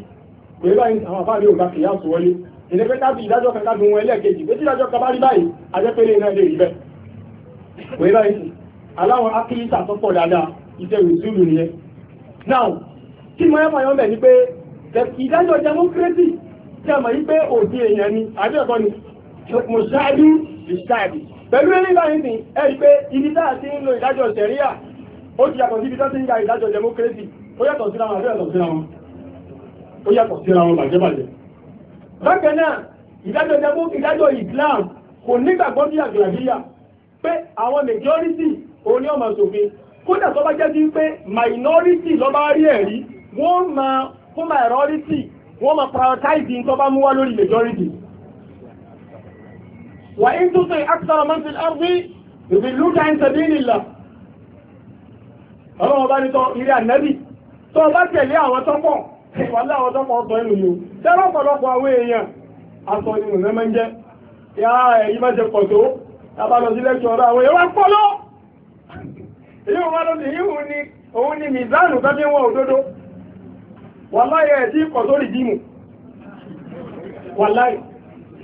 kò yẹ báyìí àwọn àbá rẹ̀ ò gba tẹ̀yàtù wọlé ilé pé káàbì ìdájọ́ kan káàbì wọn ẹlẹ́ẹ̀kejì pé tídájọ́ kan bá rí báyìí ajẹ́pẹ́lẹ́ iná lè rí bẹ́ẹ̀ kò yẹ báyìí aláwọn akíyíta tó pọ̀ dáadáa iṣẹ́ ìṣúlù nìyẹn now kí mo yẹ́pọ̀ yọ́n bẹ̀ ni pé ìdájọ́ democracy jẹ́ mọ̀ yí pé òbí èèyàn ni àbí ni mo ṣáájú ìṣáàbì pẹ̀lú eré báyìí ni ẹ rí pé ibi tá a ti ń lo ìdájọ́ sẹ̀ríà ó ti yàtọ̀ sí ibi tá a ti ń ya ìdájọ́ democracy ó yàtọ̀ síra wọn àbí yàtọ̀ síra wọn ó yàtọ̀ síra wọn bàjẹ́bàjẹ́ bákan náà ìdájọ́ demo ìdájọ́ Islam kò nígbàgbọ́ bí àgbàdíyà pé àwọn majority òun ni ọmọ sòfin kódà tó bá jẹ́ sí pé minority ló bá rí ẹ̀rí wọ́n máa fún minority wọ́n máa prioritize nǹkan bá mú lórí majority. wà á tún sọ akthara man fil ardi yudilluka an sabilillah. ọlọ́wọ́n bá ní tọ́ ilé ànábì tó o bá tẹ̀lé àwọn tọ́pọ̀ wà láwọn tọ́pọ̀ ọ̀tọ̀ ẹnu yìí o tẹ́lẹ̀ ọ̀pọ̀lọpọ̀ àwọn èèyàn aṣọ ìrìn rẹ̀ máa ń jẹ́ yá èyí má ṣe pọ̀ tó tábàlọ sí lẹ́kọ̀ọ́ ọ̀rọ̀ àwọn èèyàn wá pọ̀ lọ. èyí wọn lọ sí yíwù ni òun ni mizanu tó fi ń wàláì ẹ̀ tí kọ̀ sórí dìímù wàláì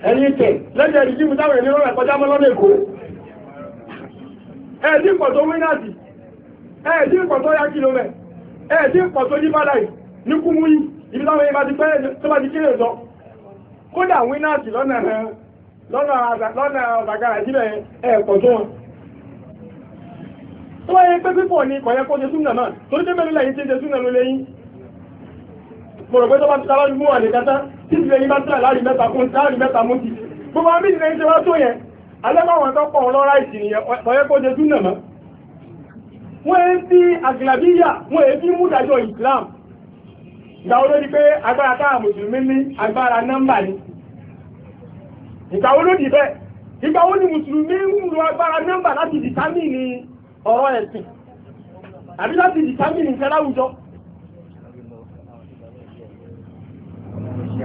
ẹ̀yìn tẹ̀ lẹ́jẹ̀ rí dìímù táwọn ènìyàn rẹ̀ kọjá mọ́ lọ́nà èkó ẹ̀ tí kọ̀ tó wíńdàtì ẹ̀ tí kọ̀ tó yá kìlómẹ̀ ẹ̀ tí kọ̀ tó yí bàdàì ní kúmú yìí ibi táwọn èèyàn bá ti pẹ́ tó bá ti kéré lọ kódà wíńdàtì lọ́nà lọ́nà ọ̀bàgàrà ẹ̀ kọ̀ tó wọn tó wáyé pé pípọ̀ ni kọ̀yẹ́ kó ṣe súnà náà torí pé mẹ́rin lẹ́yìn ti ṣe súnà lẹ́yìn mo rò pé tó bá ti sábà mú àdìkátá tí ìdílé yín bá tẹ̀ láàrin mẹ́ta kún láàrin mẹ́ta mú ti gbogbo àmì ìdílé yín ṣe wá tó yẹn alẹ́bàwọn tó pọ̀ lọ́ra ìsìnìyàn ọ̀yẹ́ kó jẹ túnà mọ́ wọ́n ń fi àgìlàbíyà wọ́n ń fi múdàjọ́ Islam ìgbà olódi pé agbára táà mùsùlùmí ní agbára nọ́mbà ni ìgbà olódi bẹ́ẹ̀ ìgbà ó ní mùsùlùmí ń lo agbára nọ́mbà láti dìtámìnì ọ̀rọ̀ ẹ̀sìn àbí láti dìtámìnì ìṣẹ́ láwùjọ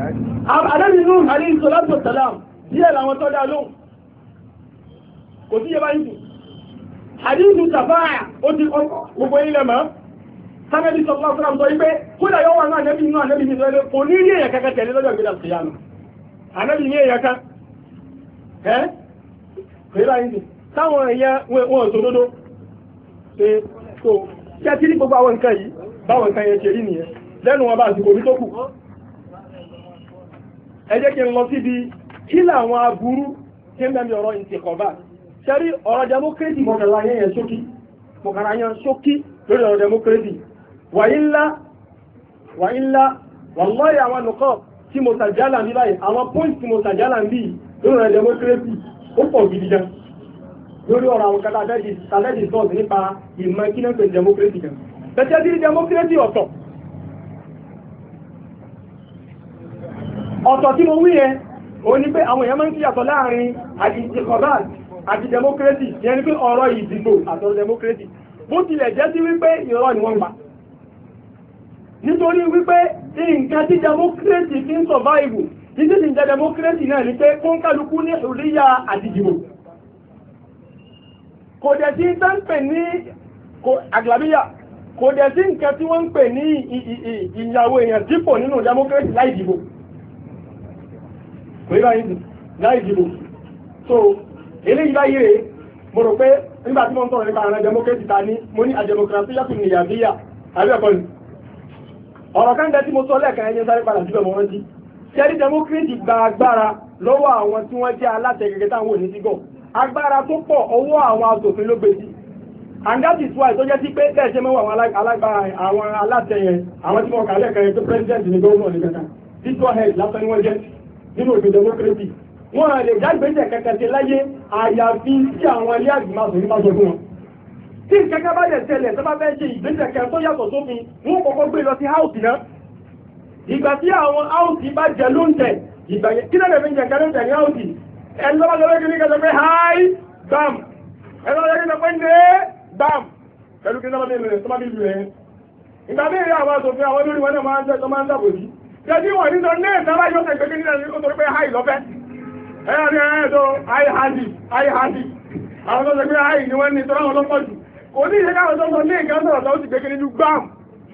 àdẹ́bìnú àrí ìsọ́látò tàlám díẹ̀ làwọn tọ́ dá lóhùn kò sí yẹba yìí àdínkù sàfáà ó ti gbogbo ilẹ̀ mọ́ sábẹ́bí sọ́lá sọ́lám sọ wípé kódà yóò wà náà àdẹ́bì inú àdẹ́bì mi sọ́lá kò ní rí èèyàn kankan tẹ̀lé lọ́jọ́ ìgbéra sí yánu àdẹ́bì ní èèyàn kan ẹ́ kò yẹba yìí táwọn èèyàn wọn sọ dodo ṣe tó kí a ti rí gbogbo àwọn nǹkan yìí báwọn nǹkan yẹn ṣe rí nìyẹn lẹ́nu wọn bá àsìkò orí tó kù ẹ jẹ́ kí n lọ síbi kí làwọn aburú kí n bẹ̀mí ọ̀rọ̀ ìtìkọ̀bá sẹ́rí ọ̀rọ̀ democracy mọ̀kànlá yẹn yẹn ṣókí mọ̀kànlá yẹn ṣókí lórí ọ̀rọ̀ democracy wàyí ńlá wàyí ńlá wàlọ́ọ̀yì àwọn nùkọ́ tí mo tàjálà ní báyìí àwọn point tí mo tàjálà ní bíi lórí ọ̀rọ̀ democracy ó pọ̀ gidi gan lórí ọ̀rọ̀ àwọn kata tàlẹ́dì sọ́ọ̀sì nípa ìmọ̀ kí náà pẹ̀lú democracy gan bẹ́tẹ́ bí democracy ọ̀tọ̀ ọ̀tọ̀ tí mo wí o ní pé àwọn èèyàn máa ń kíyàtọ̀ láàrin àdìjẹkọ̀báàd àti democracy yẹn ni pé ọ̀rọ̀ ìdìbò àtọ̀rọ̀ democracy bó tilẹ̀ jẹ́ sí wípé irọ́ ni wọ́n gbà nítorí wípé nǹkan tí democracy fi ń títí ń democracy náà ni pé ní àdìjìbò kò dẹ̀ sí tán pè ní àgbàbíyà kò dẹ̀ sí nǹkan tí wọ́n ń pè ní ìyàwó èèyàn dípò nínú democracy láì dìbò kò yíra yìí láì dìbò so eléyìí láyé rè mo rò pé nígbà tí mo ń tọrọ nípa àwọn democracy ta ní mo ní àdemokrasi yàtò nìyàbíyà àbẹ́ẹ̀kọ́ ni ọ̀rọ̀ kan tẹ́ tí mo sọ lẹ́ẹ̀kan ẹyẹ sáré padà síbẹ̀ mo rántí ṣẹ́rí democracy gba agbára lọ́wọ́ àwọn tí wọ́n jẹ́ aláṣẹ gẹ́gẹ́ táwọn òní sígọ̀ agbára tó pọ̀ ọwọ́ àwọn asòfin ló gbé sí and that is why tó jẹ́ sí pé bẹ́ẹ̀ ṣe mọ́wọ́ àwọn aláṣẹ yẹn àwọn tí wọ́n kà lẹ́ẹ̀kan yẹn tó president ní gómìnà nìkan kan títọ́ head lásán ni wọ́n jẹ́ nínú òbí democracy wọn à lè dágbésẹ̀ kankan ti láyé àyàfi tí àwọn ilé àgbìmọ̀ àtòyí máa sọ fún wọn. tí kankan bá yẹ ṣẹlẹ̀ tó bá fẹ́ ṣe ìgbésẹ̀ kan tó yàtọ̀ sófin wọn kọ́kọ́ gbé lọ sí house náà ìgbà tí àwọn house bá jẹ lóúnjẹ ìgbà yẹn kí lẹ́gbẹ̀ẹ́ fi jẹ nǹkan lóúnjẹ ní house ẹni lọ́wọ́ lọ́wọ́ kí ní kẹsàn pé hi bam ẹni lọ́wọ́ kí ní pé ní bam pẹ̀lú kí ní lọ́wọ́ bí lè tọ́mọ́ bí lè nígbà bí ìrìn àwọn aṣòfin àwọn olórí wọn náà máa ń tẹ́ tọ́ máa ń dàbò yìí jẹ́jú ìwọ̀n nínú ní ìtara yóò ṣe gbẹ́gbẹ́ nílẹ̀ ó torí háì lọ́fẹ́ ẹ̀rí àwọn tó háì ni wọ́n ní tọ́lá wọn lọ́pọ̀ jù kò ní tó sọ ní ìkan sọ̀rọ̀ tó ti gbáàm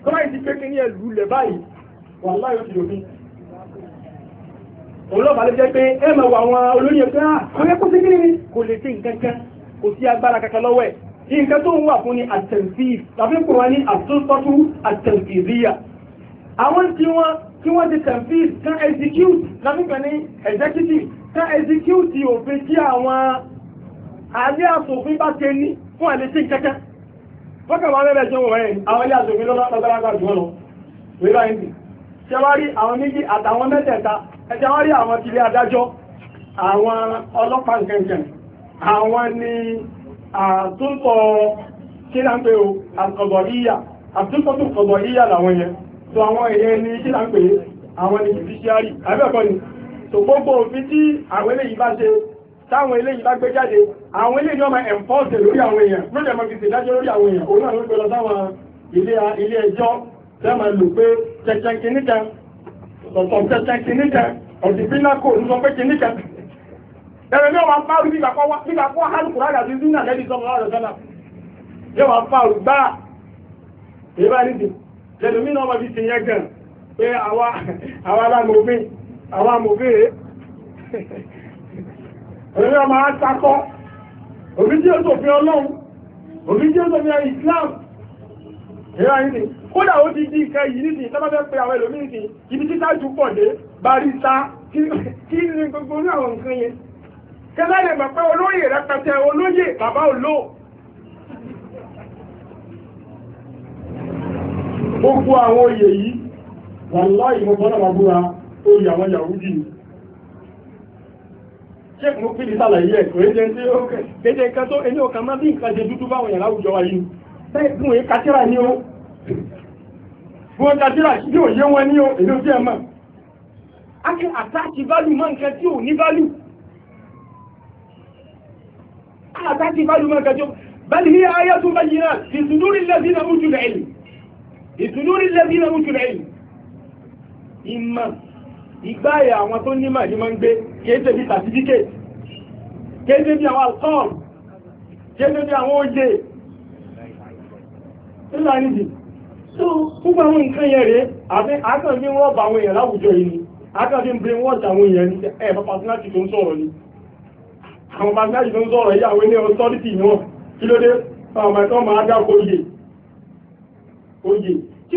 tó ti ẹ̀lú lẹ̀ báyìí wà láyọ̀ olóòfà ló jẹ́ pé ẹ mọ̀ wà wọn olóyè pé ah, kò yẹ tí wọ́n ti confuse kan execute lábíkan ní executive kan execute òfin tí àwọn alẹ́ àsòfin bá ti ní fún àlejò kankan wọ́n kàn wá bẹ́ẹ̀ jẹ́ wọ̀ ẹ́ àwọn ilé àsòfin lọ́lọ́gbàgbà jù lọ wíwá ẹ̀ ń bì ṣe wá rí àwọn méjì àtàwọn mẹ́tẹ̀ẹ̀ta ẹjẹ́ wá rí àwọn tìlé adájọ́ àwọn ọlọ́pàá nkẹ̀kẹ̀ àwọn ni àtúntọ̀ kí o àtúntọ̀ tó kọ̀bọ̀ yíyà làwọn yẹn so àwọn èèyàn ní kí là ń pè àwọn ní judiciary àbẹ́ẹ̀kọ́ ni so gbogbo òfin tí àwọn eléyìí bá ṣe táwọn eléyìí bá gbé jáde àwọn eléyìí ọmọ enforce lórí àwọn èèyàn lórí ẹ̀mọ́ fi ṣèdájọ́ lórí àwọn èèyàn òun náà ló gbé lọ sáwọn ilé ẹjọ́ tẹ́mà lò pé kẹ̀kẹ́ kìníkà sọ̀tọ̀ kẹ̀kẹ́ kìníkà ọ̀dìbínà kò ń sọ pé kìníkà ẹ̀rẹ̀ ní ọmọ apáru nígbà kọ́ alùpùpù rárá sí sínú àlẹ́bí sọ́mọ́ ọ̀rọ̀ sọ́nà yóò máa fa òrùgbà èyí lẹ́lùmí náà wọ́n fi ti yẹn gan pé àwa alámòfin àwa amòfin rẹ̀ òní ọmọ atakọ́ òbí tí ó sòfin ọlọ́run òbí tí ó sòfin Islam ìrà yìí ni kódà ó ti di nǹkan yìí nìsín tó bá fẹ́ pe àwọn ẹlòmíì nìsín ibi tí tájú pọ̀ dé barista kí ni gbogbo ní àwọn nǹkan yẹn kẹlẹ́ lè mọ̀ pé olóyè rẹpẹtẹ olóyè bàbá olóò gbogbo àwọn oyè yìí wàláì mo bọ́nà wà búra oyè àwọn yahudi ni ṣe mú pí nítàlàyé ẹ̀ kò éjẹ́ tí ó kéde nǹkan tó ẹni ọ̀kan má bí nǹkan jẹ dúdú báwọn yàrá àwùjọ wa yìí bẹ́ẹ̀ fún èé kátírà ní o fún kátírà sí òye wọn ní o èdè òjì ẹ̀mọ́ a kì ó ìtùlúrí lẹ́bí náà mú jùlọ yìí ìmọ̀ ìgbáyà àwọn tó nímọ̀ ní máa ń gbé kéèsè bí certificate kéèsè bí àwọn alcohol kéèsè bí àwọn oúnjẹ nílá nìdí tó púpọ̀ àwọn nǹkan yẹn rèé àti akàn bí wọ́n bá àwọn èèyàn láwùjọ yìí ni akàn bí brain wash àwọn èèyàn ní ẹ̀ bá personality tó ń sọ̀rọ̀ ni àwọn personality tó ń sọ̀rọ̀ yìí àwọn ènìyàn authority ni wọ́n kí ló dé àwọn ọmọ ẹ̀kọ́ máa dá oyè oyè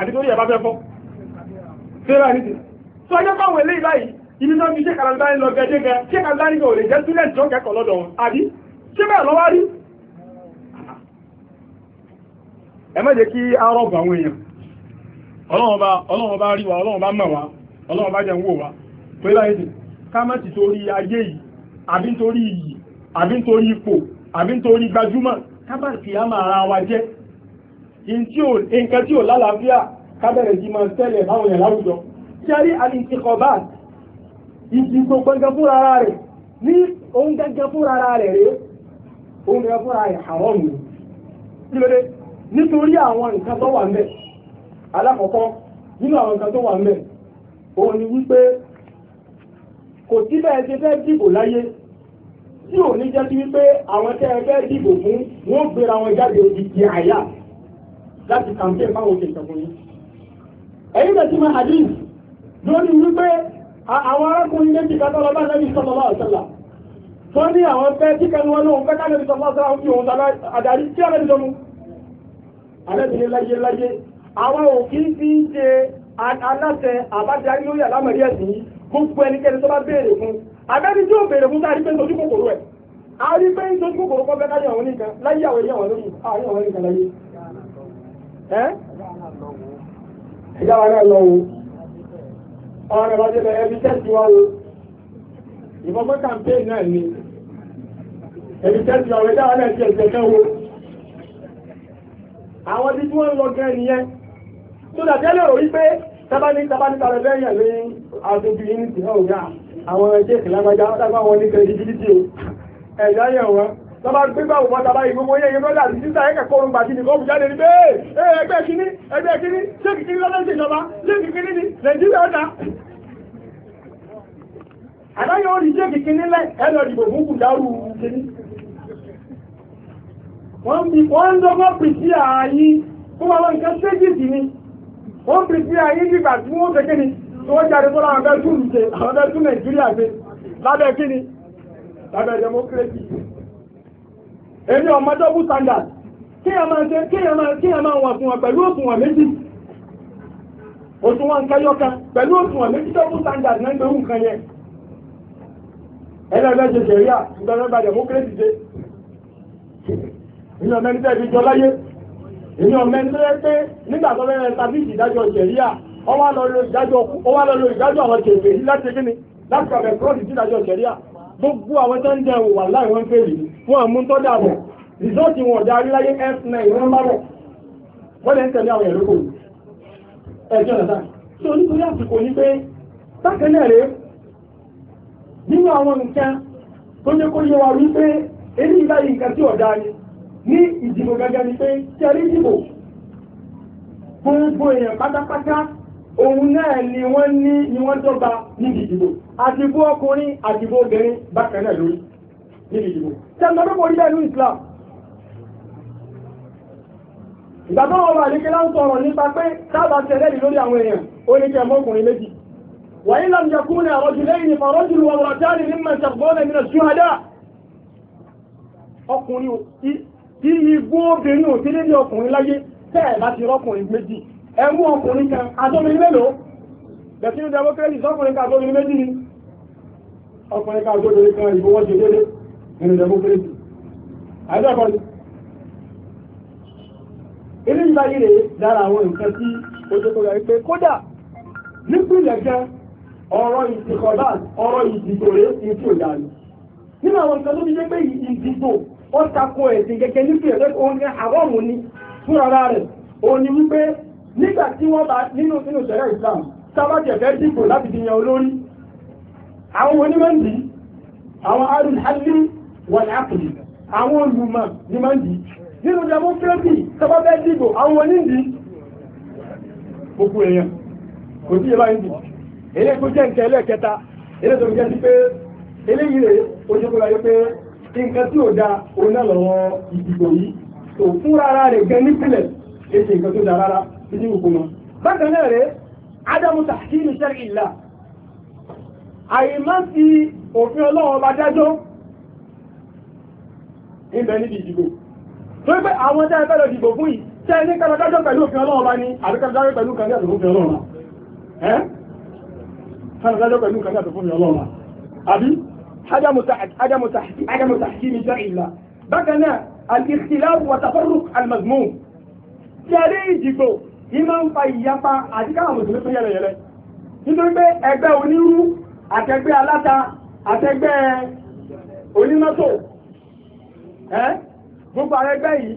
àti torí ẹ̀ bá fẹ́ fọ́ fẹ́rẹ́ àníjì tó ẹjọ́ báwọn eléyìí báyìí ibi tó ń fi ṣe kàlàbáyé lọ gẹ́gẹ́ gẹ́ ṣe kàlàbáyé kò lè jẹ́ lọ́dọ̀ wọn àbí ṣé bẹ́ẹ̀ lọ́wọ́ rí ẹ má jẹ́ kí àwọn èèyàn bá rí wa bá mọ̀ wa bá jẹun wò wa ká má ti torí ayé yìí àbí nítorí àbí nítorí ipò àbí nítorí gbajúmọ̀ ká bá á máa ra wa jẹ́ nǹkan tí ò lálàáfíà kábẹ̀rẹ̀ sí máa tẹ́lẹ̀ báwọn èèyàn láwùjọ ṣẹ́rí àlìsíkọ̀bá ìdìbò gbọ̀ngàn fúnra ara rẹ̀ ní òun gẹ́gẹ́ fúnra ara rẹ̀ rẹ̀ òun gẹ́gẹ́ fúnra rẹ̀ àwọn ọ̀nà ìlúwẹ́dẹ́ nítorí àwọn nǹkan tó wà ń bẹ̀ alákọ̀ọ́kọ́ nínú àwọn nǹkan tó wà ń bẹ̀ ni wípé kò sí bẹ́ẹ̀ ṣe fẹ́ dìbò láyé tí ò ní jẹ́ sí wípé àwọn tẹ́ fẹ́ dìbò fún wọ́n gbéra wọn jáde òdìdí àyà láti kàmpé fáwọn òkè ìtọ́kùn yìí. ẹ̀yin bẹ̀ ti máa hadith lórí wípé àwọn arákùnrin méjì kan tọ́lọ́ bá lẹ́yìn sọ́lọ́ bá ọ̀sẹ̀là tó ní àwọn fẹ́ tí kan wọn lóhun fẹ́ kálẹ̀ sọ́lọ́ sọ́lá ń fi òun tàbí àdàrí tí alẹ́ nìjọ́mu. alẹ́ ti ní láyé láyé àwọn òkè ti ń ṣe aláṣẹ àbájáde lórí àlámọ̀rí ẹ̀sìn yìí gbogbo ẹnikẹ́ni tó bá béèrè fún abẹ́ni tí ó béèrè fún táà rí pé ń dojú kòkòrò ẹ̀ a rí pé ń dojú kòkòrò kọ́ fẹ́ káyọ̀ àwọn oníkan láyé àwọn èèyàn wọn lórí àwọn èèyàn wọn nìkan láyé ẹ̀yà wa náà lọ wo ọ̀rọ̀ rẹ̀ lọ́jọ́ bẹ̀rẹ̀ ẹbí tẹ́sí wa wo ìbọn fún campaign náà ni ẹbí tẹ́sí wa wo ẹ̀yà wa náà ti ẹ̀sẹ̀ náà wo àwọn ibi tí wọ́n ń lọ gan nìyẹn tó dàtẹ́lẹ̀ rò wípé tábàní tábàní tàbí bẹ́ẹ̀ yẹn ní àtúntò yìí ní ti náà wò yá àwọn ẹgbẹ́ ìkìlá máa já wọn dágbà wọn ní kẹrìndínlítì o ẹ̀yà yẹn wọn tọ́ba gbé báwo bá tàbá ìgbó mọ́ yẹ́yẹ́ brọ́dà àti sísá ẹ̀kẹ́ kọrùn gbà kíni kọ́ bùjáde ní bẹ́ẹ̀ ẹgbẹ́ kíní ẹgbẹ́ kíní ṣé kíní lọ́dọ̀ ṣe ìjọba ṣé kíní ní nàìjíríà ọ̀dà. àdáyọ̀ orí ṣé kíní lẹ́ ẹ̀rọ ìdìbò fún kùdárù kíní. wọ́n bí wọ́n ń lọ́gọ́ pìtì ààyè fún àwọn nǹkan ṣéjìdì ni wọ́n pìtì ààyè nígbà tí wọ́n ṣe kíni tí wọ́n jáde fọ́lá àwọn fẹ́ tún ṣe àwọn fẹ́ tún nàìjíríà ṣe lábẹ́ kíni lábẹ́ democracy èmi ọmọ double standard kí máa ṣe kéèyàn máa wà fún wọn pẹ̀lú òṣùwọ̀n méjì òṣùwọ̀n nǹkan yọkan pẹ̀lú òṣùwọ̀n méjì double standard náà ń nǹkan yẹn ẹlẹ́gbẹ́ ṣe ṣe rí à democracy inú ọmọ ẹni tẹ́ fi jọ láyé inú ọmọ ẹni tẹ́ pé nígbà tó fẹ́ ìdájọ́ ṣe rí à ọwọ́ lọ ìdájọ́ àwọn láti láti gbogbo àwọn tó ń jẹ òwò wà láì wọ́n fèrè wọn àmú tó dàbọ̀ rìsọ́ọ̀tì wọn ọ̀dà aríláyé f9 wọn bá bọ̀ wọ́n lè ń tẹ̀lé àwọn ẹ̀rọ kò ẹ̀jọ́ nàdá tí onítorí àsìkò ní pé gbogbo èèyàn pátápátá òun náà ni wọ́n ní ni wọ́n dọ́gba níbi ìdìbò àdìbò ọkùnrin àdìbò obìnrin bákan náà lórí níbi ìdìbò tẹ̀lé ọdún kò rí bẹ́ẹ̀ ní Islam ìgbàgbọ́ wọn wà nígbà ń sọ̀rọ̀ nípa pé sábà tẹ̀lé rí lórí àwọn èèyàn ó ní kí ẹmọ ọkùnrin méjì wàyí lam yakuna rajulaini farajulun wa imra'atani mimman tarḍawna mina ash-shuhada ọkùnrin tí igbó obìnrin ò sílé ní ọkùnrin láyé tẹ́ẹ̀ láti rọ́kùnrin méjì ẹ̀mú ọkùnrin kan àtọ́mìnrin mélòó bẹ̀sí ní democracy sọ́kùnrin kan àtọ́mìnrin méjì ni ọkùnrin ká gbọ́dọ̀ kan ìbò wọ́n ṣe dédé nínú democracy àìdọ́kọ̀ ni ilé ìbáyé rèé dára àwọn nǹkan tí ó tó kọjá pé kódà nípìnlẹ̀ jẹ́ ọ̀rọ̀ ìsìnkọ̀dá ọ̀rọ̀ ìdìbò rèé ti tí ò dáa nínú àwọn nǹkan tó ti jẹ́ pé ìdìbò ó tako ẹ̀sìn gẹ́gẹ́ nípìnlẹ̀ pé òun ní àwọ̀mù ni fúnra rẹ̀ òun ni wípé nígbà tí wọ́n bá nínú nínú sẹ̀rẹ̀ Islam sábàjẹ̀ fẹ́ dìbò láti fi yan olórí àwọn onímọ̀ndì àwọn arùn hàlì wọn àpìlì àwọn olùmọ̀ ní mọ̀ndì nínú democracy tọ́bọ́ bẹ́ẹ̀ dìbò àwọn oníndì gbogbo èèyàn kò sí ìbá ìdì ilé tó jẹ́ nǹkan ẹlẹ́ẹ̀kẹta ilé tó jẹ́ sí pé eléyìí rèé ó ṣe kó láyé pé nǹkan tí ò da òun náà lọ́wọ́ ìdìbò yìí tó fún rárá rẹ̀ gan nípìnlẹ̀ èsì nǹkan tó da rárá títí gbogbo wọn bákan náà rèé ádámù tàkì ní sẹ́rì ìlà àìmọ́ sí òfin ọlọ́wọ́ bá dájọ́ ìbẹ̀ níbi ìdìbò tó pé àwọn tẹ́ ẹgbẹ́ lọ dìbò fún yìí tẹ́ ní kẹta dájọ́ pẹ̀lú òfin ọlọ́wọ́ bá ní àbíkẹta pẹ̀lú kan ní àtòfin ọlọ́wọ́ ẹ́ kẹta dájọ́ pẹ̀lú kan ní àtòfin ọlọ́wọ́ àbí ádámù tàhìkì ní jẹ́ ìlà bákan náà al-ikhtilaf wa tafarruq al-mazmum tí a rí ìdìbò yìí máa ń fa ìyapa àti káwọn mùsùlùmí fún yẹlẹyẹlẹ nítorí pé ẹgbẹ́ onírú àtẹgbẹ́ aláta àtẹgbẹ́ onímọ́tò ẹ́ gbogbo àwọn ẹgbẹ́ yìí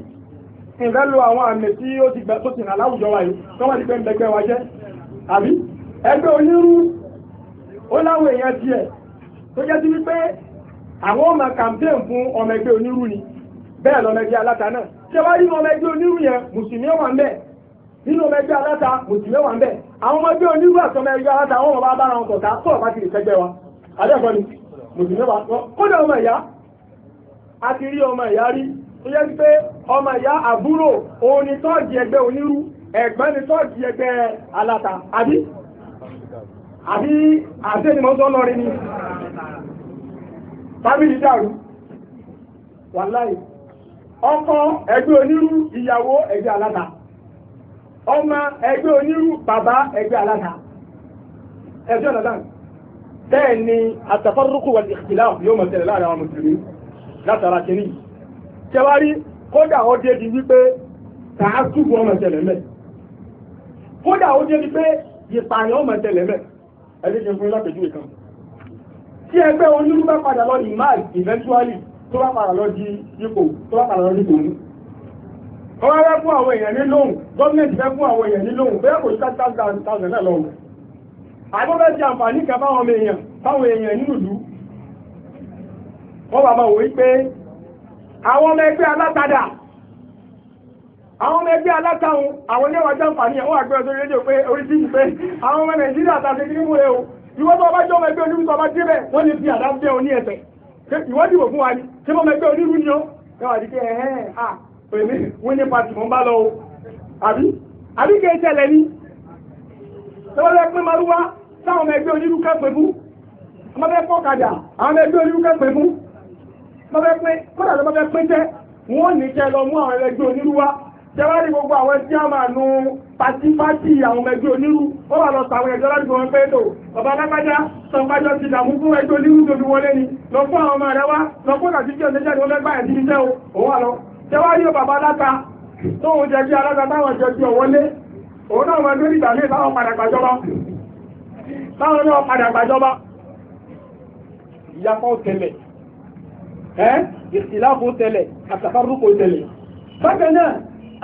ìfẹ́ lo àwọn àmì tí ó ti gbẹ̀ tó ti rà láwùjọ wa yìí tó wọ́n ti gbẹ̀ ń bẹ̀gbẹ̀ wa jẹ́ àbí ẹgbẹ́ onírú ó láwọn èèyàn tiẹ̀ tó jẹ́ sí wípé àwọn ọmọ campaign fún ọmọ ẹgbẹ́ onírú ni bẹ́ẹ̀ lọ́mọ ẹgbẹ́ aláta náà ṣé wá rí ọmọ ẹgbẹ́ onírú yẹn mùsùlùmí wà ń bẹ̀ nínú ọmọ ẹgbẹ́ aláta mùsùlùmí wà ń bẹ̀ àwọn ọmọdé onírú àtọmọ ẹgbẹ́ aláta àwọn ọmọ bá bára wọn kọ̀ọ̀ká pọ̀ bá ti lè fẹ́gbẹ́ wa adẹ́kọ̀ọ́ ni mùsùlùmí wa sọ kódà ọmọ ìyá a ti rí ọmọ ìyá rí tó yẹ pé ọmọ ìyá àbúrò òun ni tọ́ọ̀dì ẹgbẹ́ onírú ẹ̀gbẹ́ ni tọ́ọ̀dì ẹgbẹ́ aláta àbí àbí àti ẹni mọ́tò ọlọ́rin ni fámìlì dàrú wàláì ọkọ ẹgbẹ́ onírú ìyàwó ẹgbẹ́ aláta ọmọ ẹgbẹ́ onírú bàbá ẹgbẹ́ alága ẹjọ́ nàdá bẹ́ẹ̀ ni àtàfárúkú wal ikhtilaf yóò mọ̀ tẹ̀lé láàrin àwọn mùsùlùmí látara kìíní tẹwárí kódà ó dé di wípé tàá túbú ọmọ tẹ̀lé mẹ́ kódà ó dé di pé ìpààyàn ọmọ tẹ̀lé mẹ́ ẹni kí n fún lápèjúwe kan tí ẹgbẹ́ onírú bá padà lọ ní march eventually tó bá padà lọ di ipò tó bá padà lọ di ipò ní wọ́n fẹ́ fún àwọn èèyàn ní lóhùn fẹ́ fún àwọn èèyàn ní bẹ́ẹ̀ kò ṣíkà thousand náà lọ́hùn àgbọ́fẹ́ ti àǹfààní kan fáwọn èèyàn fáwọn èèyàn nínú ìlú wọ́n bàbá wòó pé àwọn ọmọ ẹgbẹ́ alátadà àwọn ọmọ ẹgbẹ́ alátáhùn àwọn oníwájú àǹfààní àwọn àgbẹ̀ ọ̀sẹ̀ rédíò pé orí sí ìpè àwọn ọmọ nàìjíríà tàbí kí mú e o ìwọ tó ọba jọ ọmọ ẹgbẹ́ onírú ọba débẹ̀ wọ́n lè fi àdá bẹ́ ọ ní ẹsẹ̀ ìwọ dìbò fún wa ni ṣé ọmọ ẹgbẹ́ onírú ni ó ẹ wà ní pé ẹ̀hẹ́n pèmí wíní pàtì mọ́ bá lọ o àbí àbí kí ẹ ṣẹlẹ̀ ní tọ́lọ́lẹ́ pé marúwá táwọn ọmọ ẹgbẹ́ onírú kẹ́pẹ́ fún ọmọdé pọ́kadà àwọn ọmọ ẹgbẹ́ onírú kẹ́pẹ́ fún ọmọdé pé kódà ló mọ́fẹ́ pé jẹ́ wọ́n ní kẹ́ lọ mú àwọn ẹgbẹ́ onírú wá jẹ́wárí gbogbo àwọn ẹgbẹ́ àmà nu pàtí pàtí àwọn ọmọ ẹgbẹ́ onírú ó wà lọ sàwọn ẹgbẹ́ láti wọn pé tó bàbá alágbájá sanfájọ ti dààmú fún ẹgbẹ́ onírú tó fi wọlé ni lọ fún àwọn ọmọ rẹ wá lọ fún àtijọ́ ìṣẹ́jáde wọn fẹ́ gbà ẹ̀ tẹ́wàá yóò bàbá aláta tó ń jẹ́ bí aláta táwọn jẹ́ bí ọ̀wọ́lé òun náà wọ́n lórí ìgbà míì táwọn padà gbàjọba táwọn náà padà gbàjọba ìyapọ̀ tẹ̀lẹ̀ ẹ́ ìsìláàfù tẹ̀lẹ̀ àtàfàrúkọ tẹ̀lẹ̀ bákan náà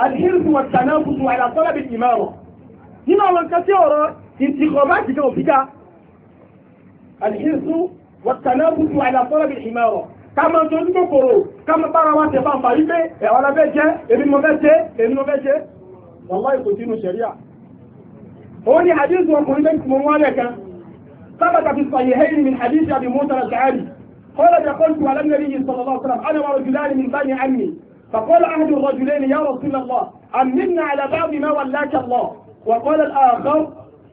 àdìhírùsù wọn tàná fúnfún àìlàsọ́lá bí ìmọ̀ ọ̀rọ̀ nínú àwọn nǹkan tí ọ̀rọ̀ ìtìkọ̀ bá ti fẹ́ òfíjà àdìhírùsù wọn tàná fúnfún àìlàsọ́lá bí ìmọ̀ ọ̀rọ̀ ká máa dojú kòkòrò ká máa bára wa tẹ̀fà fà yí pé ẹ̀wà la fẹ́ jẹ́ èmi mo fẹ́ jẹ́ èmi mo fẹ́ jẹ́ wàláhì kò sínú ṣẹ̀ríà. ó ní hadith ọkùnrin bẹ́ẹ̀ mo wọ́n lẹ̀ kan sábàtà fi sàyè hẹ́yìn min hadith àbí mọ́tà ṣáàrì kọ́lá jẹ́ kọ́lù wà lẹ́nu ẹ̀rí yìí sọ̀rọ̀ lọ́sọ̀rọ̀ àná wà rọ̀jùlẹ́ni min báyìí àmì فقال أحد الرجلين يا رسول الله أمنا على بعض ما ولاك الله وقال الآخر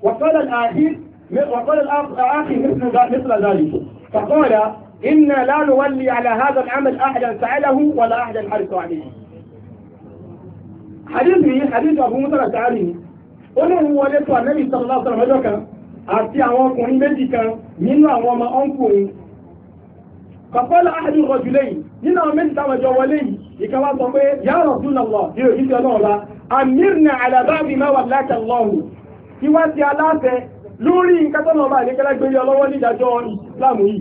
وقال الآخر وقال الآخر مثل ذلك فقال إنا لا نولي على هذا العمل أحدا فعله ولا أحدا حرص عليه حديث yìí حديث أبو موسى الأشعري ó ní òun wọlé tó ànábì sọ̀rọ̀ láti ọ̀rọ̀ ọjọ́ kan àti àwọn ọkùnrin méjì kan nínú àwọn ọmọ ọ̀nkù òun kọ̀pọ̀lá àdúrà rọ̀jù lẹ́yìn nínú àwọn méjì táwọn ẹjọ́ wọlé yìí ìkan wá sọ pé yà Rasulullah ní òjì sí ọlọ́run la amirna ala babi ma wà láti ọlọ́run kí wá sí aláṣẹ lórí nǹkan tó lọ́ba àdékẹ́lá gbé ọlọ́wọ́ nídàájọ́ ìsìlámù yìí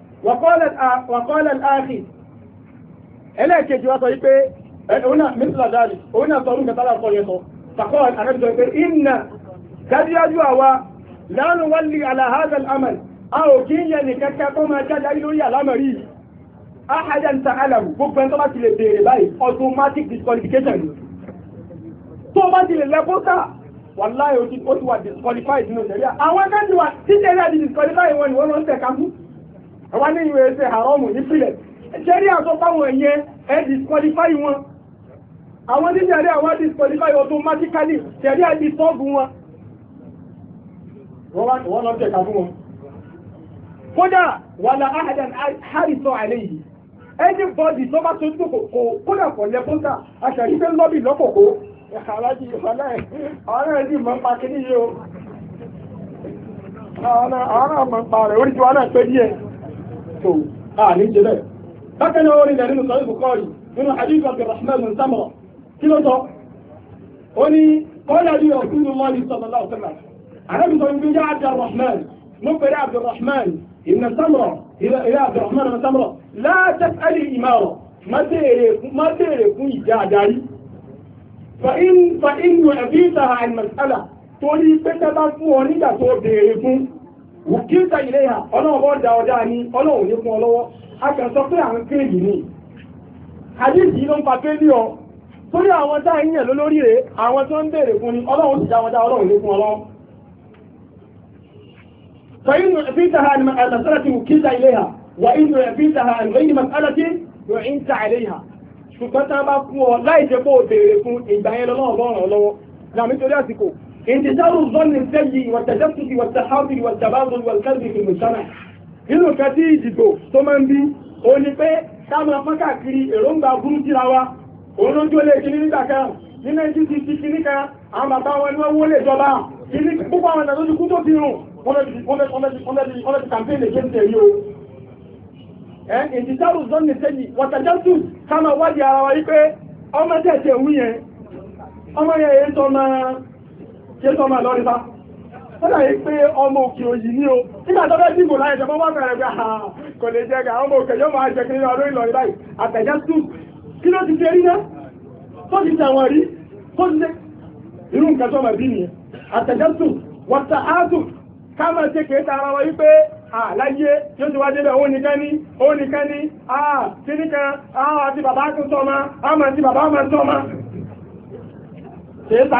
wàkọ́lẹ̀ ah, ààrì ẹlẹ́ẹ̀kejì wá sọ yí pé ẹ̀húnà mísìlá dáàlì òun náà sọ orúkẹ tálà sọ yẹ sọ fàkọ́ àrẹ́bìsọ pé ìnà dájúdájú àwa lánàá wá lè aláhàzà àmàl a ò kí ń yẹ nìkan kí a kọ́ máa jáde lórí àlámọ̀rí yìí ahàjá ń ta alàmù gbogbo ẹni tó bá ti lẹ́kọ́ta wàláyé ó ti wà disqualified nínú ìṣẹ̀lẹ̀ àwọn akẹ́kọ̀ọ́ wa títẹ̀lẹ́ àti disqualify wọn ni wọ́n lọ ń tẹ̀ka ẹ̀wá ní ìwé ẹsẹ̀ àrọ́mù nípìnlẹ̀ ṣẹ́rí àtọ́páwọn ẹ̀yẹ ẹ̀ disqualify wọn àwọn oníṣẹ́rí àwọn disqualify automatically ṣẹ̀rí àti sọ́ọ̀bù wọn wọ́n lọ tẹ̀ka wọn kódà wà lá áhàdàn hàrìsọ àlẹ́ yìí ẹni bọ́dì tó bá sojú kòkó kódà kò lẹ fúnta aṣàrí fẹ́ lọ́bì lọ́kòkó mọ̀ ń pa تو قال آه، الجبل فكان اوري دارين صحيح البخاري من حديث عبد الرحمن بن سمره كده ده وني قال لي رسول الله صلى الله عليه وسلم انا بده يجي عبد الرحمن مو بري عبد الرحمن ان سمره الى الى عبد الرحمن بن سمره لا تسالي الاماره ما تيري ما تيري كوي جا داري فان فان ابيتها عن مساله تولي بتبقى فوري ده تو ديري wùkíńtà ilé ha ọlọ́run bọ́ da ọ̀dá ni ọla ní fún ọ lọ́wọ́ a kàn sọ pé à ń kéré yìí ni hadith yìí ló ń pa àwọn tá à ń àwọn tó ń fún ni ọlọ́run ti wọn ọlọ́run ní fún ọ lọ́wọ́. فإن أعطيتها عن مسألة ha ṣùgbọ́n tá a bá ọ láì jẹ́ fún ìgbà yẹn ọ̀rọ̀ lọ́wọ́ àsìkò انتشار الظن السيء والتشتت والتحاضر والتباغض والكذب في المجتمع nínú kan tí ìdìbò tó máa ń bí o ní pé táwọn afọ́kàkiri èròǹgbà burú síra wa òun ló jólè kí nígbà kan ní nàìjíríà ti fi kíní kan àwọn bàbá wọn ni wọ́n wó lè jọba kíní púpọ̀ àwọn ìdàgbà tó kú tó fi rùn wọ́n lè ti kàmpéènì kéde tẹ̀lé o. ẹ ìdìtàrù zọ́ọ̀nì sẹ́yìn wọ́tàjọ́sù ká máa wádìí ara wa yí pé ọmọ tẹ̀sẹ̀ wú yẹn ọmọ yẹn èyí tó máa jésù ọmọ ìlọrin bá ó dà yí pé ọmọ òkè òyì ní o nígbà tó fẹ́ dìbò láyé ìjọba wọn bẹ̀rẹ̀ pé ha ah, kò lè jẹ gà ọmọ òkè yóò máa jẹ kiri ọdún ìlọrin báyìí àtẹ̀jẹ́ sùn kí ló ti ṣe rí náà tó ti ṣe àwọn rí tó ti ṣe irú nǹkan tó mọ̀ bí nìyẹn àtẹ̀jẹ́ sùn wọ́tà tí ó ti wájé bẹ̀ òun ní òun ní àà tí nìkan àà àti bàbá tó tọ́ ma àmà àti bàbá máa tọ́ ma ṣe é ta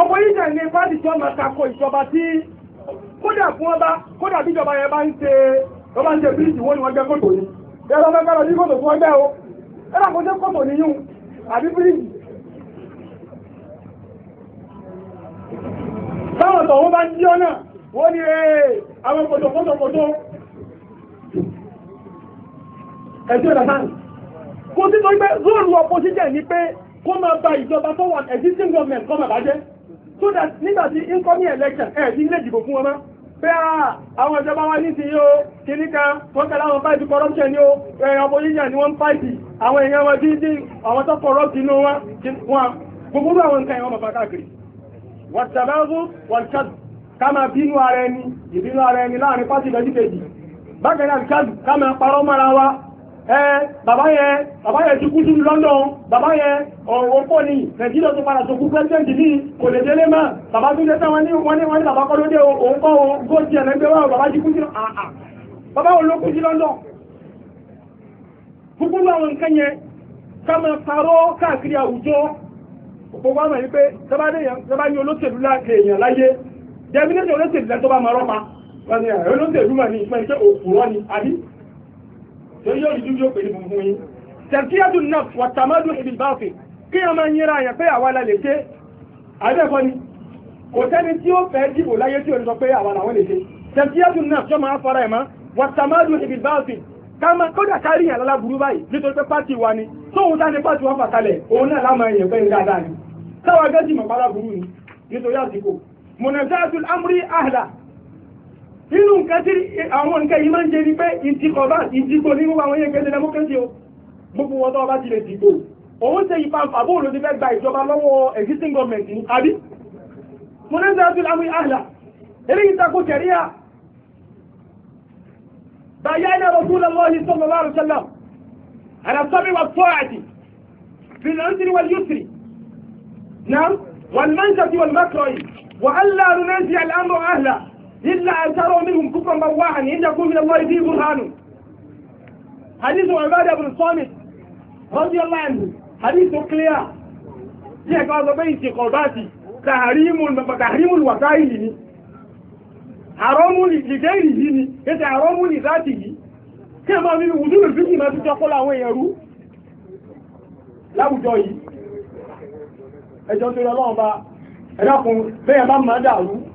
ọmọ yìí dẹ̀ ní pàdé tí wọ́n máa tako ìjọba tí kódà fún ọba kódà bí ìjọba yẹn bá ń ṣe ọba ń ṣe bíríìjì wọ́n ni wọ́n gbẹ́ kòtò yìí ẹ̀rọ fẹ́fẹ́ lọ sí kòtò fún ọgbẹ́ o ẹ̀rọ kò sí kòtò níyùn àbí bíríìjì. táwọn tọ̀hún bá jí ọ́nà wọ́n ní àwọn kòtò kòtò kòtò ẹ̀sìn ọ̀dà sáà kò sí sọ pé zóòlù ọ̀pọ̀ sí jẹ́ ní pé kó máa ba ìjọba tó wà existing government kó máa bàjẹ́. so that nígbà tí incoming election ẹ̀ ní lè dìbò fún wọn mọ́ pé ah, àwọn ìjọba wa ní ti yóò kíní kan wọ́n kẹ́lá àwọn fáìtì corruption ni ó ẹ̀yàn opposition ni wọ́n ń fáìtì àwọn èèyàn wọn dídí àwọn tó corrupt inú wọn wọn gbogbo àwọn nǹkan ẹ̀wọ̀n bàbá káàkiri wọ́n tàbẹ́rù wọ́n kama wa ẹ bàbá yẹn bàbá yẹn ti kú sí London bàbá yẹn ọ̀rọ̀ pọ̀ ní nàìjíríà tó padà sókú president kò lè délé bàbá tó sáwọn ní ní ní bàbá ló dé o góòtù ẹ̀ lẹ́gbẹ́ wà bàbá ti kú sí bàbá wo ló kú sí London. àwọn nǹkan yẹn ká máa káàkiri àwùjọ yìí pé sábà ní olóṣèlú èèyàn láyé lórí yóò dúdú yóò pèlú funfun yín tẹ̀síyàtù náà wàtàmọ́dù ìbí báfẹ̀ kí wọ́n máa yẹra àyàn pé àwa la lè ṣe àbẹ́kọ́ ni kò sẹ́ni tí ó fẹ́ dìbò láyé tí òun sọ pé àwa làwọn lè ṣe tẹ̀síyàtù náà sọ máa fara ẹ̀ mọ́ wàtàmọ́dù ìbí báfẹ̀ kódà kárí yàn lọ́la burú báyìí nítorí pé pátì wa ni tóun tá ṣe pátì wa fàkalẹ̀ òun náà lámà èèyàn pé dáadáa ni táwa gẹ́jì mọ̀ pálá burú ni nítorí àsìkò mọ̀nàtàtù amúrí àhàlà nínú nǹkan tí àwọn nǹkan yìí máa ń jẹ ni pé ìdíkọ̀bá ìdíkò nínú àwọn yẹn kẹsẹ̀ democracy o gbogbo wọn tó bá ti lè dìbò òun ṣe ìfàǹfà bó ló ti fẹ́ gba ìjọba lọ́wọ́ existing government ní àbí mo ní sẹ́yìn tún láwọn àhìlà eléyìí takò kẹ̀ríà bàyá iná Rasulullahi sallallahu alaihi wasallam àdàtọ́bí wa tó àti fìlànsìrì wal yusri náà wal manjati wal makroi wa alla nunazi al amru ahla إلا أن تروا منهم كفرا بواحا إن يكون من الله فيه برهان حديث عبادة بن الصامت رضي الله عنه حديث كليا tí ẹ̀kọ́ ọzọ bẹ́ ìṣe kọ̀báàtì tàhírímù wàtá ìlì ni àrọ́mù lìdẹ́ ìlì yìí ni ètò àrọ́mù lì láti yìí kí ẹ máa nínú wùdúrù fíjì máa tún jọpọ̀ láwọn èèyàn rú láwùjọ yìí ẹjọ́ tó lọ́wọ́ bá ẹ̀dàkùn bẹ́ẹ̀ bá máa dàrú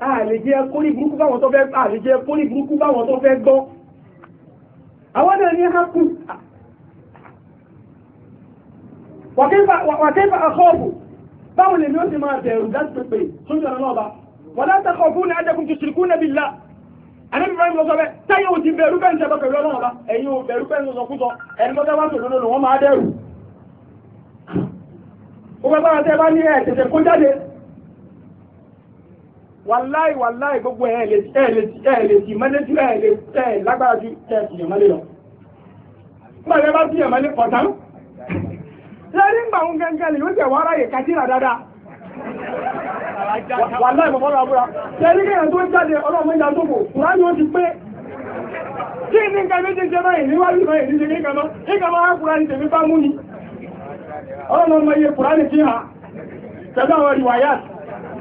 àlejẹ́ kórí burúkú báwọn tó fẹ́ àlejẹ́ kórí burúkú báwọn tó fẹ́ gbọ́ àwọn náà ní hákù wàkẹ́fà àkọ́ọ̀bù báwọn lè ní ó sì máa bẹ̀rù láti pèpè sójú ọ̀nà náà bá wọ́n láti kọ̀ọ̀bù ní ajẹ́kùn tó ṣìrìkú nẹ́bí lá àníbi ibrahim lọ sọ bẹ́ẹ̀ táyé ò ti bẹ̀rù bẹ́ẹ̀ ń sẹ́bọ̀ pẹ̀lú ọlọ́run bá ẹ̀yin ò bẹ̀rù bẹ́ẹ̀ ń sọ kúsọ ẹni mọ́tẹ́ wá sọ̀rọ̀ lọ́nà wọ́n máa dẹ̀rù ó bá bá wa tẹ́ bá ní ẹ̀ tẹ̀tẹ̀ kó jáde wàláì wàláì gbogbo ẹ̀ lè ti tí ẹ̀ lè tẹ̀ lágbára ju tẹ̀ tìyẹ̀ lọ. bá tìyẹ̀ mọ́lé pọ̀ tán. Lẹ́yìn ìgbà òun lè yóò dáadáa. Wàláì bọ̀ bọ́lá búra. tó jáde ọlọ́mọ tó kùrá ni ó ti pé. Kí ni nǹkan méjì jẹ́ báyìí níwájú náà ìdíje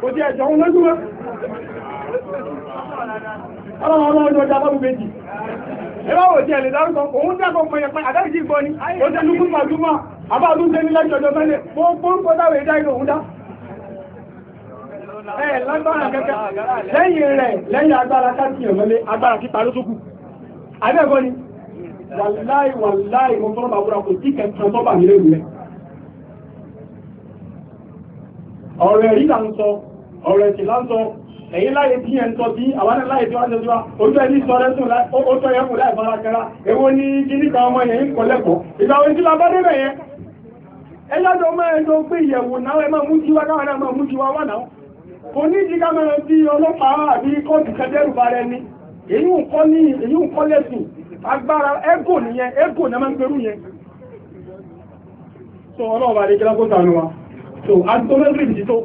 kò tí ẹ̀jọ̀ ń lójú wá ọlọ́run ọlọ́run ló dábọ́ méjì ẹwà wò tí ẹ̀ lè dárúkọ òun dákọ̀ pẹ̀yẹ pẹ́ àdájì gbọ́ ni ó jẹ́ lúkú pàdúmọ̀ àbá lúkú ní lẹ́jọ̀jọ́ mẹ́lẹ̀ gbogbo ń kọ́ dáwọ̀ ìdá ìlú òun dá ẹ̀ lágbára kẹ́kẹ́ lẹ́yìn rẹ̀ lẹ́yìn agbára káàkiri ọ̀mọ́lé agbára kíta ló tókù àbẹ́ẹ̀kọ́ ni wàláì wàláì mo fọ́nà bàbúrà kò tí kẹta tó bà nílé rẹ̀ ọ̀rẹ́ rí là ń sọ ọ̀rọ̀ ẹ̀sìn láńsọ ẹ̀yìn láyé bí ẹ̀ ń tọ́ sí àwọn láyé tí wọ́n ṣe wá ojú ẹni sọ lẹ́sùn ó tọ́ yẹ kù láì fara kẹra èwo ni kíní kan ọmọ yẹn ń kọ lẹ́kọ̀ọ́ ìgbà wo ti la bá débẹ̀ yẹn ẹ lọ́dọ̀ máa ń lọ gbé ìyẹ̀wò náà ẹ máa mú jí wá káwọn náà máa mú jí wá wà náà kò ní ìdí kámẹ́rẹ́ bí ọlọ́pàá àbí kóòtù kẹtẹ́rù bá rẹ ni èyí ń kọ́ lẹ́sùn agbára ẹ́gò nìyẹn ẹ́gò náà máa ń perú yẹn so ọlọ́ọ̀bà àdékẹ́lá kó sànù wa so àti tó mẹ́rin ìdí tó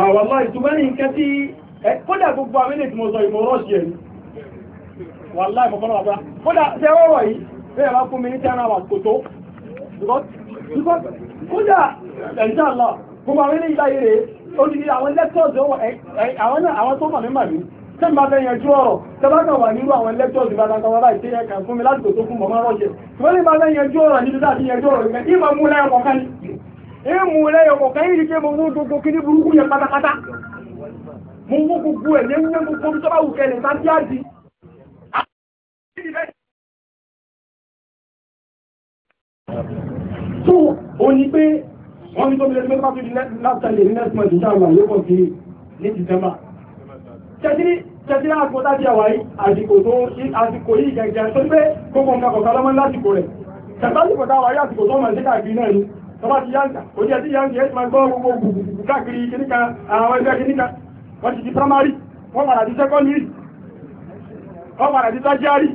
àwọ̀lá ah, ìtumẹ́ ní nǹkan tí kódà gbogbo amílẹ̀ tí mo sọ ìmọ̀ rọ́ọ̀ṣì ẹ̀ wàlá ìmọ̀kọ́nà wàbá kódà tẹ ọ̀rọ̀ yìí bẹ́ẹ̀ bá fún mi ní tẹ́ra wà kò tó kódà ẹ̀ǹtà lọ gbogbo amílẹ̀ ìláyé rẹ̀ ó ti di àwọn lẹ́tọ̀ọ̀sì àwọn tó mọ̀ mí mà mí tẹ́ ń bá fẹ́ yanjú ọ̀rọ̀ tẹ́ bá kàn wà nínú àwọn lẹ́tọ̀ọ̀sì bá kankan wàlá ìṣe yẹn kan fún mi láti kò tó fún mọ̀mọ́ rọ́ọ̀ṣì ṣùgbọ́n ní bá fẹ́ yanjú ọ̀rọ̀ níbi tá ìmú lẹ́yọ̀ kọ̀ọ̀kan yìí pé mo wó gbogbo kí ní burúkú yẹn pátápátá mo wó gbogbo ẹ̀ ní ní gbogbo tó bá wù kẹlẹ̀ sáńtíáàdì. tó o ní pé wọ́n ní tó mi lè fi pàtó di látàlẹ̀ ní next month ìṣàlùmọ̀ yóò pọ̀ sí ní December. tẹ̀sírí tẹ̀sírí àsìkò tájí àwárí àsìkò tó àsìkò yìí gẹ̀gẹ̀ tó pé gbogbo nǹkan kọ̀ọ̀kan lọ́mọ lásìkò rẹ̀ tẹ̀sírí àsìkò táwárí àsìkò tó mọ̀ sí káàkiri náà ni tọ́ba ti yáǹkà òjì àti yáǹkà ẹ̀ ti máa gbọ́ gbogbo gbùgbùgbù káàkiri kìníkà àwọn ẹgbẹ́ kìníkà wọ́n ti di primary wọ́n padà di secondary wọ́n padà di tertiary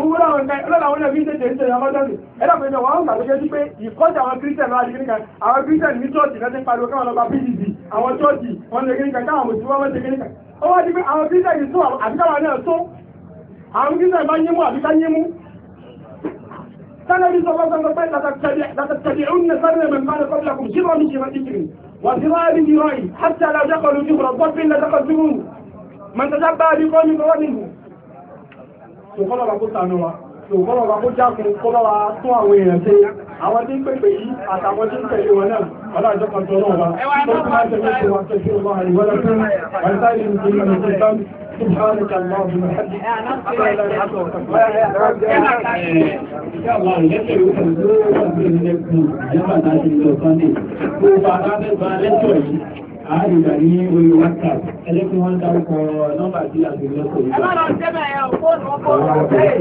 owó làwọn ẹgbẹ́ ọlọ́dà wọn lẹ́bí tètè ń tẹ̀lé ọmọdé ẹ̀dá pé wọ́n ń gbàgbé sí pé ìkọ́jà àwọn christian lọ́wọ́ kìníkà àwọn christian ní church náà ti ń pariwo káwọn lọ́ba pdp àwọn church wọn lè kìníkà káwọn mùsùlùmí wọn lè kìníkà ó wá di pé àwọn christian yìí tó àbíkáwọn náà tó àwọn christian bá yín mú àbíká yín mú كان النبي صلى الله عليه وسلم لتتبعن سنة من كان قبلكم شرا من شرائكم وذراعا من ذرائي حتى لو دخلوا جبر الضب لدخلتموه من تتبع بقوم فهو منه. Sọ̀kọ́lọ́ bá الله ṣùgbọ́n ọba kó jákun kó bá wa tún àwọn èèyàn ṣe àwọn tí ń pèpè yìí àtàwọn tí ń tẹ̀lé wọn náà